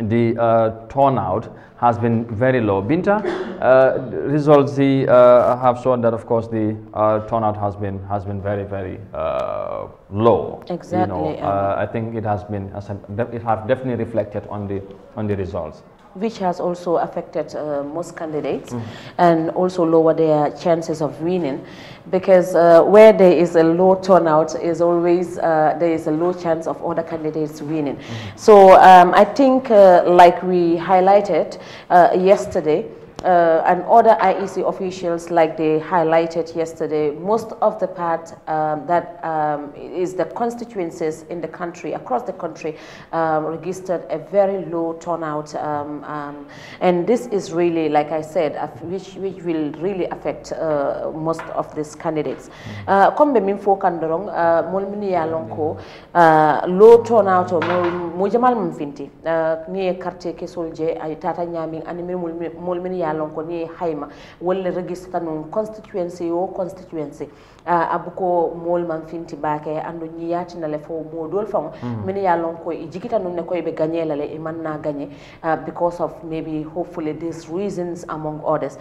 the uh, turnout has been very low. Binta, uh, results the, uh, have shown that, of course, the uh, turnout has been has been very very uh, low. Exactly. You know, uh, I think it has been it has definitely reflected on the on the results which has also affected uh, most candidates mm. and also lower their chances of winning because uh, where there is a low turnout is always uh, there is a low chance of other candidates winning. Mm. So um, I think uh, like we highlighted uh, yesterday, uh, and other IEC officials, like they highlighted yesterday, most of the part um, that um, is the constituencies in the country, across the country, um, registered a very low turnout. Um, um, and this is really, like I said, which, which will really affect uh, most of these candidates. Mm-hmm. Uh, Kombe Minfo Kandorong, uh, Yalonko, uh, low turnout of Mujamal Mfinti, Nye Karte Kesolje, Tata Nyaming, and alon ko ni hayma le registre dans une constituency o constituency uh, abuko mool man finti baake andu ñiyatina le fo moodol faŋo mm. min ye a lon ko i jikita num ne ko i be gagne la le i man na gagne uh, ah, because of maybe hopefully these reasons among others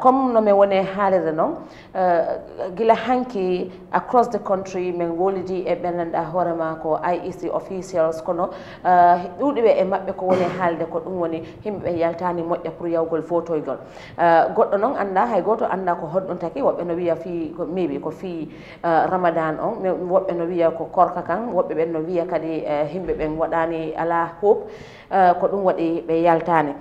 comme uh, no me wone haalire noon uh, ah, gila hanki across the country min wolidi e ɓenanɗa hoorema ko iec officials kono ɗuuɗi ɓe e maɓɓe ko woni haalde ko ɗum woni yimɓe ɓe yaltani moƴƴa pour yawgol fotoygol goɗɗo noon annda hay goto annda ko hoɗɗum taki woɓɓe no wiya fi maybe heewi ko fii eh, ramadan on woɓɓe no wiya ko korka kan woɓɓe ɓen no wiya kadi eh, himɓe ɓen waɗani ala hope eh, ko ɗum waɗi ɓe yaltani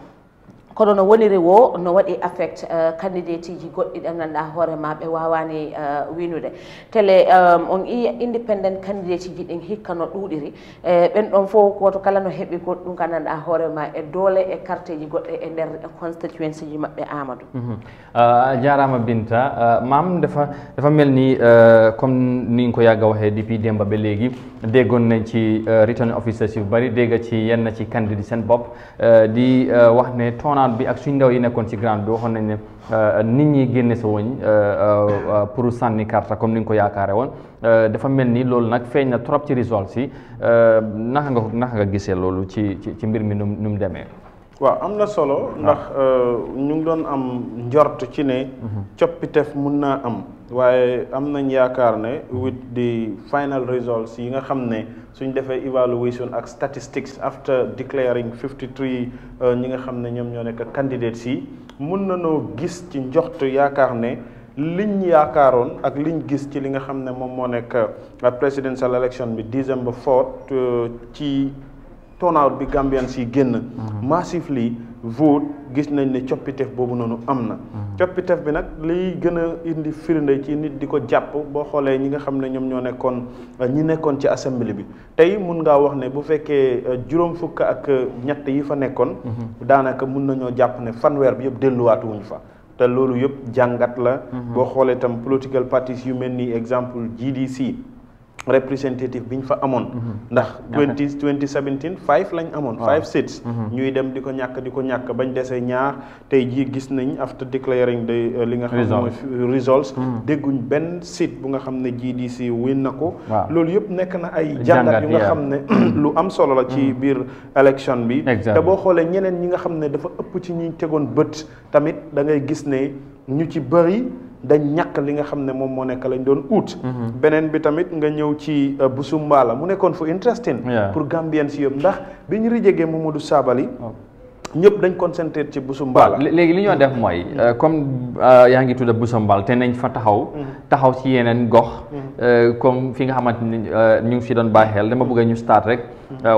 kono no woniri wo no waɗi affect candidate uh, iji goɗɗi ɗe nganduɗa hoorema ɓe wawani uh, winude tele um, on i independent candidate iji ɗin hikka no ɗuɗiri e eh, ɓen ɗon fof goto kala no heeɓi goɗɗum ka nanduɗa hoorema e doole e quartier ji goɗɗe e nder constituence ji maɓɓe amadou mm -hmm. uh, jarama binta uh, mam defa defa melni uh, comme nin ko yagawa he dépuis demba ɓe leegui de gonne ci uh, return officer sif bari dega ci yenna ci candidi sen bop uh, ɗi uh, wahne tona fanaan bi ak suñ ndaw yi nekkoon ci grande bi waxoon nañ ne euh, nit ñi génne sa woñ euh, euh, pour sànni karta comme ni nga ko yaakaare woon dafa mel ni loolu nag feeñ na trop ci results yi naka nga naka nga gisee loolu ci ci mbir mi nu mu demee. waaw am na solo. Ah. ndax ñu ngi doon am njort ci ne. Mhm. coppitef mun naa am. waaye am nañ yaakaar ne with the final results yi nga xam ne suñ defee evaluation ak statistics after declaring 53 euh, ñi nga xam ne ñoom ñoo nekk candidates yi mun nanoo gis ci njoxtu yaakaar ne liñ yaakaaroon ak liñ gis ci li nga xam ne moom moo nekk euh, presidential election bi December 4 euh, ci turnout bi Gambians si génn mm-hmm. massively vote gis nañ ne coppiteef boobu noonu am na. Mm-hmm. coppiteef bi nag lay gën a indi firnde ci nit di ko jàpp boo xoolee ñi nga xam ne ñoom ñoo nekkoon euh, ñi nekkoon ci assemblée bi tey mun ngaa wax ne bu fekkee euh, juróom fukk ak euh, ñett yi fa nekkoon. Mm-hmm. daanaka mun nañoo jàpp ne fanweer bi yëpp delluwaatu wuñ fa. te loolu yëpp jàngat la. Mm-hmm. boo xoolee itam political parties yu mel nii exemple GDC. representative bi ñu fa amoon. Mhm. ndax 20 2017 five lañ amoon. five seats. Mhm. ñuy dem di ko ñàkk di ko ñàkk bañ desee ñaar tey jii gis nañ after declaring de uh, li nga xam ne mooy results. Mhm. dégguñ benn seat bu nga xam ne jii GDC win na ko. loolu yëpp nekk na ay. jàngat yu nga xam ne lu am solo la ci biir élection bi. te boo xoolee ñeneen ñi nga xam ne dafa ëpp ci ñu tegoon bët tamit dangay gis ne ñu ci bëri. dañ ñak li nga xamne mom mo nek lañ doon ut mhm. benen bi tamit nga ñew ci euh, Busumbala mu nekkon fu interesting pour Gambian yëpp ndax biñu rijege momadou Sabali oh. ñëpp dañ concentré ci Busumbala légui li ñu def moy mm-hmm. euh, comme euh, yaa ngi tudda Busumbala té nañ fa taxaw mm-hmm. taxaw ci yenen gox mm-hmm. comme fi nga xamante ñu ngi fi doon baaxel dama bëgg ñu start rek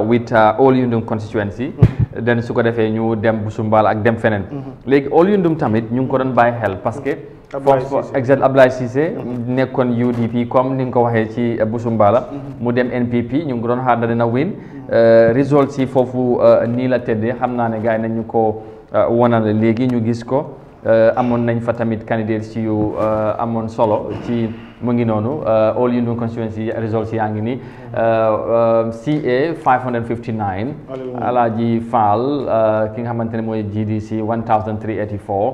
with All Yundum constituency dañ su ko défé ñu dem Busumbala ak dem fenen légui All Yundum tamit ñu ngi ko doon baaxel parce que foofu exact Ablaye Cissé nekkoon UDP comme ni nga ko waxee ci Busumbala mhm. mu dem NPP ñu ngi doon xaar dina win euh, results yi foofu euh, nii la tëddee xam naa ne gars nañu ko euh, wanal léegi ñu gis ko amoon nañ fa tamit candidates ci yu amoon solo ci mu ngi noonu all union constituency results yaa ngi nii CA 559 Alaaji Fall ki nga xamante ne mooy GDC 1384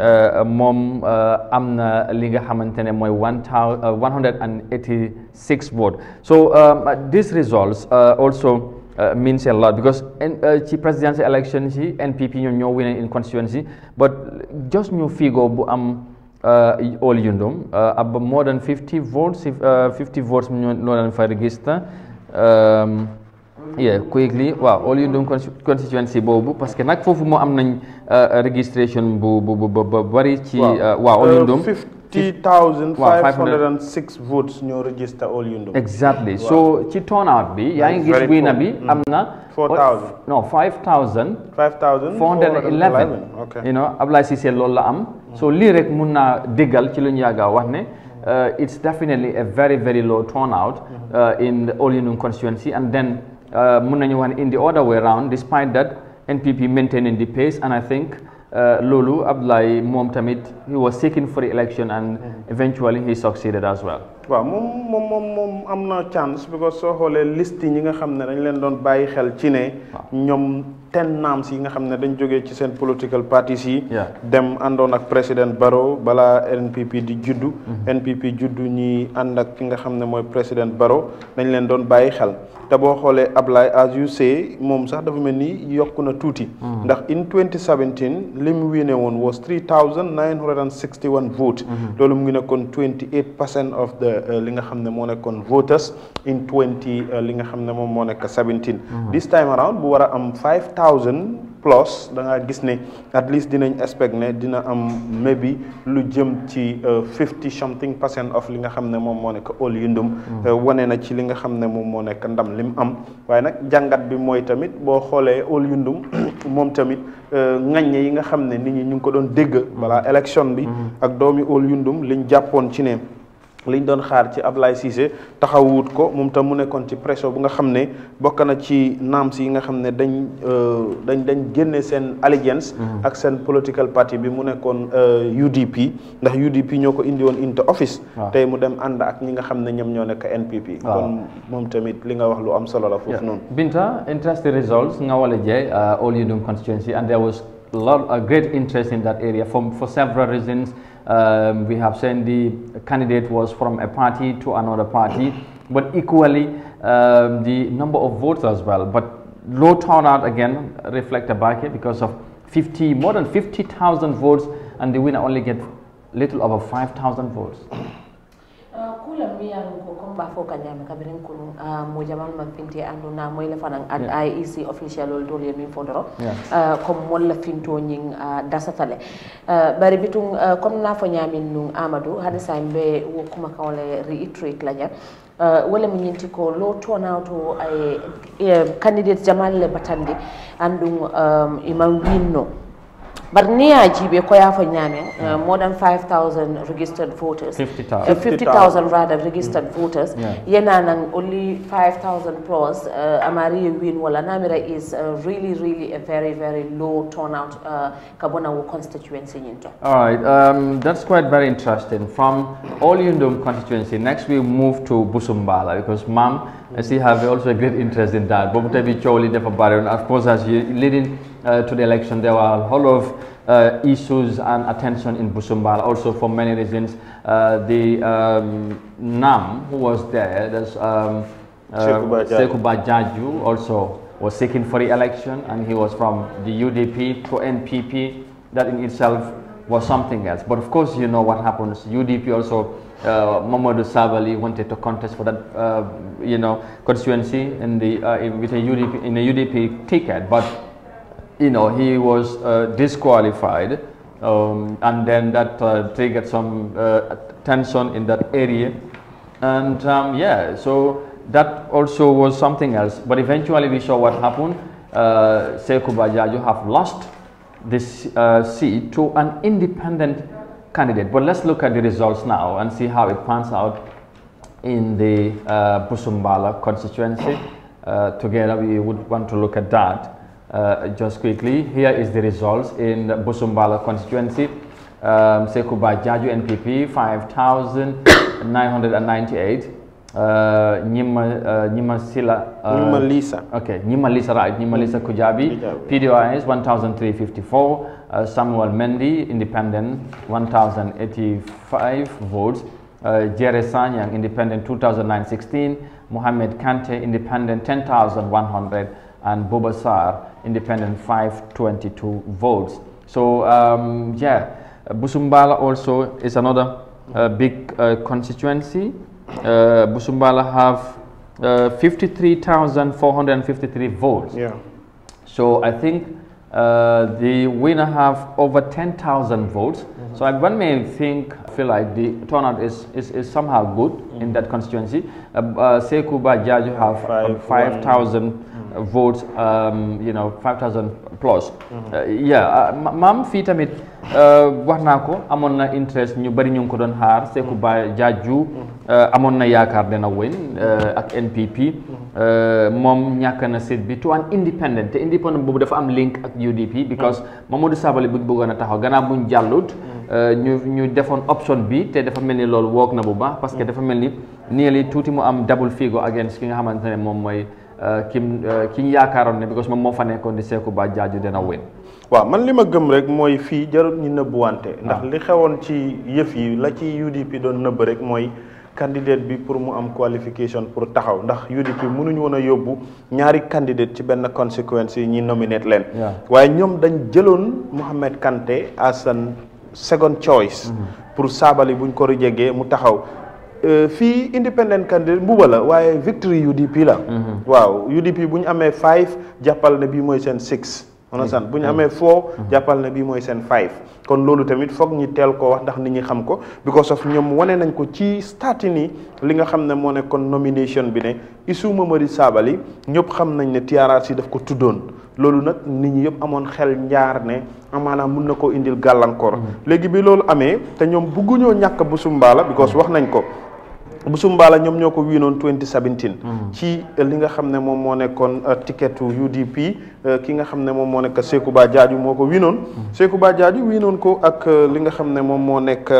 Euh, moom euh, am na li nga xamante ne mooy one euh, hundred and eighty six vote so um, these results uh, also uh, means a lot because uh, ci presidential election ci NPP ñoom ñoo winee in constituency but just ñu figure bu am all yundum ab more than fifty votes fifty votes ñoo leen fa register um, yeah quickly waaw all you doing constituency boobu parce que nag foofu moo am nañ euh, registration bu bu bu bu bari ci waaw euh, all you doing fifty thousand five hundred and six votes ñoo register all you exactly so ci turnout bi yaa ngi gis winner bi mm. am na four thousand non five thousand five thousand four hundred and eleven you loolu la am mm. so lii rek mun naa déggal ci lu ñu yàgga wax ne euh, it's definitely a very very low turnout mm-hmm. in all you doing constituency Uh, mun wax in the other way round despite that NPP maintaining the pace and I think uh, Lulu Abdoulaye moom tamit he was seeking for the election and mm-hmm. eventually he succeeded as well. waaw moom moom moom moom am na chance because so xoolee liste ñi nga xam ne dañ leen doon bàyyi xel ci ne ñoom. ten nam si nga xamne dañ joggé ci sen political party si dem àndoon ak president Barrow bala NPP di juddu mm-hmm. NPP juddu ñi and ak ki nga xamne moy president président Barrow dañ leen doon bayyi xel ta bo xolé Ablay as you say mom sax dafa melni yokuna yokk mm-hmm. ndax in 2017 lim mu won was 3961 vote mm-hmm. loolu mu ngi 28 of the uh, li nga xamne mo nekkon voters in 20 uh, li nga xamne mom mo 17 this time around bu wara am 5 thousand plus da nga gis ne at least dinañ expect ne dina am maybe lu jëm ci euh, fifty something percent of li nga xam ne moom moo nekk all yundum mm. euh, wane na ci li nga xam ne moom moo nekk ndam lim am waaye nag jàngat bi mooy tamit boo xoolee all yundum moom tamit euh, ŋaññe yi nga xam ne nit ñi ñu ngi ko doon dégg balaa mm. élection bi mm. ak doomi all yundum liñ jàppoon ci ne liñ doon xaar ci Ablaye Cissé taxawut ko moom tam mu nekkoon ci pression bu nga xam ne bokk na ci naams yi nga xam ne dañ euh, dañ dañ génne seen alliance mm-hmm. ak seen political party bi mu nekkoon UDP euh, ndax UDP ñoo ko indi woon into office tey mu dem ànd ak ñi nga xam ne ñoom ñoo nekk NPP kon moom tamit li nga wax lu am solo la foofu noonu Binta interesting results nga wala jeey uh, all you do constituency and there was lot, a great interest in that area for, for several reasons. Um, we have seen the candidate was from a party to another party, but equally um, the number of votes as well. But low turnout again reflected back here because of 50, more than 50,000 votes and the winner only get little over 5,000 votes. kulam miyanuko comme mba fo kañami kabiren kono ah, mo jaman ma finti andu na moyle fanan ad aec officiel ol tol yemin fondoro ah, comme molla fintoñin ah, dasatale ɓari bitum comme nafo ñamin num amadou haade sam mbe wo kuma kawle reitrate laña walla mi ñinti ko lo tonawto ay eh, candidate jamalle batandi andu imam winno But near Jibe Koya for Nyame, uh, more than 5,000 registered voters. 50,000. Uh, 50,000 rather registered mm. voters. Yeah. Yenan only 5,000 plus. Uh, Amari Win Walanamira is uh, really, really a very, very low turnout uh, Kabonawo constituency. All right, um, that's quite very interesting. From Oliundum constituency, next we move to Busumbala because ma'am, I see, have also a great interest in that. of course, as you leading uh, to the election. There were a whole of uh, issues and attention in Busumbala also for many reasons. Uh, the um, NAM who was there, there's um, um Bajaju also was seeking for the election and he was from the UDP to NPP. That in itself was something else. But of course, you know what happens. UDP also, uh, Mamadou Savali wanted to contest for that, uh, you know, constituency in the uh, in, with a UDP in a UDP ticket, but you know, he was uh, disqualified. Um, and then that uh, triggered some uh, tension in that area. And um, yeah, so that also was something else. But eventually we saw what happened. Uh, Sekou Bajajo have lost this uh, seat to an independent candidate. But let's look at the results now and see how it pans out in the Busumbala uh, constituency. Uh, together we would want to look at that. Uh, just quickly, here is the results in Busumbala constituency. Um, Sekuba Jaju NPP 5,998. Uh, Nima, uh, Nima Sila. Uh, Nima Lisa. Okay, Nima Lisa, right. Nima Lisa Kujabi. Kujabi. PDIS 1,354. Uh, Samuel Mendy, independent, 1,085 votes. Uh, Jere Sanyang, independent, 2009 Mohamed Kante, independent, 10,100. And Bobasar independent 522 votes. So um, yeah, Busumbala also is another uh, big uh, constituency. Uh, Busumbala have uh, 53,453 votes. Yeah. So I think uh, the winner have over 10,000 votes. Mm -hmm. So one may think, feel like the turnout is, is, is somehow good mm -hmm. in mm-hmm. that constituency. Uh, uh, Sekuba Jaju have um, 5,000 votes um, you know five thousand plus. Mm-hmm. Uh, yeah uh, maam fii tamit uh, wax naa ko amoon na interest ñu bari ñu ngi ko doon xaar Seku mm-hmm. Ba Jaaju mm-hmm. amoon na yaakaar de dana win ak NPP. moom ñàkk na seet bi to an independent te independent boobu dafa am link ak UDP. because Mamadou Sabali bu bëggoon a taxaw gannaaw bu jàllut. ñu ñu defoon option bi te dafa mel ni loolu woog na bu baax parce que dafa mel ni nii tuuti mu am double figure against ki nga xamante ne moom mooy. Euh, kim euh, ki ñu yaakaaroon ne because moom moo fa nekkoon di Seeku Ba Jaaju dina win waaw man li ma gëm rek mooy fii jarut ñu nëbbuwante ah. ndax li xewoon ci yëf yi la ci UDP doon nëbb rek mooy candidate bi pour mu am qualification pour taxaw ndax UDP mënuñu woon a yóbbu ñaari candidate ci benn conséquence yi ñi nominate leen waaye ñoom dañ jëloon Mouhamed Kanté as an second choice mm-hmm. pour saabali buñ ko rejegee mu taxaw Euh, Fi independent candidate mbuba la waye victory UDP la. Mhm. Wow, UDP buñ amé 5 five na nabi moy sen 6 six. understand buñ amé 4 four mhm. na nabi moy sen 5 five kon lolu tamit fog ñi tel ko wax ndax nit ñi xam ko because of ñom wane nañ ko ci start ni li nga xamné ne né kon nomination bi né Issou Mamadi Sabali ñop xam nañ ne TRRC daf ko tudon lolu nak nit ñi yëp amoon xel ñaar ne amana mën na indil galankor mhm. legi bi loolu amee te ñoom bugguñoo ñàkk bu sumbaala because wax nañ ko Busumbala ñoom ñoo ko wiinoon 2017. Mm. ci euh, li nga xam ne moom moo nekkoon euh, ticket UDP euh, ki nga xam ne moom moo nekk Sekouba Jaaju moo ko wiinoon. Mm. Sekouba Jaaju wiinoon ko ak li nga xam ne moom moo nekk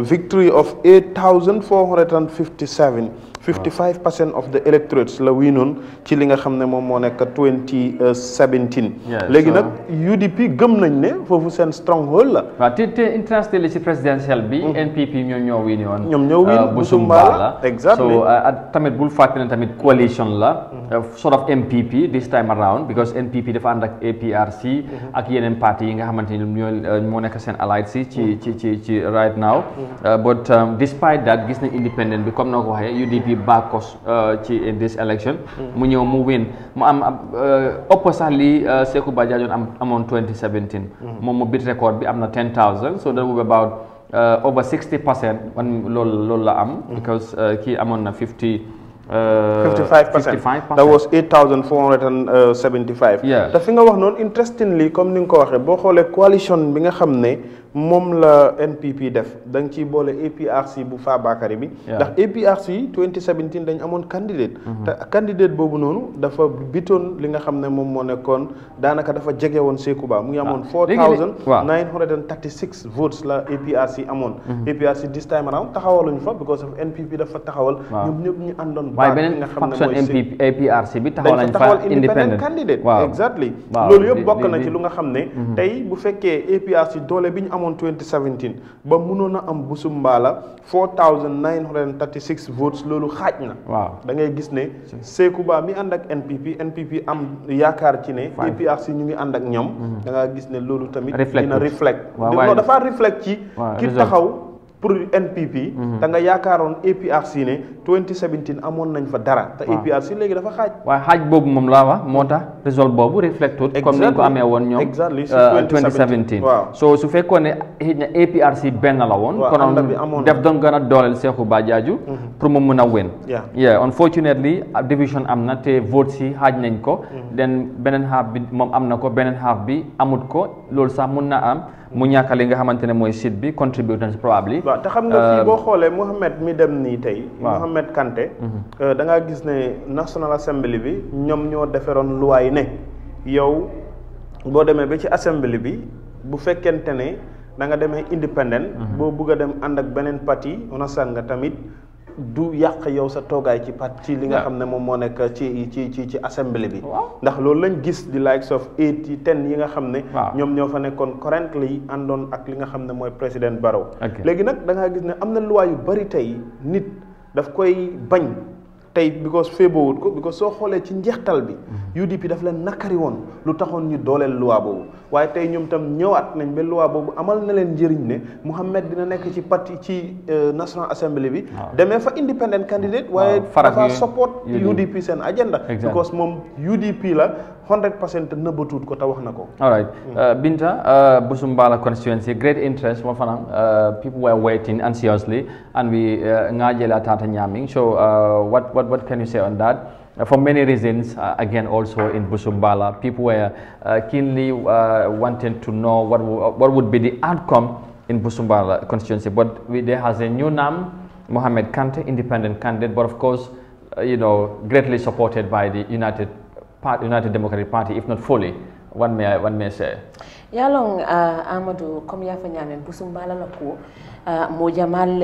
victory of 8457. 55 percent of the electorates la wiinoon ci li nga xam ne moom moo nekk 2017 léegi nag ne foofu seen stronghold la waaw te te intéressé la ci présidentielle bi mm-hmm. NPP ñoom ñoo wiin woon ñoom ñoo wiin uh, Busumbala exactly so uh, tamit bul fàtte tamit coalition la mm-hmm. uh, sort of NPP this time around because NPP dafa ànd ak APRC mm-hmm. ak yi nga xamante ni ñoo moo nekk seen allied si ci ci ci ci right now but um, despite that gis nañ independent bi comme noo ko waxee ji Bakos euh, ci this election. mu ñëw mu win mu am euh, ëpp sax lii euh, Sekou Badiadione am amoon 2017. Mm-hmm. moom mu beat record bi am na 10000 so that would be about over 60 percent man loolu loolu la am. Mm-hmm. because kii amoon na 50. 55 that was 8475. te fi nga interestingly comme ni nga ko waxee boo xoolee coalition bi nga xam ne. moom la NPP def da nga boole APRC bu Fabakary bi. ndax APRC 2017 dañ amoon candidate. Mm-hmm. te candidate boobu noonu dafa bitoon li nga xam ne moom moo nekkoon daanaka dafa jege woon Sékou Ba mu ngi ah. amoon. waaw léegi votes la APRC amoon. Mm-hmm. APRC this time around fa because of NPP dafa taxawal. waaw ñoom ñëpp ñu àndoon. beneen faction APRC bi taxawal independent candidate exactly loolu yëpp bokk na ci lu nga xam ne. Mm-hmm. tey bu fekkee APRC doole bi ñu am amoon 2017 ba mënoon a am Boussoum Mbala 4936 votes loolu xaaj na. waaw da ngay gis ne. seeku baa mi ànd ak NPP NPP am yaakaar ci ne. APRC ñu ngi ànd ak ñoom. Mhm. da gis ne loolu tamit. dina reflect waaw dina dafa reflect ci. ki taxaw. pour NPP. Mhm. te nga yaakaaroon APRC ne 2017 amoon nañ fa dara. te APRC léegi dafa xaaj. waaye xaaj boobu moom laa wax moo tax résultat boobu reflecté comme ni ñu ko amee woon ñoom. exactement euh, su fekkoon ne na APRC benn la woon. konoon def doon gën a dooleel Seeku Badiaju mhm. pour mu mun a win. yeah unfortunately division am na te vote si xaaj nañ ko. den mhm. beneen half bi moom am na ko beneen half bi amut ko loolu sax mun na am. mu ñàkk li nga xamante ne mooy site bi contribute na probably waaw te xam nga fii euh, boo xoolee Mouhamed mi dem nii tey Mouhamed Kanté mhm. euh, da ngaa gis ne National Assembly bi ñoom ñoo deferoon luwaay ne yow boo demee ba ci Assembly bi bu fekkente ne danga demee independent mhm. boo bugg a dem ànd ak beneen parti on nga tamit du yàq yow sa toogaay ci parti ci li nga xam ne moom moo nekk ci ci ci ci assemblée bi ndax loolu lañ gis di likes of eight yi ten yi nga xam ne ñoom ñoo fa nekkoon currently yi àndoon ak li nga xam ne mooy président Barrow léegi nag da gis ne am na loi yu bari tey nit daf koy bañ tey because féeboowut ko because soo xoolee ci njeextal bi mm-hmm. UDP daf leen nakari woon lu taxoon ñu dooleel luwaa boobu waaye tey ñoom tam ñëwaat nañ ba loi boobu amal na leen njëriñ ne Mouhamed dina nekk ci parti ci euh, National Assembly bi. demee fa independent candidate. waaye dafa support UDP seen agenda. because moom UDP la 100 percent nëbbatuut ko te wax na ko. all right hmm. uh, Binta uh, Busumbala constituency great interest moo fanaan uh, people were waiting anxiously and we Ngajela Tata Nyaming so what what what can you say on that. Uh, for many reasons, uh, again, also in Busumbala, people were uh, keenly uh, wanting to know what, uh, what would be the outcome in Busumbala constituency. But we, there has a new name, Mohamed Kante, independent candidate, but of course, uh, you know, greatly supported by the United, Part, United Democratic Party, if not fully, one may, one may say. Yalong uh, Amadou, come here for a fait Busumbala, Ah, mo jamal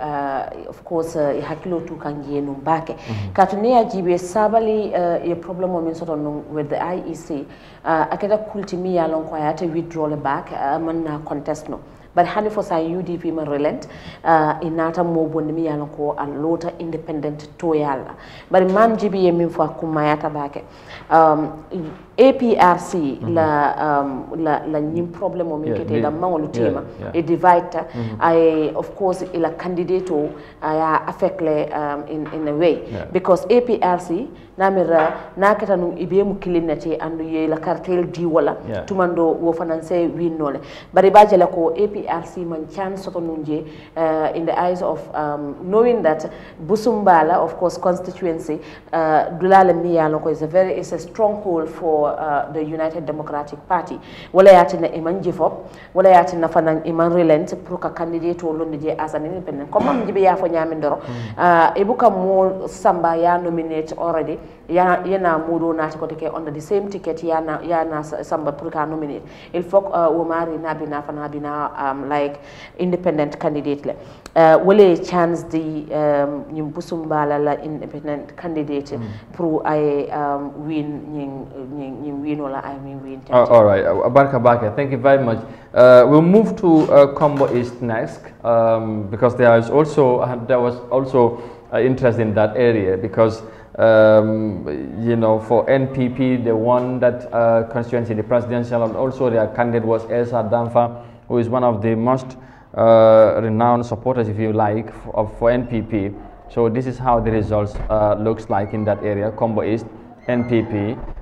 ah, of course ah, e hakkilo tu kan jeenum baake mhm. kato ne ya jiibe sabali e probléme o min soto non with the iec akeda kultimi yalon ko ayata withdrawle baake manna contest no but hani fo sa udp man relent uh, i naata mobonde mi yalon ko a loota independent to yalla bari mam jibi ye min fo kummayata baake um, APRC mm -hmm. la, um, la, la ñim problème o min yeah, kete yeah, la tema yeah, yeah. e divide mm -hmm. of course ila candidate o aya uh, affect le um, in, in a way yeah. because APRC namira naketa nu ibe mu kilinati andu ye la cartel di wala yeah. tumando wo fananse winnole bari baje la ko APRC man chan soto nunje uh, in the eyes of um, knowing that Busumbala of course constituency uh, dulale miyalo ko is a very is a stronghold for uh, the United Democratic Party wala yatina iman jifo wala yatina fanan iman relent pour mm. uh, ka candidate o londi je as an independent comme mam jibe ya fo nyami ndoro uh, e buka mo samba ya nominate already ya yana mudo nati ko take on the same ticket yana yana samba pour ka nominate il faut uh, wo mari na bina fana um, like independent candidate le uh, wala chance di um, nyimbusumbala la independent candidate mm. pour ay um, all right, uh, Barka Barka, thank you very much. Uh, we'll move to uh, Combo East next um, because there is also uh, there was also uh, interest in that area because um, you know for NPP the one that uh, constituency the presidential and also their candidate was Elsa Danfa who is one of the most renowned supporters if you like for, for, NPP. So this is how the results looks like in that area Combo East NPP.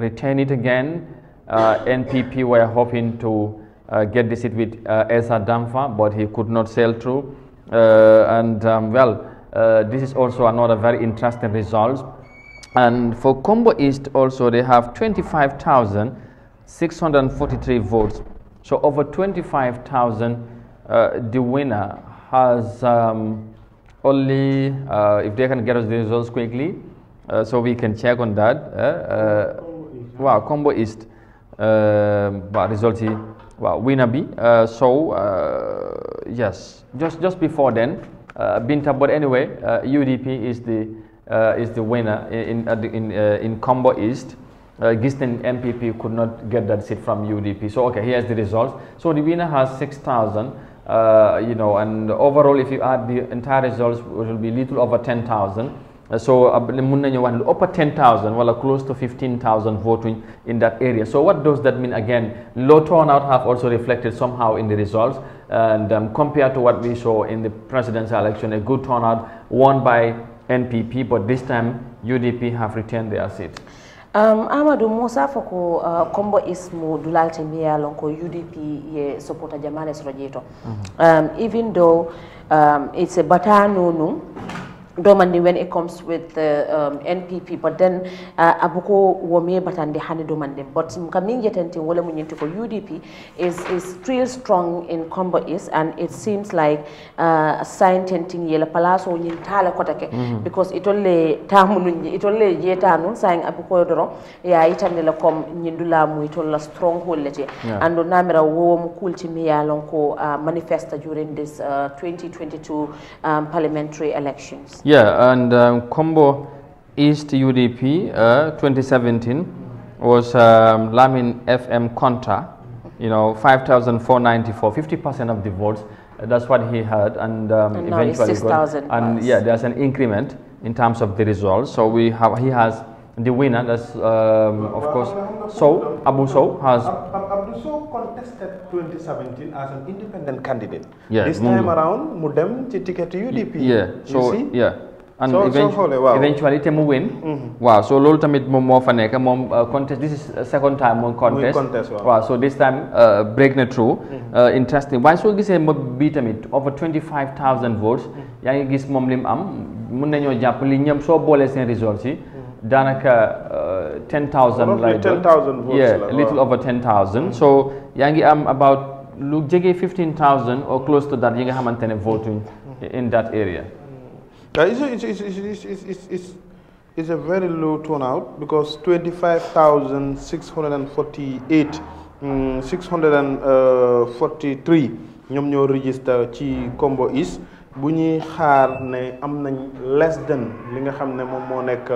retain it again. Uh, NPP were hoping to uh, get the seat with uh, Esa Damfa, but he could not sail through. and um, well, this is also another very interesting result. And for Combo East also, they have 25,643 votes. So over 25,000, uh, the winner has um, only, uh, if they can get us the results quickly, uh, so we can check on that wow, combo East, uh, result wow, winner B. Uh, so uh, yes, just just before then, uh, Binta. But anyway, UDP uh, is the is the winner in in in combo East. Uh, MPP could not get that seat from UDP. So okay, here's the results. So the winner has six thousand. you know, and overall, if you add the entire results, it will be little over ten thousand. Uh, so uh, mun uh, upper 10,000, wala close to 15,000 voting in that area. So what does that mean again? Low turnout have also reflected somehow in the results. And um, compared to what we saw in the presidential election, a good turnout won by NPP, but this time UDP have retained their seat. Um, Amadou Moussa foko uh, kombo ismu dulalte mbiya lonko UDP ye supporta Jamale Srojeto. Mm -hmm. um, even though um, it's a batano nung, domandi when it comes with the um, NPP but then uh, abuko wome batande hane domandi but mkamin yetenti wole mwenyenti ko UDP is is still strong in Combo is and it seems like uh, sign tenting yela palaso nyintala kotake mm -hmm. because itolle tamunu itolle jetanu sign abuko doro ya la kom nyindula mu itolla stronghold leje yeah. ando namira wo mu kulti mi yalon lonko uh, manifesta during this uh, 2022 um, parliamentary elections yeah. Yeah, and um, Combo East UDP uh, 2017 was um, Lamin FM Conta, you know, 5,494, 50% of the votes. Uh, that's what he had, and, um, and eventually, got, and plus. yeah, there's an increment in terms of the results. So we have he has the winner. That's um, of course. So Abu So has contested 2017 as an independent candidate. Yeah, this time around, mu dem ci ticket UDP. Yeah, so you see? yeah. and eventually te mu win mm-hmm. waaw so loolu tamit moom moo fa nekk moom uh, contest this is second time moom contest waaw so this time uh, break na through mm-hmm. uh, interesting waaye soo gisee moom bii tamit over 25000 votes mm-hmm. yaa ngi gis moom li mu am mun nañoo jàpp li ñoom soo boolee seen results yi daanaka uh, ten thousand. lay doon yeah little over ten thousand. so yaa ngi am about lu jege fifteen thousand or close to that yi nga xamante ne votuñ in that area. it's a very low turnout because 25,648 643 mm, ñoom ñoo register ci Kombo East bu ñuy xaar ne am nañ less than li nga xam ne moom moo nekk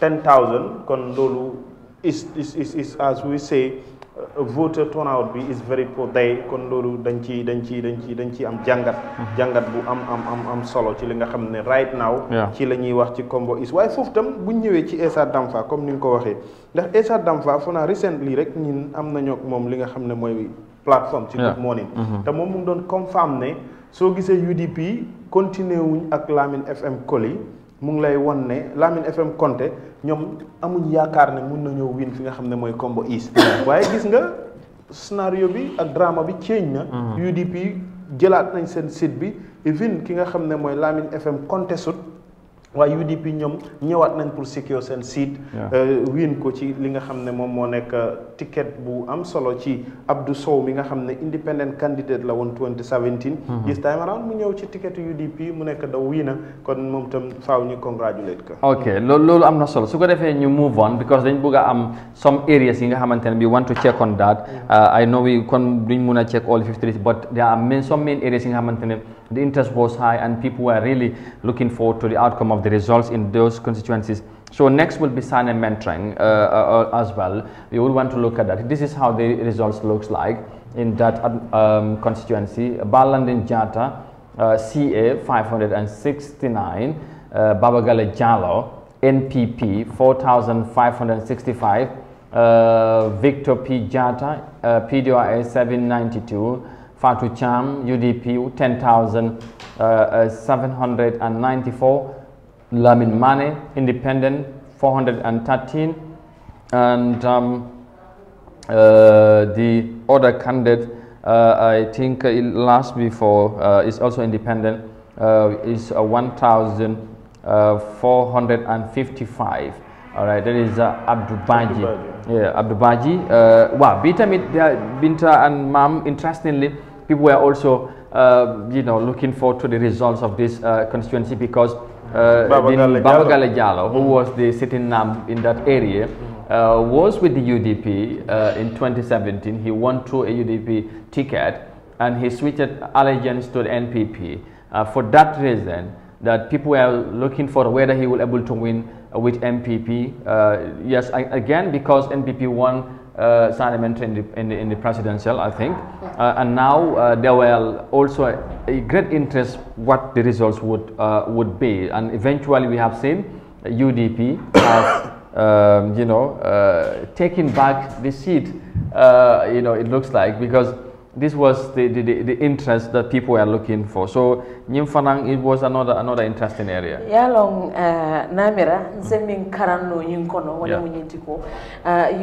ten thousand kon loolu is is is as we say uh, voter turnout bi is very poor day kon loolu dañ ci dañ ci dañ ci dañ ci am jàngat mm-hmm. jàngat bu am am am am solo ci li nga xam ne right now ci la ñuy wax ci combo is waaye foofu tam buñ ñëwee ci Essa Danfa comme ni nga ko waxee ndax Essa Danfa fu naa recently rek ñun am nañoo ak moom li nga xam ne mooy plateforme ci Good Morning mm-hmm. te moom mu ngi doon confirm ne soo gisee UDP continué wuñ ak Lamine FM Koli mu ngi lay won ne Lamine FM Konte ñoom amuñ yaakaar ne mun nañoo win fi nga xam ne mooy combo East waaye gis nga scénario bi ak drama bi change na. Mm-hmm. UDP jëlaat nañ seen site bi even ki nga xam ne mooy Lamine FM Konte sut waaye UDP ñoom ñëwaat nañ pour secure seen seat euh, wiin ko ci li nga xam ne moom moo nekk euh, ticket bu am solo ci Abdou Sow mi nga xam ne independent candidate la woon 2017 mm-hmm. this time around mu ñëw ci ticket UDP mu nekk da wiina kon moom tam faaw ñu congratulate ko ok loolu loolu am na solo su ko defee ñu move on because dañ bëgg a am some areas yi nga xamante ne bi want to check on that mm. uh, I know kon duñ mun a check all 53 but there are some main areas yi nga xamante ne the interest was high and people were really looking forward to the outcome of the results in those constituencies. So next will be sign and mentoring uh, uh, uh as well. We will want to look at that. This is how the results looks like in that um, um constituency. Balandin Jata, uh, CA 569, uh, Babagale Jalo, NPP 4565, uh, Victor P. Jata, uh, PDRA 792, Cham UDP 10,794, uh, uh, Lamin Mane Independent 413, and um, uh, the other candidate uh, I think it last before uh, is also independent uh, is 1,455. All right, that is uh, Abdubaji. Yeah, Abdubaji. Uh, wow, Bita, Binta and Mam, interestingly, people were also uh, you know looking forward to the results of this uh, constituency because uh, Babagale Jallo, Jallo, who mm-hmm. was the sitting NAM in that area, uh, was with the UDP uh, in 2017. He won through a UDP ticket and he switched allegiance to the NPP uh, for that reason that people were looking for whether he will able to win with NPP. Uh, yes, I, again, because NPP won uh, Sanement in the, in the, in the presidential, I think. Uh, and now uh, there were also a, a, great interest what the results would uh, would be. And eventually we have seen UDP um, you know, uh, taking back the seat, uh, you know, it looks like, because this was the, the, the, interest that people were looking for. So Nyimfanang, it was another another interesting area. Yalong uh, namira nsemin karano yinkono wani munyintiko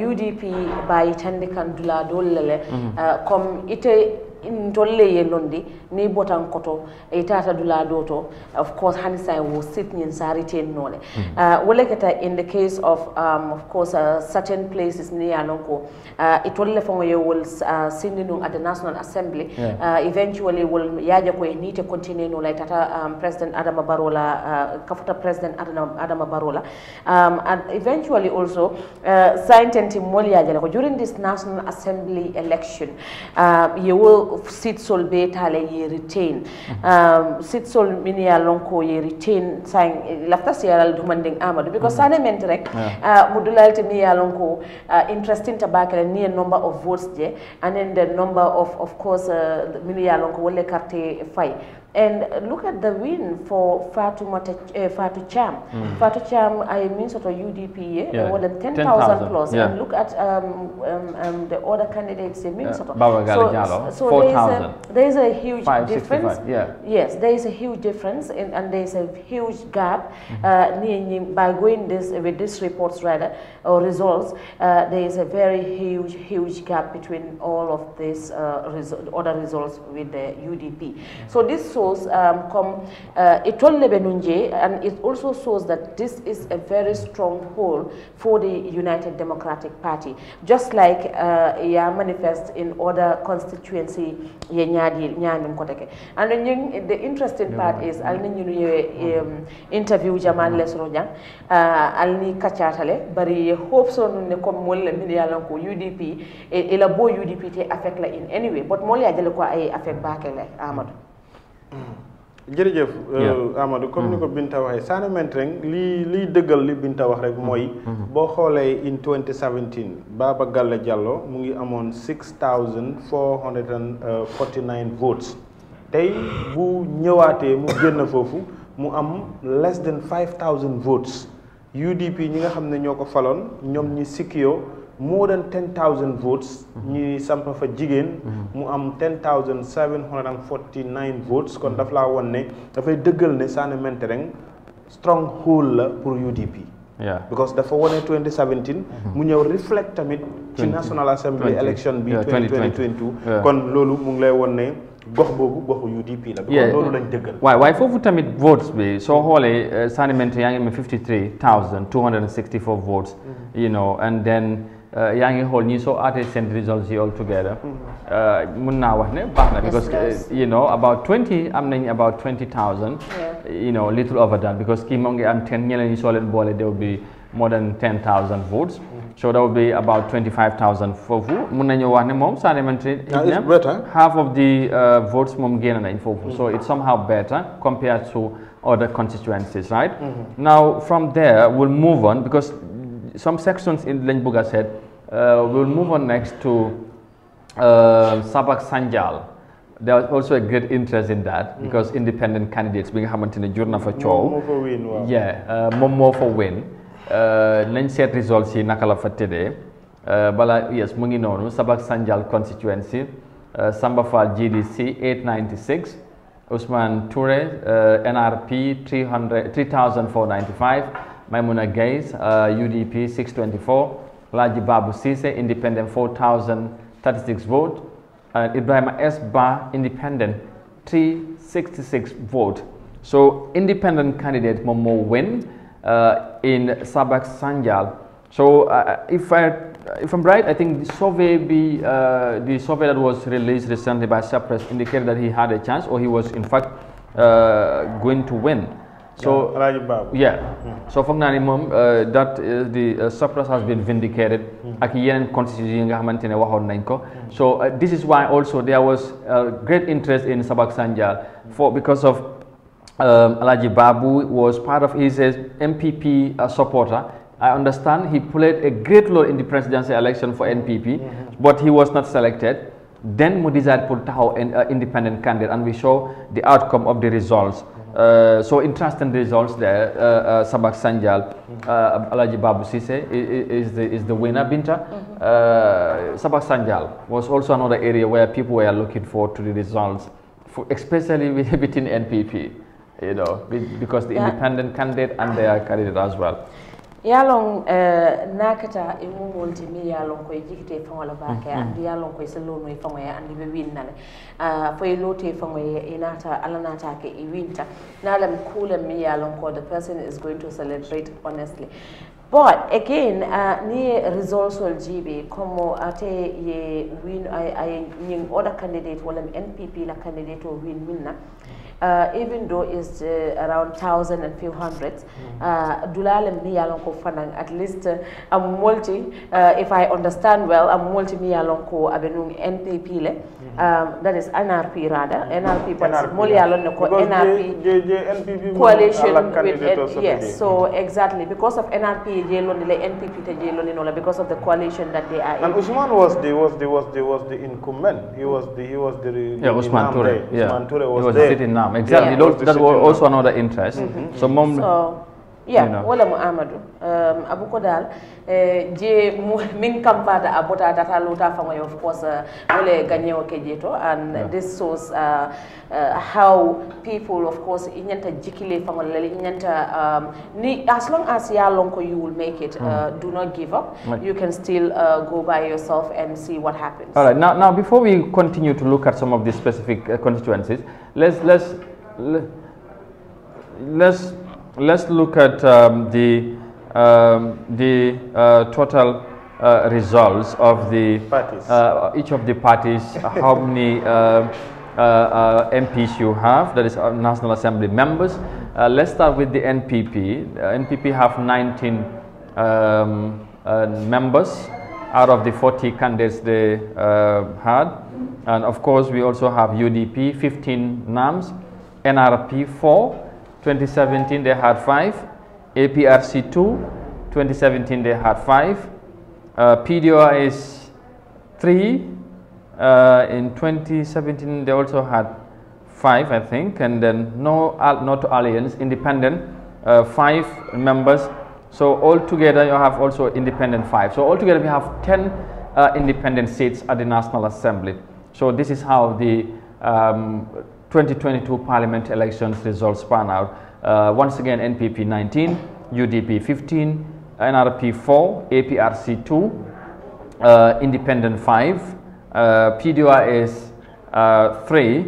UDP uh, by tende kandula dolele mm-hmm. uh, kom ite ntolle ye londi ni botan koto e tata dula do to of course hani sai wo sit nyin sari ten nole mm -hmm. uh, wala kata uh, in the case of um, of course uh, certain places ni ya lonko uh, itolle fongo ye wol uh, sindinu at the national assembly yeah. uh, eventually wol yaja ko nite continue nole tata um, president adama barola uh, kafuta president adama, adama barola um, and eventually also uh, scientist mol yaja ko during this national assembly election uh, you will sitsol be tale ye retain um, sitsol mini ya lonko ye retain sang lafta siyaral dumanding amadu because mm -hmm. sane ment rek yeah. Uh, lonko uh, interesting tabakale ni number of votes je and then number of of course uh, lonko wolle carte fay And look at the win for Fatu, Mata, uh, Fatu Cham. Mm. Fatu Cham, I mean sort of UDP, eh, yeah. more than 10,000 10, plus. Yeah. And look at um, um, um, the other candidates, they mean yeah. sort of. so, so 4,000. There is a huge difference. Yeah. Yes, there is a huge difference in, and there is a huge gap. Mm -hmm. uh, by going this with this reports rather, or results, uh, there is a very huge, huge gap between all of these uh, result, other results with the UDP. So this shows um, come uh, itolle benunje and it also shows that this is a very strong hold for the United Democratic Party just like uh, ya manifest in other constituency and the interesting part is alni ñun um, interview jamal lesro jang uh, alni kacatale bari ye hope so nun ne comme mol le min yalan ko UDP eh, ila bo UDP te affect la in anyway but mol ya jale ko ay affect baake la amadou Mm. jërëjëf euh, Amadou comme ni mm. ko Binta waxee Sané Maintaring lii liy dëggal li Binta wax rek mooy mm. mm-hmm. boo xoolee in 2017 Baba Galle Jallow mu ngi amoon 6449 euh, votes tey bu ñëwaatee mu génn foofu mu am less than 5000 votes UDP ñi nga xam ne ñoo ko faloon ñoom ñi sikkiyoo more than ten thousand votes. Mm-hmm. ñi samp fa jigéen. Mm-hmm. mu am ten thousand seven hundred and forty nine votes kon daf la woon ne dafay dëggal ne Sanneh Mentereng stronghold la pour UDP. waaw because dafa wone 2017. Mm-hmm. mu ñëw reflect tamit. ci National Assembly election bi. 2022 kon loolu mu ngi lay woon ne gox boobu goxu UDP la. because loolu lañ dëggal. waaye waaye foofu tamit votes bi soo xoolee uh, Sanneh Mentereng yaa ngi amee 53 264 votes. you know and then. Uh, yaa ngi xool ñi soo aatee seen results yi all together mm-hmm. uh, mun na wax ne baax because uh, you know about twenty am nañ about twenty thousand you know little over that because kii I'm ngi am ten ñeneen ñi soo leen boole will be more than ten thousand votes mm-hmm. so that will be about twenty five thousand fofu mun nañu wax ne moom parliamentary half of the votes moom génn nañ foofu so mm-hmm. it's somehow better compared to other constituencies right now from there we'll move on because some sections in Lenjbuga said uh, we'll move on next to uh, Sabak Sanjal there was also a great interest in that mm. because independent candidates being nga in the journal for fa coow. for win yeah more uh, moo for win nañ seet results yi naka la yes munginonu Sabak Sanjal constituency Samba GDC 896 Usman Touré NRP 3495 Maimuna Gays, uh, UDP 624, Laji Babu Sise, Independent 4036 vote, and Ibrahim S. Bar Independent 366 vote. So independent candidate Momo win uh, in Sabak Sanjal. So uh, if I if I'm right, I think the survey be, uh, the survey that was released recently by Cyprus indicated that he had a chance, or he was in fact uh, going to win so yeah hmm. so from naa ni uh, that the uh, surplus has been vindicated hmm. ak yeneen constitution hmm. so uh, this is why also there was great interest in Sabak Sanjal for because of um, Alaji Babu was part of his MPP supporter I understand he played a great role in the presidential election for NPP but he was not selected then Mudizad put Tahoe an independent candidate and we saw the outcome of the results uh, so interesting results there. Uh, uh, Sabak Sanjal, mm-hmm. uh, Alaji Babu Sise is, the, is the winner, Binta. Mm-hmm. Uh, Sabak Sanjal was also another area where people were looking forward to the results, for, especially within NPP, you know, because the yeah. independent candidate and their candidate as well. yalon uh, eh, nakata e mo mi yalon koy jikite fangola bake mm -hmm. andi yalon koy sello no fango ya andi be winnale uh, ah, fo e lote fango ya inata ala nata ke e winta nalam kula mi yalon ko the person is going to celebrate honestly but again uh, ni resultsol jiɓe komo ate ye win ay, ay ning oɗa candidate wala npp la candidate o win minna mm -hmm. Uh, even though it's uh, around thousand and few hundreds, dulalem mm uh, yalonko ko fanang at least uh, am multi. Uh, if I understand well, am multi miyalon yalonko abenung NPP le. Mm-hmm. Um, that is NRP rather. Mm-hmm. NRP, but molialon yalonko NRP coalition with N, yes. So exactly because of NRP jelon le NPP te jelon inola because of the coalition that they are. In. And Usman was the was the was the was the incumbent. He was the he was the, yeah Usman Ture. Yeah. Usman Ture was, was there. sitting now exactly. Yeah. That, was also another interest. Mm -hmm. So, mom. So, yeah, wala mo amadu um, abu Kodal, dal eh, je mu min kampata abota data luta fango of course uh, ganye gagné o and this shows uh, uh, how people of course inyanta jikile fango lele inyanta um, ni as long as ya lonko you will make it uh, do not give up you can still uh, go by yourself and see what happens all right now now before we continue to look at some of these specific uh, constituencies let's let's let's let's look at um, the um, the uh, total uh, results of the uh, each of the parties how many uh, uh, uh, MPs you have that is National Assembly members let's start with the NPP NPP have 19 um, members out of the 40 candidates they uh, had. And of course, we also have UDP, 15 NAMs, NRP 4, 2017 they had 5, APRC 2, 2017 they had 5, uh, PDOR is 3, uh, in 2017 they also had 5 I think, and then no, not alliance, independent, uh, 5 members so altogether you have also independent five. So altogether we have 10 uh, independent seats at the National Assembly. So this is how the um, 2022 parliament elections results pan out. Uh, once again, NPP 19, UDP 15, NRP 4, APRC 2, uh, Independent 5, uh, is uh, 3,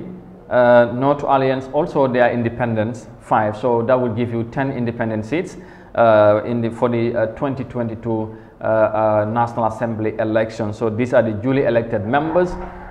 uh, North Alliance also their are independents 5. So that would give you 10 independent seats. Uh, in the, for the uh, 2022 uh, National Assembly election. So these are the duly elected members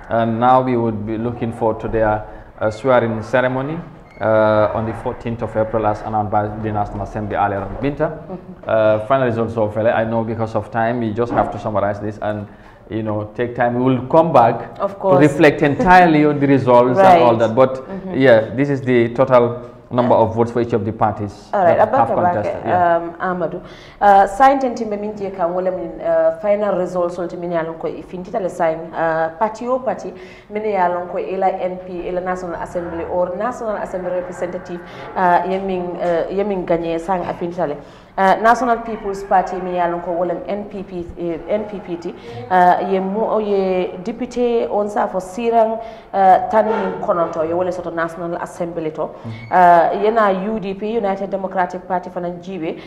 and now we would be looking forward to their swearing ceremony. Uh, on the 14th of April as announced by the National Assembly earlier in winter. mm -hmm. uh, final results of LA. I know because of time, we just have to summarize this and you know take time. We will come back of course. to reflect entirely on the results right. and all that. But mm -hmm. yeah, this is the total number of votes for each of the parties right abaka have contested. Baka, yeah. um, amadou uh, sign tenti min je kan wala final results ulti min yalon ko ifintita le sign uh, party o party min yalon ko ila np ila national assembly or national assembly representative uh, yemin uh, yemin gagner sang afintita Uh, National People's Party mi yalon ko wolam NPP uh, NPPT uh, ye mo ye député on sa fo sirang tan ni kononto ye wole soto National Assembly to mm-hmm. yena UDP United Democratic Party fana jibe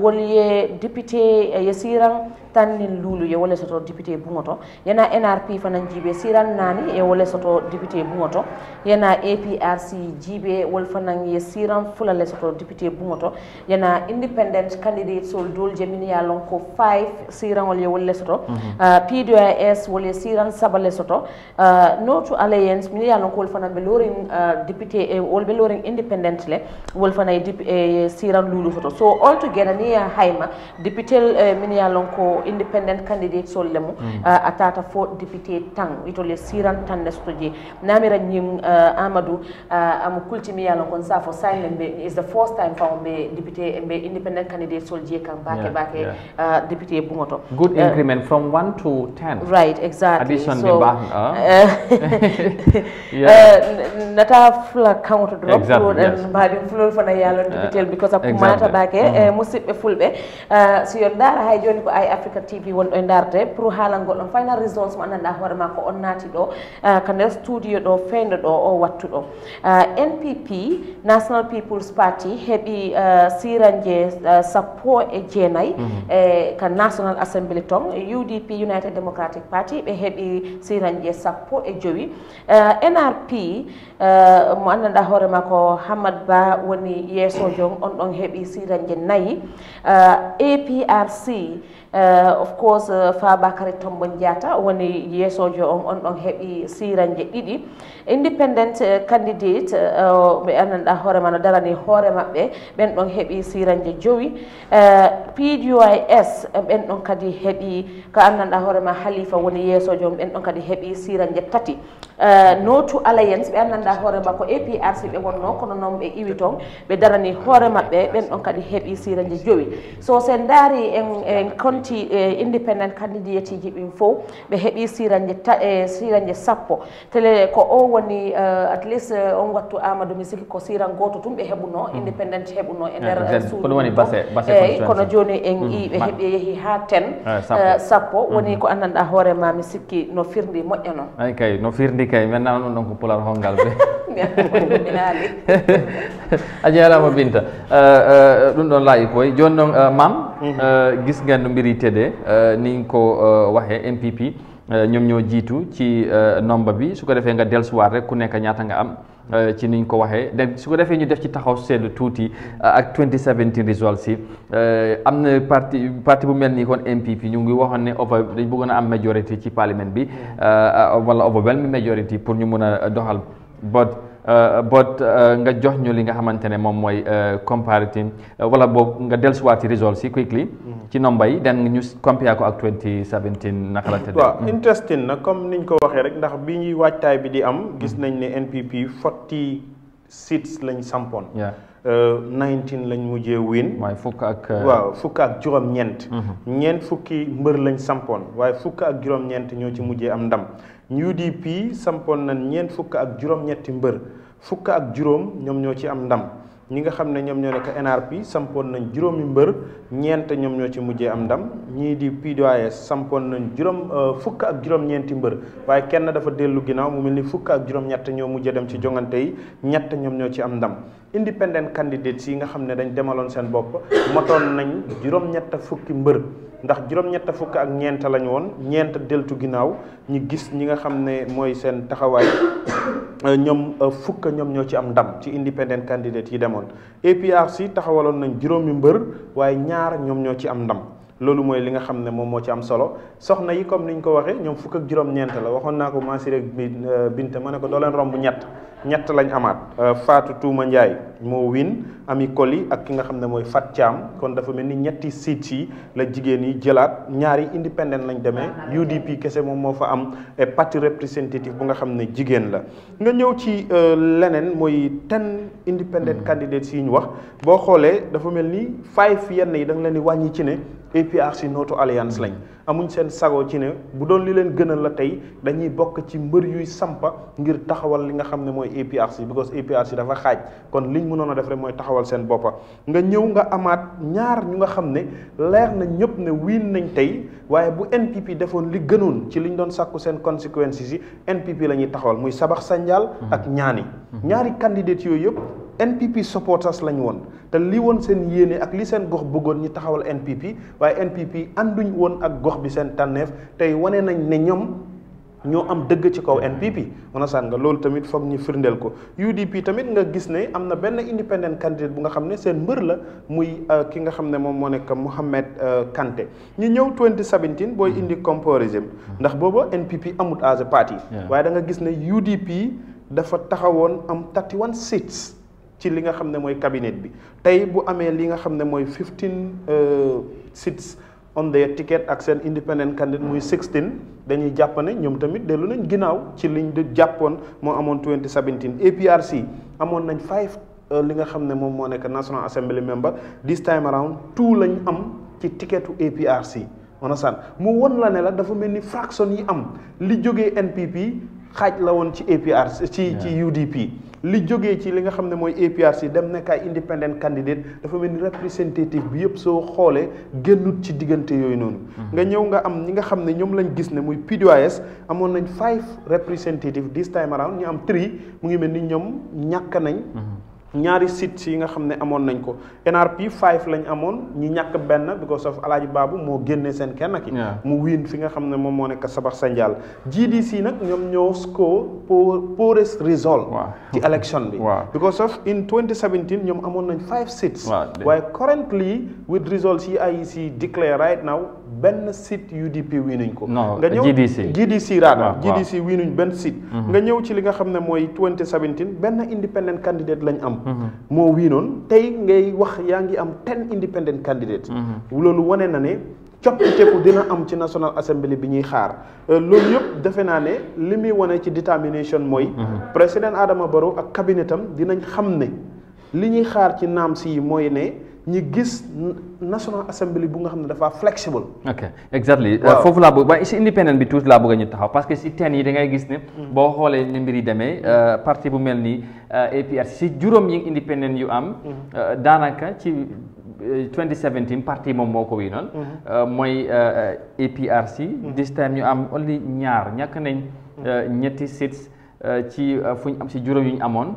wol ye député ye sirang tan ni lulu ye wole soto député bungoto yena NRP fana jibe sirang nani ye wole soto député bungoto yena APRC jibe wol fana ye sirang fulale soto député bungoto yena independent independent candidates wol dol jemini ya lon 5 siran ye wol le soto mhm. uh, pdis wol ye siran saba le soto uh, no to alliance mini ye wol fana be lorin uh, député eh, wol lorin independent le wol eh, siran lulu soto so all together ni ya hayma député eh, mini ye lon independent candidates wol lemu mhm. atata fo député tang itol ye siran tan le soto je namira ñim amadou uh, amu kultimi ye lon sa fo is the first time fa on deputy député be independent kane des soldier kan mbake mbake uh, député e bugoto good uh, increment from 1 to 10 right exactlysoa ah. uh, yeah. uh, nata fula kawto drop exactly, ɗoɗen yes. mbaɗi fulol fona yalon uh, député uh, because a kumanata exactly. mbake mm -hmm. uh, musidɓe fulɓe uh, so yo daara hay joni ko ay africa tv wonɗo e darde pour haalalngol ɗon final results mo annanɗa hoorema ko on naati ɗo uh, ka nder studio ɗo feyndo ɗo o wattuɗo uh, npp national people's party heeɓi uh, siranje uh, sappo e jeenayi mhm. e ka national assembly ton udp united democratic party ɓe heeɓi siranje sappo e joyi e, nrp e, mo annanɗa hoore ma ko hammad ba woni yeesojon on ɗon heeɓi siranje nayyi e, aprc Eh, of course eh, fabacary tombon jeyata woni yessojo on on ɗon heeɓi siranje ɗiɗi independent eh, candidate mi annanɗa hoorema no darani hoore maɓɓe ɓen ɗon heeɓi siranje jowi pdis ɓen ɗon kadi heeɓi ko annanɗa hoorema halifa woni yessojo on ɓen ɗon kadi heeɓi siranje tati Eh, notu alliance ɓe anndannda hoore makko aprc ɓe wonno kono noon ɓe iwi toon ɓe darani hoore maɓɓe ɓen ɗon kadi heɓi sira nde joyi so sen daari en en conti e independent candidate ji ɓin fof ɓe heɓi sirae sira nde sappo tele ko o woni eh, at least eh, on wattu amadou mi siki ko siran goto tun ɓe heɓuno hmm. independent heɓuno e nder suueyi kono joni en hmm, i ɓe heɓi e yeehi ha ten sappo hmm, woni ko anndanɗa hoore ma mi sikki no firdi moƴƴa noon ay kay no firdi kay maintenant ɗum ɗon ko pular hongal ɓe a jarama binta ɗum ɗon laayi koye joni noon mam mhm. eh, gisgan no mbiritede eh, ni ko eh, wahe mpp nyom ñoo jitu ci nomba bi su ko defee nga dellusiwaat rek ku nekk ñaata nga am Euh, ci niñ ko waxee donc su ko defee ñu def ci taxaw seetlu tuuti euh, ak 2017 results yi euh, am na parti parti bu mel ni kon MPP ñu ngi waxoon ne over dañ bëggoon a am majorité ci parlement bi wala overwhelming majority pour ñu mën a doxal but but nga jox ñu li nga xamante ne moom mooy comparative wala boog nga dellusiwaat ci results yi quickly mm-hmm. ci nomba yi then ñu compare ko ak 2017 naka la tëddee. waaw interesting na comme niñ ko waxee rek ndax bi ñuy waajtaay bi di am. Hmm. gis nañ ne NPP 40 seats lañ sampoon. 19 uh, lañ mujjee win. waaye fukk ak. Uh, waaw fukk ak juróom-ñeent. Hmm. ñeent fukki mbër lañ sampoon waaye fukk ak juróom-ñeent ñoo ci mujjee am ndam. UDP sampoon nañ ñeent fukk ak juróom-ñetti mbër fukk ak juróom ñoom ñoo ci am ndam. ñi nga xam ne ñoom ñoo nekk NRP sampoon nañ juróomi mbër ñeent ñoom ñoo ci mujjee am ndam ñii di PDOIS sampoon nañ juróom euh, fukk ak juróom-ñeenti mbër waaye kenn dafa dellu ginaaw mu mel ni fukk ak juróom-ñett ñoo mujjee dem ci jongante yi ñett ñoom ñoo ci am ndam independent candidates yi nga xam ne dañ demaloon seen bopp motoon nañ juróom-ñett fukki mbër ndax juroom ñett fukk ak ñeent lañ woon ñeent deltu ginnaaw ñu gis ñi nga xam ne mooy seen taxawaay euh, ñoom euh, fukk ñoom ñoo ci am ndam ci independent candidate yi demoon APRC taxawaloon nañ juróomi mbër waaye ñaar ñoom ñoo ci am ndam loolu mooy li nga xam ne moom moo ci am solo soxna yi comme niñ ko waxee ñoom fukk ak juróom-ñeent la waxoon naa ko maasiré binte euh, ma ne ko doo leen romb ñett ñett lañ amaat faatu tuuma njaay moo win ami koli ak ki nga xam ne mooy fat kon dafa mel ni ñetti sit yi la jigéen nii jëlaat ñaari indépendant lañ demee ah, UDP kese moom moo fa am parti représentatif bu nga xam ne jigéen la nga ñëw ci euh, leneen mooy ten independent hmm. candidates yi ñu wax boo xoolee dafa mel ni five yenn yi da nga leen di wàññi ci ne APRC Noto Alliance lañ amuñ seen sago ci ne bu doon li leen gënal la tey dañuy bokk ci mbër yuy sampa ngir taxawal li nga xam ne mooy APRC because APRC dafa xaaj kon li ñu mënoon a def rek mooy taxawal seen boppa nga ñëw nga amaat ñaar ñu nga xam ne leer na ñëpp ne wiin nañ tey waaye bu NPP defoon li gënoon ci liñ doon sàkku seen conséquences yi NPP la ñuy taxawal muy Sabax Sanjaal ak ñaani mm-hmm. ñaari candidate yooyu yëpp NPP supporters lañ woon te li woon seen yéene ak li seen gox bëggoon ñu taxawal NPP waaye NPP ànduñ woon ak gox bi seen tànneef tey wane nañ ne ñoom ñoo am dëgg ci kaw NPP mën a nga loolu tamit foog ñu firndeel ko UDP tamit nga gis ne am na benn independent candidate bu nga xam ne seen mbër la muy euh, ki nga xam ne moom moo nekk Mohamed euh, Kanté ñi ñëw 2017 booy hmm. indi comparison hmm. ndax booba NPP amut as a party waaye da nga gis ne UDP dafa taxawoon am 31 seats ci li nga xam ne mooy cabinet bi tey bu amee li nga xam ne mooy 15 euh, seats on the ticket ak seen independent candidate muy 16 dañuy jàpp ne ñoom tamit dellu nañ ginnaaw ci liñ di jàppoon moo amoon 2017 APRC amoon nañ 5 euh, li nga xam ne moom moo nekk National Assembly member this time around tout lañ am ci ticketu APRC onasan mu won la ne la dafa mel ni fraction yi am li jógee NPP xaaj la woon ci APRC ci ci UDP li jógee ci li nga xam ne mooy APRC dem nekk ay independent candidate dafa mel ni representative bi yëpp soo xoolee génnut ci diggante yooyu noonu. Hmm. nga ñëw nga am ñi nga xam ne ñoom lañ gis ne muy PDOIS amoon nañ five representative this time around ñu am three mu ngi mel ni ñoom ñàkk nañ. Hmm. ñaari sites yi nga xam ne amoon nañ ko NRP five lañ amoon ñi ñàkk benn because of Alaaji Baabu moo génnee seen kenn ki mu wiin fi nga xam ne moom moo nekk Sabax Sandial GDC nag ñoom ñoo score pour poorest result ci election bi because of in 2017 ñoom amoon nañ five seats waaye currently with results yi IEC declare right now benn site UDP wiinuñ ko. nga ñëw GDC GDC raada ah, GDC wiinuñ benn site. Mhm. nga ñëw ci li nga xam ne mooy 2017 benn independent candidate lañ am. Mhm. moo wiinoon tey ngay wax yaa ngi am 10 independent candidate. Mhm. loolu wane na ne. coppiteeku dina am ci National Assembly bi ñuy xaar euh, loolu yëpp defe naa ne li muy wane ci détermination mooy président Adama Barrow ak cabinetam dinañ xam ne li ñuy xaar ci naam si mooy ne ñi gis national assembly bu nga xam ne dafa flexible. ok exactly euh, foofu laa bëgg waaye si independent bi tuuti laa bëgg ñu taxaw parce que si teen gis ne. Mm. boo xoolee ni demee euh, parti bu mel ni euh, APRC si juróom yi independent yu am. Mm. daanaka ci 2017 parti moom moo ko wiinoon. Mm. mooy APRC. this time ñu am only ñaar ñàkk nañ. ñetti seats ci fu ñu am si juróom yu ñu amoon.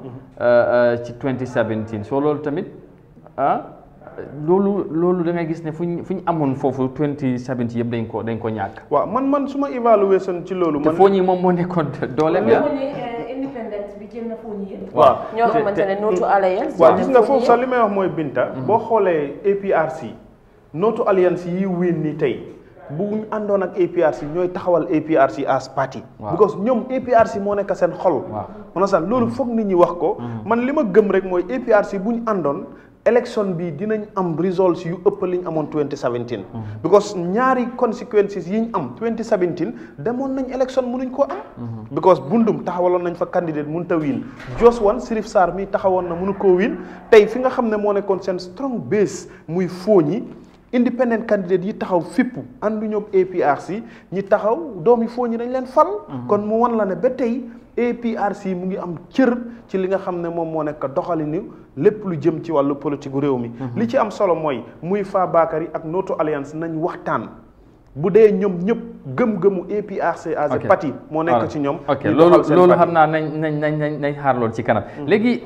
ci 2017 soo loolu tamit ah, loolu loolu da ngay gis ne fu ñu fu ñu amoon foofu 2017 yëpp dañ ko dañ ko ñàkk. waaw man man su ma évalué seen ci loolu. man te foo ñi moom moo nekkoon dooleem eh, ya. waaw ñoo xamante ne nootu mm. alliance. waaw gis nga foofu sax li may wax mooy Binta. Mm. boo xoolee APRC nootu alliance yi win ni tey bu ñu àndoon ak APRC ñooy taxawal APRC as party. because ñoom APRC moo nekk seen xol. waaw loolu mm. foog nit ñi wax ko. man li ma gëm rek mooy APRC bu ñu àndoon. élection bi dinañ am results yu ëpp li ñu amoon 2017. because ñaari consequences yi ñu am 2017 demoon nañ élection mënuñ koo am. Mhm. because Bundum taxawaloon nañ fa candidate mun ta wiin Jos wan Sirif saar mi taxawoon na mënu koo wiin tey fi nga xam ne moo nekkoon seen strong base muy fooñi independent candidate yi taxaw fippu ànduñu ak APRC ñi taxaw doomi fooñi dañ leen fal. Mhm. kon mu wan la ne ba tey. APRC mu ngi am cër ci li nga xam ne moom moo nekk doxalinu lépp lu jëm ci wàllu politique réew mi. Mhm. li ci am solo mooy muy Fa Bakary ak Noto Alliance nañ waxtaan. bu dee ñoom ñëpp gëm-gëmu APRC as a parti moo nekk ci ñoom ok loolu loolu xam naa nañ nañ nañ nañ xaar lool ci kanam mhm. léegi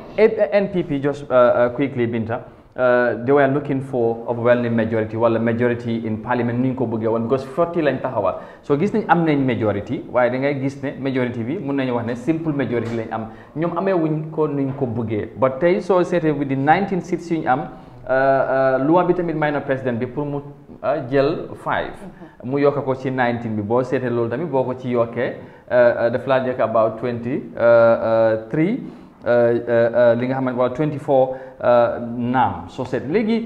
NPP just euh, euh, quickly Binta Uh, they were looking for overwhelming majority wala majority in parliament ni ñu ko buggee woon because forty lañ taxawaat soo gis nañ am nañ majority waaye da gis ne majority bi mun nañu wax ne simple majority lañ am ñoom ameewuñ ko ni ñu ko bëggee ba tey soo seetee bi di 19 seats yu ñu am uh, uh, loi bi tamit may na président bi pour mu uh, jël five mm-hmm. mu yokk ko ci 19 bi boo seetee loolu tamit boo ko ci yokkee daf laa jëkk about 23 li nga xamante wala 24 uh, naam soo seet léegi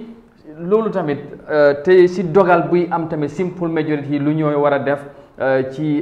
loolu tamit uh, te si dogal buy am tamit simple majority lu ñooy war a def uh, ci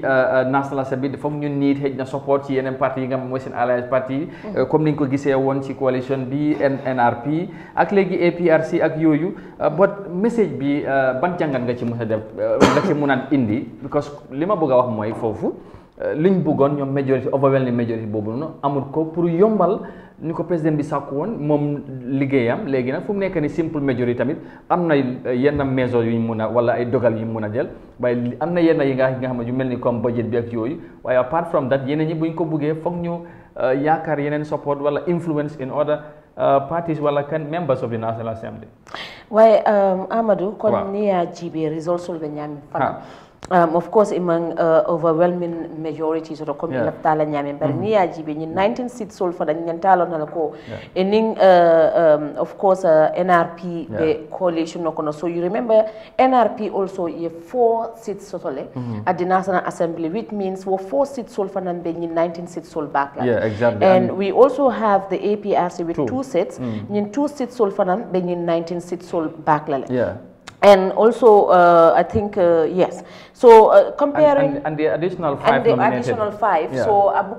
national assembly bi foog ñu niit xëj na support ci yeneen parti yi nga xam mooy seen alliance parti mm-hmm. comme ni ñu ko gisee woon ci coalition bi NRP ak léegi APRC ak yooyu but message bi ban jàngat nga ci mën a def nga ci mun a indi because li ma bëgg a wax mooy foofu Euh, liñ bëggoon ñoom majorité overwhelming majorité boobu noonu amul ko pour yombal ni ko président bi sàkku woon moom liggéeyam léegi nag fu mu nekk ni simple majorité tamit am na euh, yenn mesures yu mun a wala ay dogal yu ñu mun a jël waaye am na yenn yi nga xam ne yu mel ni comme budget bi ak yooyu waaye apart from that yeneen ñi bu ñu ko buggee foog ñu euh, yaakaar yeneen support wala influence in order parties wala kan members of the National Assembly. waaye Um, of course, among uh, overwhelming majority, sort of coming up tala nyame, but niya jibe ni 19 seats sold for the nyantalo nalako. Ening, uh, um, of course, uh, NRP yeah. coalition So you remember NRP also a four seats sold mm-hmm. at the National Assembly, which means we four seats sold for the 19 seats sold back. Yeah, exactly. And, and, we also have the APRC with two, two seats. Mm. two seats sold for the 19 seats sold back. Yeah. And also, uh, I think, uh, yes so uh, comparing and, and, and, the additional five and the nominated. additional five yeah. so abu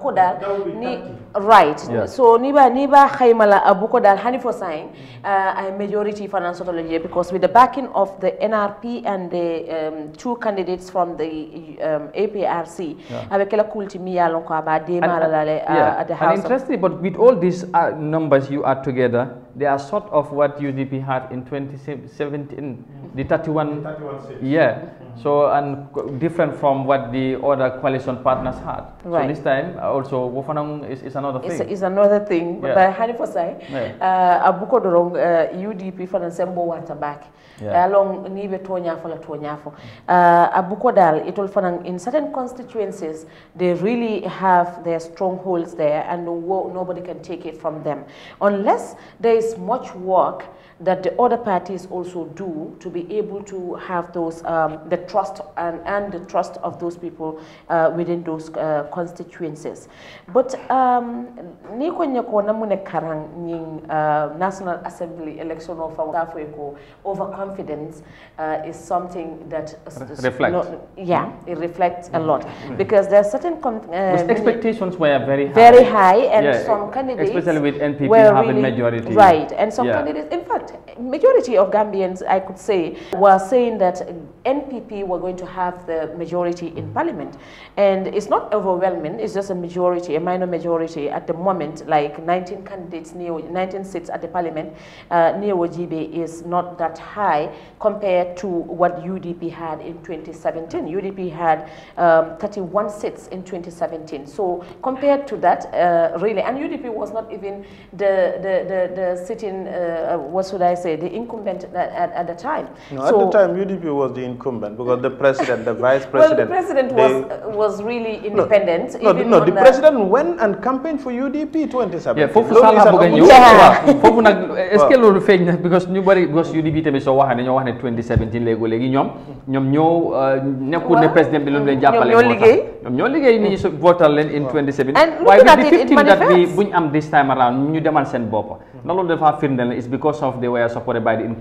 ni right yeah. so niba niba khaymala abu hani for sign uh, a majority financial because with the backing of the NRP and the um, two candidates from the um, APRC abekela kulti mi yalon malalale uh, at the house and interesting but with all these uh, numbers you add together they are sort of what UDP had in 2017 the 31 the 31 yeah so and different from what the other coalition partners had. Right. So this time uh, also Wofanang is, is another thing. It's, it's another thing. Yeah. But Hani Fosai, yeah. uh, Abuko Dorong, uh, UDP for Nsembo Wantabak, yeah. Uh, along Nibe Tonyafo La Tonyafo. Uh, Abuko Dal, it will Fanang, in certain constituencies, they really have their strongholds there and no, nobody can take it from them. Unless there is much work that the other parties also do to be able to have those um, the trust and, and the trust of those people uh, within those uh, constituencies. But um, ni kwenye na mune karang uh, National Assembly election of Africa overconfidence uh, is something that reflects. No, yeah, it reflects a mm. lot mm. because there are certain uh, expectations were very high. very high and yeah, some candidates especially with NPP having really, majority right and some yeah. candidates in fact fact, majority of Gambians, I could say, were saying that NPP were going to have the majority in parliament. And it's not overwhelming, it's just a majority, a minor majority at the moment, like 19 candidates, 19 seats at the parliament, uh, near is not that high compared to what UDP had in 2017. UDP had um, 31 seats in 2017. So compared to that, uh, really, and UDP was not even the, the, the, the sitting, uh, was should I say, the incumbent at, at, at the time. No, so, at the time, UDP was the incumbent because the president, the vice president. well, the president was, uh, was really independent. No, no, no the, president went and campaigned for UDP 2017. Yeah, foofu sax laa bëgg a ñëw waaw foofu nag est-ce because ñu bari UDP tamit soo ne 2017 léegi léegi nyom nyom ñoo euh, nekkul ne président bi lu leen jàppale ñoo ñoo liggéey ñi su votal leen in 2017 why we di 15 that bi buñ am this time around ñu demal seen bopp hmm. na loolu dafa firndeel ne it's because of they were na na a boo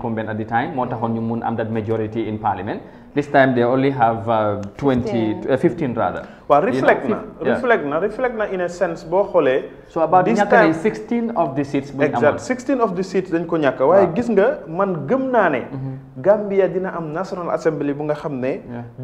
xoolee so about this time 16 of the seats buñ amoon exact 16 of the seats dañ ko ñàkk waaye gis nga man gëm naa ne mm-hmm. Gambia dina am national assembly bu nga xam ne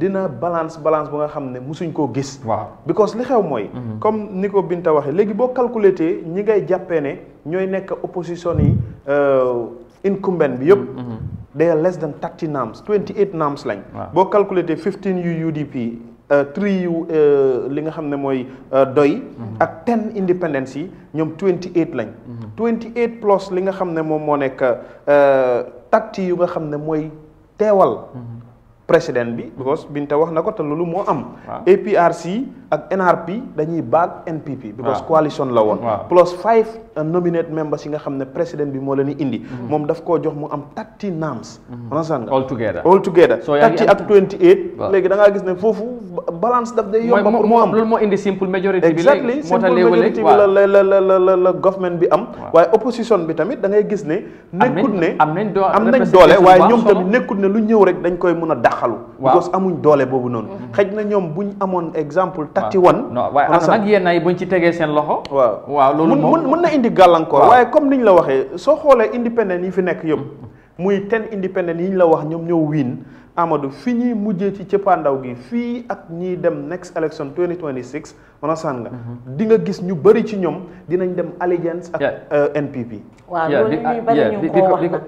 dina balance balance bu nga xam ne musuñ koo gis waaw because li xew mooy mm-hmm. comme ni ko Binta waxee léegi boo calculé ñi ngay jàppee ne ñooy nekk opposition yi euh, incumbent bi yëpp. Mhm. they are less than thirty NAMs twenty eight NAMs lañ. boo calculaté fifteen yu UDP euh, three yu euh, li nga xam ne mooy euh, doy. Mhm. ak ten independence yi ñoom twenty eight lañ. Mhm. twenty eight plus li nga xam ne moom moo nekk thirty yu nga xam ne mooy teewal. président bi because Binta wax na ko te loolu moo am APRC ak NRP dañuy baag NPP uh, bi mm-hmm. am mm-hmm. da ngaa gis ne foofu balance daf day yomba pour mu am loolu moo indi waaye opposition bi tamit da gis ne nekkut ne am nañ doole waaye ñoom tamit nekkut ne lu ñëw rek dañ koy mën a dax jaaxalu because amuñ doole boobu noonu mm-hmm. xëj na ñoom buñ amoon exemple tatti wan waaye am nag yenn yi buñ ci tegee seen loxo waaw waaw loolu moom mën na indi gàllankoor waaye comme ñu la waxee soo xoolee indépendant yi fi nekk yëpp muy ten indépendant yi ñu la wax ñoom ñoo wiin amadu fi ñu mujjee ci cëppaandaw gi fii ak ñiy dem next election 2026 manasaan nga mm-hmm. di nga gis ñu bëri ci ñoom dinañ dem alliance ak euh, NPP waaw loolu bañ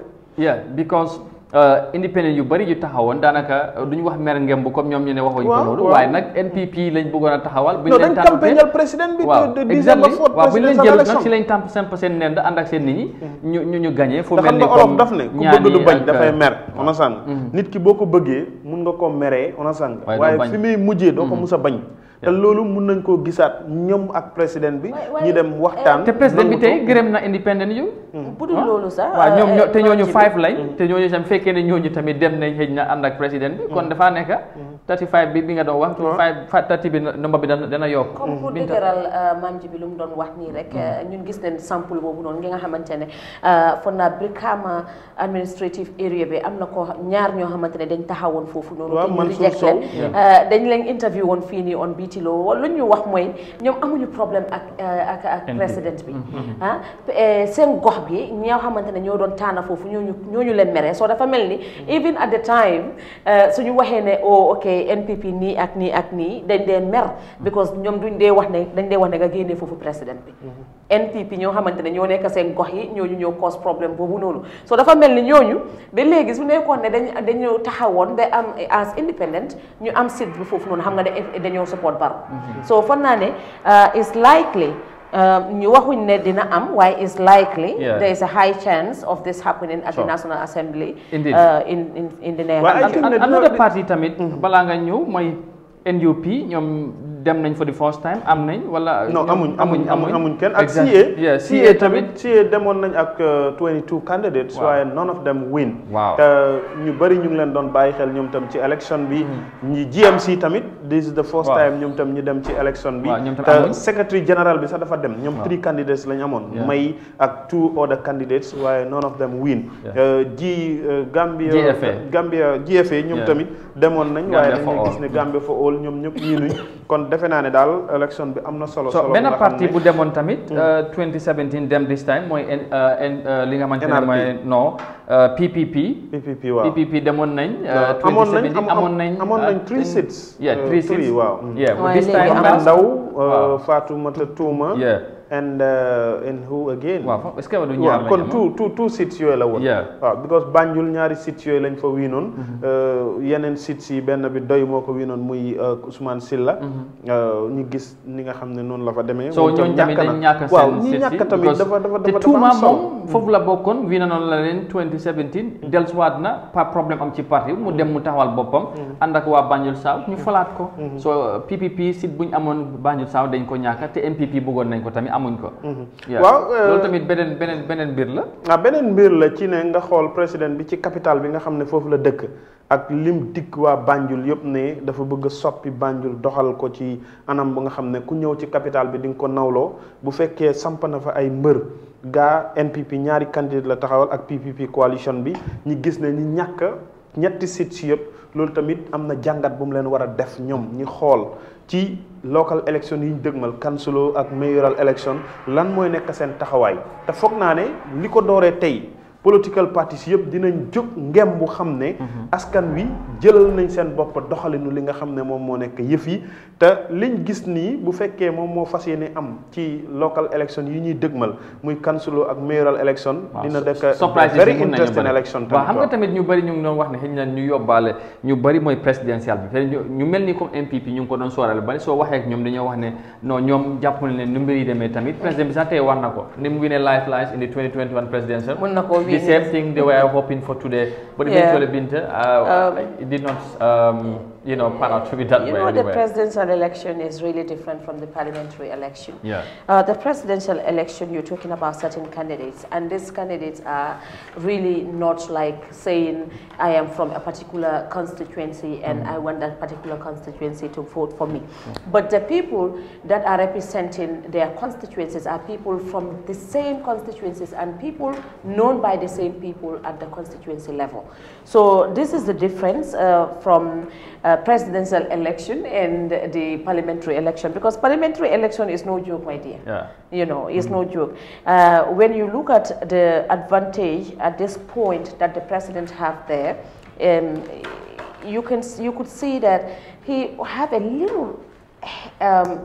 ñu Euh, indépendant yu bari yu taxawoon daanaka duñu wax mer ngemb comme ñoom ñu ne waxuñu ko loolu waaye nag NPP lañ bëggoon a taxawal buñ leen campagnal président bi waaw waaw buñ leen nag si lañ tàmp simp seen nend ànd ak seen nit ñi mm-hmm. ñu ñu ñu gagné fu mel ni olof daf ne ku bëgg du bañ dafay mer on a sàng mm-hmm. nit ki boo ko bëggee mun nga ko meree on a sàng waaye fi muy mujjee doo ko mm-hmm. mus a bañ te loolu mun nañ koo gisaat ñoom ak président bi. ñi dem waxtaan. Eh, te président bi tey gërëm na independent yu. Hmm. bu dul ah. loolu sax. waaw ñoom ñoo eh, te ñooñu five lañ. Hmm. te ñooñu tam fekkee tamit dem nañ xëj na ànd ak président bi. kon hmm. dafaa nekk. 35 bi bi nga doon wax. 35 30 bi nomba bi dana dana yokk. comme pour dëgëral euh, maam ji bi lu mu doon wax nii rek. Euh, ñun gis nañ ne euh, foog naa Brikama administrative area bi am na ko ñaar ñoo xamante ne dañ taxawoon foofu noonu. waaw man dañ leen interview woon fii nii on BT ci loolu lu ñu wax mooy ñoom amuñu problème ak euh, ak ak président bi mm-hmm. ah euh, seen gox bi ñoo xamante ne ñoo doon taana foofu ñoo ñu leen mere so dafa mel ni mm-hmm. even at the time euh, ñu waxee ne oh ok NPP nii ak nii ak nii dañ dee mer mm-hmm. because ñoom duñ dee wax ne dañ dee wax ne nga génnee foofu président bi NPP ñoo xamante ne ñoo nekk seen gox yi ñooñu ñoo cause problème boobu noonu so dafa mel ni ñooñu ba léegi su nekkoon ne dañ dañoo taxawoon ba am as independent ñu am sit bi foofu noonu xam nga ne dañoo support Barrow mhm. so foog naa ne uh, is likely uh, ñu waxuñ ne dina am waaye is likely there is a high chance of this happening at the National Assembly uh, in in the next another party tamit mhm. balaa nga ñëw mooy NUP ñoom dem nañ fa di first time am nañ wala. non amuñ amuñ amuñ kenn ak CA. CA tamit CA demoon nañ ak 22 euh, candidates. waaw waaye none of them win. waaw te euh, ñu bëri ñu ngi leen doon bàyyi xel ñoom tam ci élection bi. Hmm. ñi GMC tamit this is the first time ñoom tam ñu dem ci élection bi. te secretary général bi sax dafa dem. ñoom three candidates lañ amoon. may ak two other candidates waaye none of them win. ji euh, Gambia. GFA Gambia ñoom tamit demoon nañ. waaye dañu gis ne Gambia for all ñoom ñëpp ñii nuñ kon. defe naa ne daal élection bi am na solo. solo benn parti bu demoon tamit. 2017 hmm. euh, dem this time mooy euh, euh, li nga xamante ne mooy non PPP. PPP waaw PPP demoon nañ. amoon nañ amoon nañ amoon nañ three seats. yeah three seats waaw. yeah this time ndaw Fatoumata Touma. yeah. and and uh, who again. waaw est-ce que du ñaar la kon tout tout tout sites yooyu la woon. waaw because Banjul ñaari sites yooyu lañ fa wiinoon. Mm-hmm. Uh, yeneen sites yi benn bi doy moo ko wiinoon muy uh, Ousmane Silla. Mm-hmm. ñu gis ni nga xam ne noonu la fa demee. soo ñooñu tamit dañ ñàkk seen waaw ñi ñàkk tamit dafa dafa dafa tuuma moom foofu la bokkoon wiina noonu la leen 2017. Mm-hmm. dellusiwaat na problème am ci parti mu dem mu taxawal boppam. ànd ak waa Banjul South ñu falaat ko. soo PPP site bu ñu amoon Banjul South dañ ko ñàkk te MPP bëggoon nañ ko tamit amuñ ko. Mhm. waaw euh, loolu tamit beneen beneen beneen mbir la. ah beneen mbir la ci ne nga xool président bi ci capital bi nga xam ne foofu la dëkk ak lim dikk waa Banjul yëpp ne dafa bëgg soppi Banjul doxal ko ci anam bu nga xam ne ku ñëw ci capital bi di nga ko nawloo bu fekkee samp na fa ay mbër. gaa NPP ñaari candidat la taxawal ak PPP coalition bi ñi gis ne ñi ñàkk ñetti sites yëpp loolu tamit am na bu mu leen war def ñoom ñi xool. ci local election yi ñu dëgmal kansulo ak mayoral election lan mooy nekk seen taxawaay te foog naa ne li ko dooree tey political parties yëpp dinañ jóg ngem bu xam ne. Mhm. askan wi jëlal nañ seen bopp doxalinu li nga xam ne moom moo nekk yëf yi te liñ gis nii bu fekkee moom moo fas yéene am ci local election yi ñuy dëgmal muy councilor ak mayoral election. dina dëkk very interesting election. ñu bëri ñu na mooy ñu mel ni comme MPP ñu ngi ko doon sóoraale bari ñoom dañoo wax ne non ñoom jàpp ne nu mbir yi demee tamit président bi sax tey war na ko ni mu ne lifelines in the 2021 presidential. mën na ko the same thing they were mm-hmm. hoping for today, but yeah. eventually, Binta, uh, um, it did not. Um, you know, pan out to be that you way. You know, anyway. the presidential election is really different from the parliamentary election. Yeah. Uh, the presidential election, you're talking about certain candidates, and these candidates are really not like saying, I am from a particular constituency and mm. I want that particular constituency to vote for me. Mm. But the people that are representing their constituencies are people from the same constituencies and people known by the same people at the constituency level. So this is the difference uh, from uh, uh, presidential election and the parliamentary election because parliamentary election is no joke my dear yeah. you know it's mm -hmm. no mm-hmm. joke uh, when you look at the advantage at this point that the president have there um, you can you could see that he have a little um,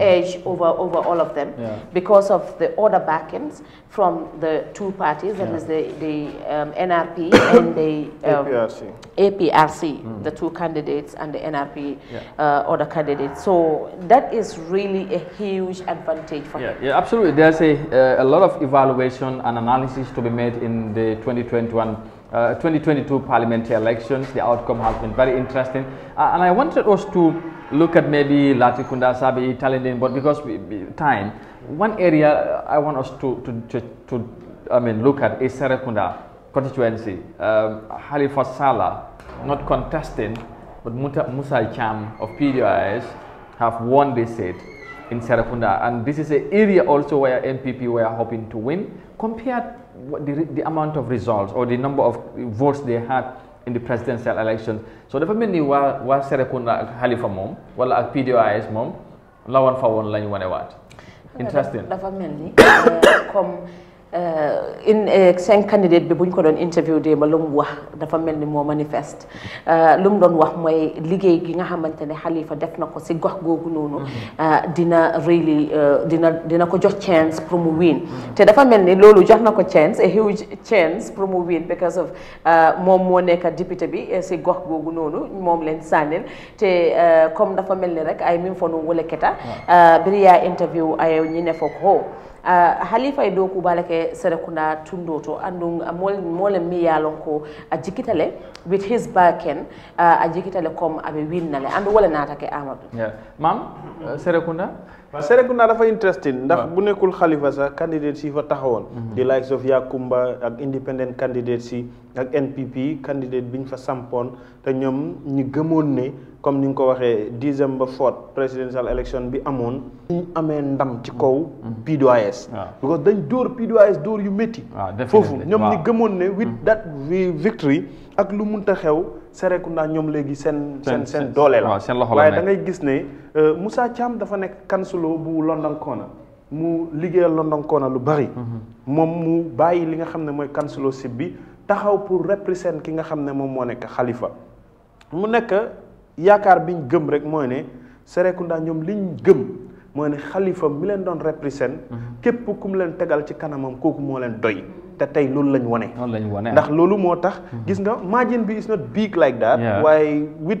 edge. mm over, over all of them yeah. because of the order backings from the two parties, that yeah. is the, the um, NRP and the um, APRC, APRC mm. the two candidates and the NRP yeah. uh, order candidates. So that is really a huge advantage for yeah, him. Yeah, absolutely. There's a, uh, a lot of evaluation and analysis to be made in the 2021 uh, 2022 parliamentary elections. The outcome has been very interesting. Uh, and I wanted us to look at maybe Latikunda, Sabi, Talendin, but because we, we, time, one area I want us to, to, to, to I mean, look at is Serekunda constituency. Um, Halifa Salah, not contesting, but Muta, Musa Cham of PDIS have won this seat in Serekunda. And this is an area also where MPP were hoping to win compared the, the amount of results or the number of votes they had in the presidential elections so dafa mel ni waa waa Serekunda ak Halifa moom wala ak PDOIS moom lawoon fa woon la ñu wanewaat interesting dafa mel eh, comme in euh, euh, cinq candidate bi buñ ko doon interview démb lu mu wax dafa mel ni moo manifeste euh, lu mu doon wax mooy liggéey gi nga xamante ne xalifa def na ko si gox googu noonu mm-hmm. dina really dina dina ko jox chance pour mu win te dafa mel ni loolu jox na ko chance a huge chance pour mu win because of moom moo nekk député bi si gox googu noonu moom leen sànnil te comme dafa mel ni rek ay min fo nu wala keta ah. biri yaa interview ayo ñi ne foog hoo oh, uh, halifa e dow balake sere kunda tundo to andum uh, mole mi yalon ko a uh, jikitale with his backen a uh, uh, jikitale comme aɓe winnale andu wala natake amadou yeah. mam sere serekunda Serekunda dafa interesting ndax bu nekkul xalifa sax candidate si fa taxawoon di mhm. likes of Yakumba ak independent candidate si ak NPP candidate bi ñu fa sampoon te ñoom ñi gëmoon ne comme ni nga ko waxee dixième ba fourth presidential election bi amoon ñu amee ndam ci kaw mhm. PDOIS because dañ dóor PDOIS dóor yu métti foofu ñoom ñi gëmoon ne with mm. that victory ak lu munta xew Serekunda ñoom léegi seen. seen seen doole la seen loxo la waaye da gis ne euh, Moussa Thiam dafa nekk kansulo bu Londonkona mu liggéeyal Londonkona lu bari. Mm-hmm. moom mu bàyyi li nga xam ne mooy kansulo sib bi taxaw pour représenter ki nga xam ne moom moo nekk xalifa mu nekk yaakaar biñ gëm rek mooy ne Serekunda ñoom liñ gëm. mooy ne xalifa bi leen doon représenter mhm. képp ku mu leen tegal ci kanamam kooku moo leen doy te tey loolu lañ wone ndax loolu moo tax mhm. gis nga margin bi is not big like that waaye with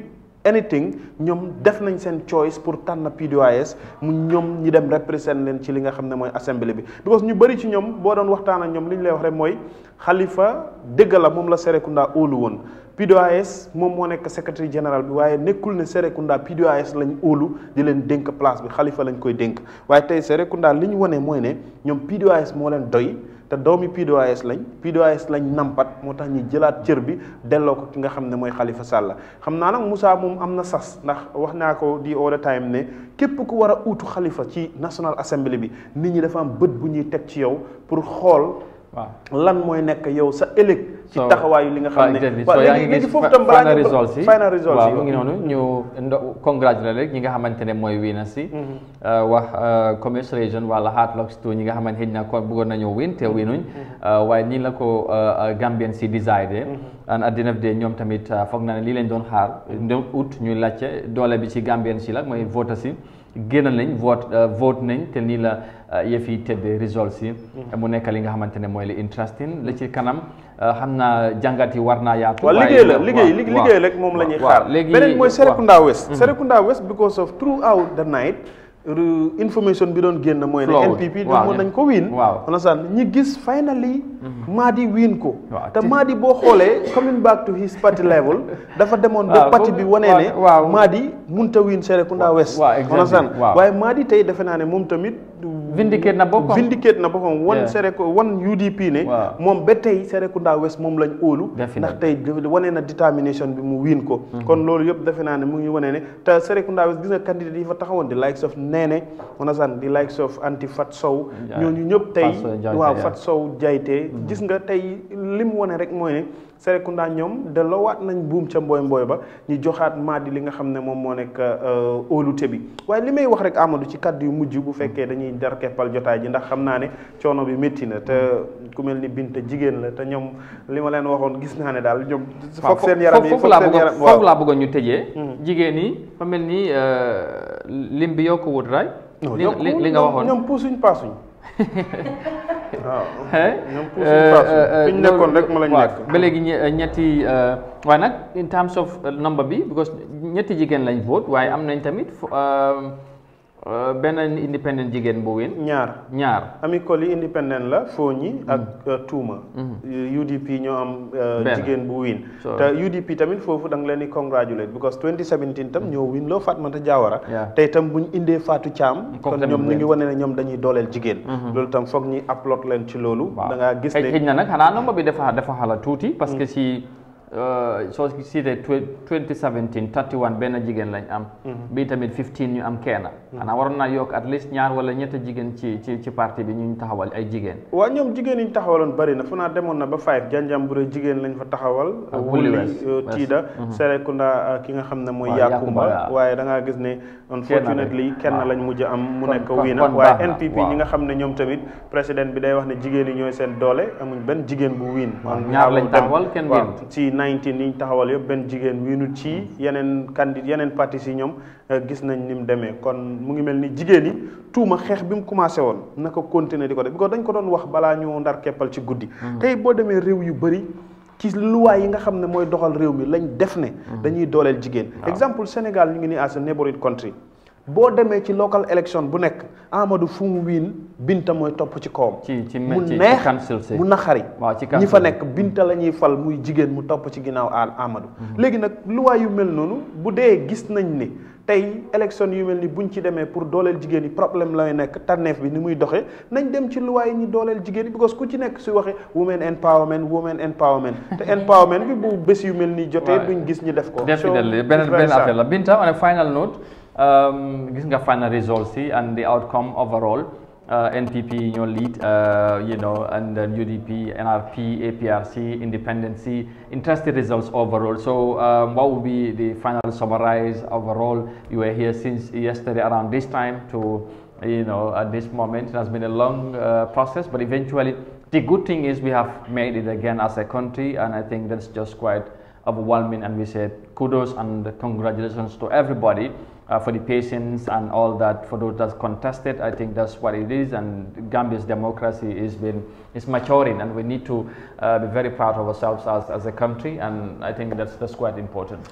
anything ñoom def nañ seen choice pour tànn PDOIS mu ñoom ñi dem représenter leen ci li nga xam ne mooy assemblée bi because ñu bëri ci ñoom boo doon waxtaan ak ñoom li ñu lay wax rek mooy xalifa dëgg la moom la sereeku Serekunda óolu woon PDOIS moom moo nekk secrétaire général bi waaye nekkul ne Serekunda PDOIS lañ óolu di leen dénk place bi xalifa lañ koy dénk waaye tey Serekunda li ñu wane mooy ne ñoom PDOIS moo leen doy te doomi PDOIS lañ PDOIS lañ nampat moo tax ñu jëlaat cër bi delloo ko ki nga xam ne mooy xalifa Sall xam naa nag Moussa moom am na sas ndax wax naa ko di all the time ne képp ku war a uutu xalifa ci National Assembly bi nit ñi dafa am bët bu ñuy teg ci yow pour xool waaw lan mooy nekk yow sa ëllëg. ci taxawaayu li nga xam ne waaw léegi foofu tam balaa ñu final ngi noonu ñu ndo congratulé rek ñi nga xamante ne mooy win si. Mm-hmm. Uh, wax uh, commerce region wala hard luck store ñi nga xamante ne ko bëggoon nañoo win te winuñ mm-hmm. uh, waaye nii la ko Gambien si décidé. Mm-hmm. an at the end of ñoom tamit foog naa ne lii lañ doon xaar ndoom ut ñu laajte doole bi ci Gambien si lag mooy vote si génn nañ vote vote nañ te nii la. Euh, yëf fi tëdd results yi mm-hmm. mu nekk li nga xamante ne mooy li interesting la ci kanam euh, xam naa jàngat yi war naa yaatu waaw liggéey la liggéey liggéey rek moom la ñuy xaar léegi beneen mooy Serekunda West mm-hmm. Serekunda West because of throughout the night information bi doon génn mooy ne NPP du nañ ko wiin understand ñi gis finally mm-hmm. Madi wiin ko te Madi boo xoolee coming back to his party level dafa demoon ba parti bi wanee ne Madi munta wiin Serekunda West understand waaye Madi tey defe naa ne moom tamit vindicate na boppam vindicate na boppam wan Sereko wan UDP ne moom ba tey Serekunda West moom lañ óolu ndax tey wane na détermination bi mu wiin ko mm-hmm. kon loolu yëpp defe naa ne mu ngi wane ne te Serekunda West gis nga candidat yi fa taxawoon di likes of Nene Onasan di likes of anti Fat Sow ñooñu ñëpp tey waaw Fat Sow jaytee mm-hmm. gis nga tey li mu wane rek mooy ne ndaa ñoom delloowaat nañ buum ca mbooy mbooy ba ñu joxaat Madi li nga xam ne moom moo nekk euh, óolute bi waaye li may wax rek amalu ci kàdd yu mujj bu fekkee dañuy dar keppal jotaay ji ndax xam naa ne coono bi métti na te ku mel ni Binta jigéen la te ñoom li ma leen waxoon gis naa ne daal ñoom. foog seen yaram yi foofu laa bëggoon ñu tëjee. Hmm. jigéen yi fa mel ni euh, lim bi yokku wut raay. li nga waxoon ñoom puusuñ paasuñ ñoom euh, euh, nekkoon rek ma lañ nekk ba léegi euh, ñetti waaye nag in terms of number bi because ñetti jigéen lañ vote waaye am nañ tamit Euh, benn indépendant jigéen bu win. ñaar ñaar. amicale yi indépendant la Fonyi ak mm. euh, Touma. Mm-hmm. UDP euh, ñoo am. jigéen bu win. te UDP tamit foofu da nga leen di congratulate because 2017 tam mm. ñoo win loo Fatmata Jawara. te itam bu ñu indee Fatou Thiam. kon ñoom ñu ngi wane ne ñoom dañuy dooleel jigéen. Mm-hmm. loolu tam foog ñi upload leen ci loolu. da ngaa gis ne xëy na nag xanaa nomba bi dafa dafa xala tuuti parce mm. que si. Uh, soo siitee twenty seventeen thirty one benn jigéen lañ am mhm. bi tamit fifteen ñu am kenn mhm. xanaa waroon naa yokk at least ñaar wala ñetti jigéen ci ci ci parti bi ñu taxawal ay jigéen waaw ñoom jigéen yi ñu taxawaloon bëri na fu naa demoon na ba five janjambure jigéen lañ fa taxawal wuli uh, tiida mhm. Serekunda uh, ki nga xam ne mooy Yakumba waaye da ngaa gis ne unfortunately kenn lañ mujj am mu nekk wii na waaye NPP ñi nga xam ne ñoom tamit président bi day wax ne jigéen yi ñooy seen doole amuñ benn jigéen bu wiin ñaar lañ taxawal kenn 19 yi ñu taxawal yëpp benn jigéen nu ci yeneen candidat yeneen parti si ñoom euh, gis nañ ni mu demee kon mu ngi mel ni jigéen yi tuuma xeex bi mu commencé woon naka continuer di ko def parce dañ ko doon wax balaa ñu ndar keppal ci guddi. Mm-hmm. tey boo demee réew yu bëri. ci luwaay yi nga xam ne mooy doxal réew mi lañ def ne. Mm-hmm. dañuy dooleel jigéen. exemple Sénégal ñu ngi nii asse a neighboring country boo demee ci local election bu nekk Amadou fu mu wiin Binta mooy topp ci kawam. ci ci mu neex mu naxari. ñi fa nekk Binta la ñuy fal muy jigéen mu topp ci ginnaaw amadu mhm. léegi nag luwaay yu mel noonu bu dee gis nañ ni tey election yu mel ni buñ ci demee pour dooleel jigéen yi problème lay nekk tànneef bi ni muy doxee nañ dem ci luwaay yi ñu dooleel jigéen yi parce que ku ci nekk suy waxee women empowerment women empowerment te empowerment bi bu bés yu mel nii jotee duñ gis ñu def ko. beneen beneen la Binta on a final note. um, gis nga final result and the outcome overall uh, NPP your lead uh, you know and then UDP NRP APRC Independency interesting results overall so um, what would be the final summarize overall you were here since yesterday around this time to you know at this moment it has been a long uh, process but eventually the good thing is we have made it again as a country and I think that's just quite overwhelming and we said kudos and congratulations to everybody uh, for the patients and all that for those that contested. I think that's what it is, and Gambia's democracy has been it's maturing and we need to uh, be very proud of ourselves as, as a country and I think that's, that's quite important.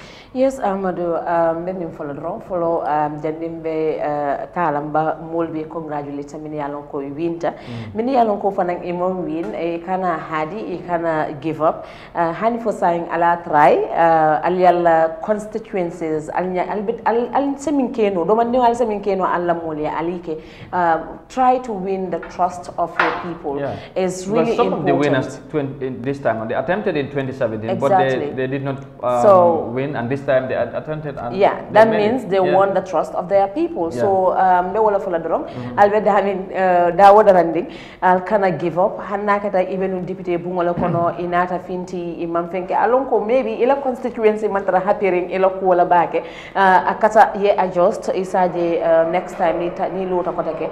Yes, Amadou, um, mbe follow dron, follow um, den mbe uh, kalamba mulbi congratulate mini yalon ko winter. Mm. Mini yalon ko fanang imon win, e kana hadi, e kana give up. Uh, hani fo saying ala try, uh, al uh, constituencies, al nya albit al al seminkeno, do man al seminkeno alla mulia alike. Uh, try to win the trust of your people. Yeah. Is is really but some important. of the winners 20, this time they attempted in 2017, exactly. but they, they did not um, so, win, and this time they attempted. And yeah, that means it. they yeah. won the trust of their people. Yeah. So um, they wala fula dorom. Mm-hmm. i dahamin the uh, daranding I cannot give up. Hanna kata even deputy bungola kono mm-hmm. inata finti imam fenke alonko maybe ila constituency mantra happening ila kuola bake uh, akata ye adjust isaje uh, next time ni ni lota kotake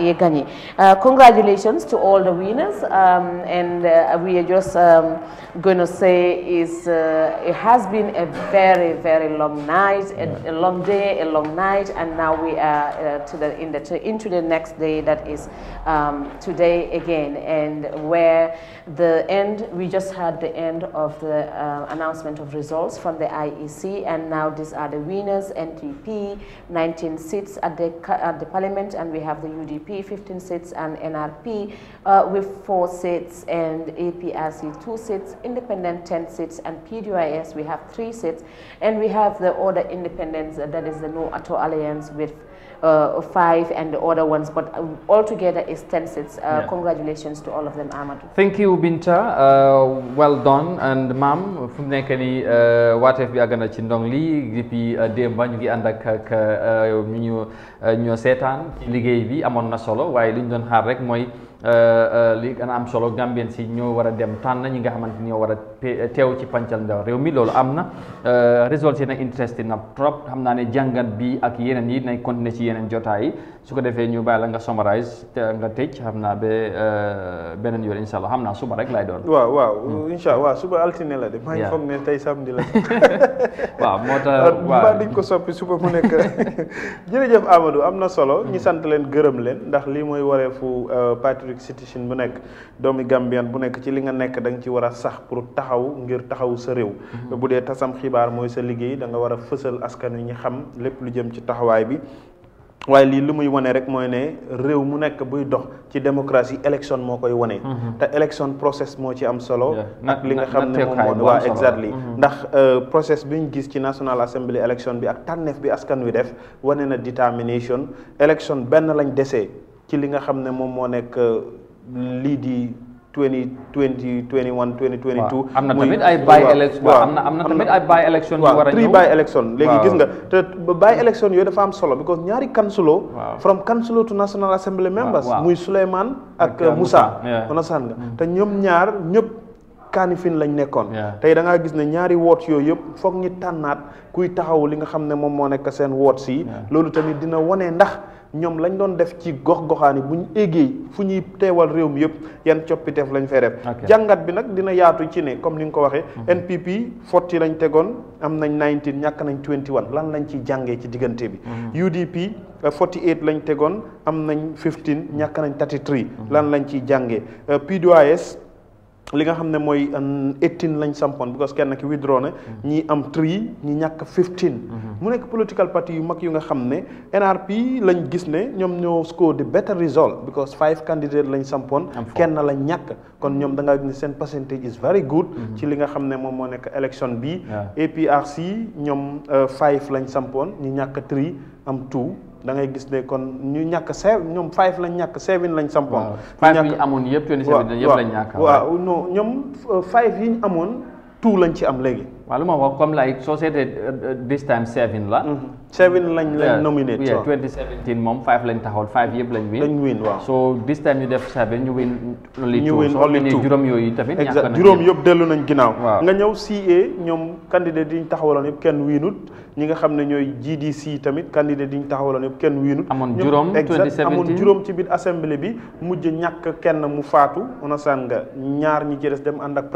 ye gani. Congratulations to all the winners um, and uh, we are just um, going to say is uh, it has been a very very long night a, a, long day a long night and now we are uh, to the, in the to, into the next day that is um, today again and where the end we just had the end of the uh, announcement of results from the IEC and now these are the winners NTP 19 seats at the at the parliament and we have the UDP 15 seats and NRP uh, with four seats and APRC two seats, independent 10 seats, and PDIS we have three seats. And we have the other independents, uh, that is the No Ato Alliance with uh, five and the other ones, but uh, altogether is 10 seats. Uh, yeah. Congratulations to all of them, Ahmad. Thank you, Binta. Uh, well done. And ma'am, fu mu nekk nii uh, waateef bi àgg na ci ndong li depuis démb ñu ngi ànd setan, ak ñu ñoo seetaan liggéey bi amoon na solo waaye li ñu doon xaar Eh, eh, li am solo Gambien si ñoo war a dem haman ñi nga xamante ni ñoo war a eh, teew ci pancal ndaw réew mi loolu interesting na trop xam ne jàngat bi ak yeneen yi nañ continuer ci yeneen jotaay su ko defee ñu bàyyi nga summarize te nga tëj xam naa ba hamna yoon incha allah suba rek lay doon. waaw waaw hmm. incha suba altine la de. maa ngi foog ne samedi la. waaw moo waaw ba diñ ko soppi suba mu nekk jërëjëf Amadou amna solo. ñu sant leen gërëm leen ndax lii mooy wareefu Afrique citoyenne bu nekk doomi Gambien bu nekk ci li nga nekk da nga ci war a sax pour taxaw ngir taxaw sa réew mm-hmm. bu dee tasam xibaar mooy sa liggéey da nga war a fësal askan wi ñu xam lépp lu jëm ci taxawaay bi waaye lii lu muy wane rek mooy ne réew mu nekk buy dox ci démocratie élection moo koy wane. Mm-hmm. te élection process moo ci am solo. ak li nga xam ne moom moo waa exactly mm-hmm. ndax euh, process bi ñu gis ci national assembly élection bi ak tànneef bi askan wi def wane na détermination élection benn lañ desee ci li nga xam ne moom moo nekk euh, lii di 2020 21 2022 am na tamit ay by election waaw am na am na tamit ay by election yu war a ñëw three buy election léegi gis nga te by election yooyu dafa am solo because ñaari councilo from councilo to national assembly members muy Souleymane ak euh, euh, Moussa onasan nga mm. te ñoom ñaar ñëpp kaanifin lañ nekkoon tey da ngaa gis ne ñaari woot yooyu yëpp foog ñi tànnaat kuy taxaw li nga xam ne moom moo nekk seen woot si loolu tamit dina wone ndax ñoom lañ doon def ci gox-goxaan yi bu ñu éggee fu ñuy teewal réew mi yëpp yan coppiteef lañ fay def. jàngat bi nag dina yaatu ci ne comme ni nga ko waxee. Mhm. NPP forty lañ tegoon am nañ 19 ñàkk nañ 21 lan lañ ci jàngee ci diggante bi. Mhm. UDP 48 uh, lañ tegoon am nañ 15 ñàkk nañ 33. Mhm. lan lañ ciy jàngee uh, PDOIS. li nga xam ne mooy euh, eighteen lañ sampoon because kenn ki withdraw na mm-hmm. ñi am three ñi ñàkk fifteen mm-hmm. mu nekk political party yu mag yu nga xam ne NRP lañ gis ne ñoom ñoo score the better result because five candidate lañ sampoon kenn lañ ñàkk kon ñoom da nga gis seen percentage is very good mm-hmm. ci li nga xam ne moom moo nekk élection bi APRC ñoom euh, five lañ sampoon ñi ñàkk three am two da ngay gis ne kon ñu ñàkk sev ñoom five lañ ñàkk seven lañ sampoon five yi ñu amoon yëpp twenty seven yëpp lañ ñàkk waaw non ñoom euh, five yi ñu amoon two lañ ci am léegi waaw lu ma wax comme like soo seetee uh, uh, this time seven la mm-hmm. seven lañ lañ nominate moom five lañ taxawal five yëpp lañ win lañ win waaw so this time ñu def seven ñu win only two ñu win only two juróom yooyu tamit exact juróom yëpp dellu nañ ginnaaw nga ñëw CA ñoom candidate yi ñu taxawaloon yëpp kenn wiinut ñi nga xam ne ñooy GDC tamit candidat di ñu taxawaloon yëpp kenn wiinut amoon juróom juróom ci biir assemblée bi mujj ñàkk kenn mu faatu onasaan nga ñaar ñi ci des ànd ak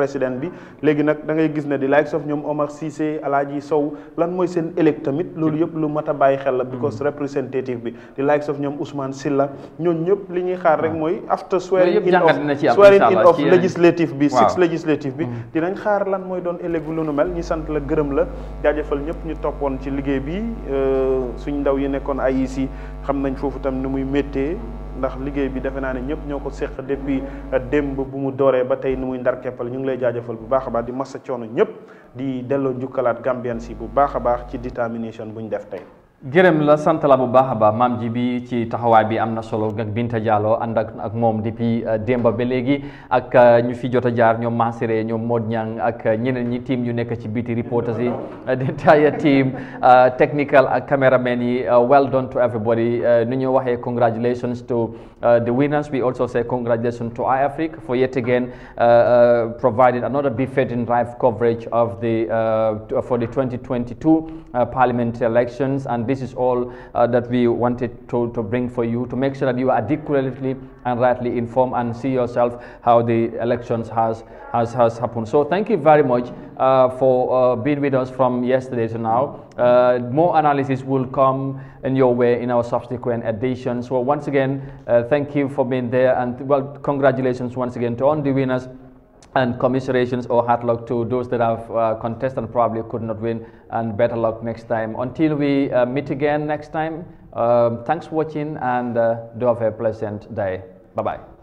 bi léegi nag da ngay gis ne di likes of ñoom Omar Cissé Alaaji Sow lan mooy seen élect tamit loolu yëpp lu mat a bàyyi xel la mm. because representative bi di likes of ñoom Ousmane Silla ñooñ ñëpp li ñuy xaar rek ah. mooy after swearing in of swearing in of législative bi six législative bi mm. dinañ xaar lan mooy doon élegu lu nu mel ñi sant la gërëm la jaajëfal ñëpp ñu topp jàppoon ci liggéey bi euh, suñ ndaw yi nekkoon AIC xam nañ foofu tam ni muy méttee ndax liggéey bi defe naa ne ñëpp ñoo ko seq depuis euh, démb bu mu dooree ba tey ni muy ndar keppal ñu ngi lay jaajëfal bu baax a baax di massa coono ñëpp di delloo njukkalaat Gambien si bu baax a baax ci détermination bu ñu def tey. gërëm la sant la bu baax a baax ji bi ci taxawaay bi am solo ak Binta Diallo ànd ak ak moom depuis euh, démba ba léegi ak euh, ñu fi jot jaar ñoom Massiré ñoom Mod Ñang ak euh, ñeneen ñi team yu nekk ci biti reporters yi the entire team technical ak cameramen yi well done to everybody nu ñu waxee congratulations to the winners we also say congratulations to iAfrica for yet again providing another befit in live coverage of the for the 2022 uh, parliament elections and this is all uh, that we wanted to, to bring for you to make sure that you are adequately and rightly informed and see yourself how the elections has, has, has happened. So thank you very much uh, for uh, being with us from yesterday to now. Uh, more analysis will come in your way in our subsequent editions. So once again, uh, thank you for being there and well, congratulations once again to all the winners and commiserations or hard luck to those that have uh, contested and probably could not win and better luck next time until we uh, meet again next time um, thanks for watching and uh, do have a pleasant day bye bye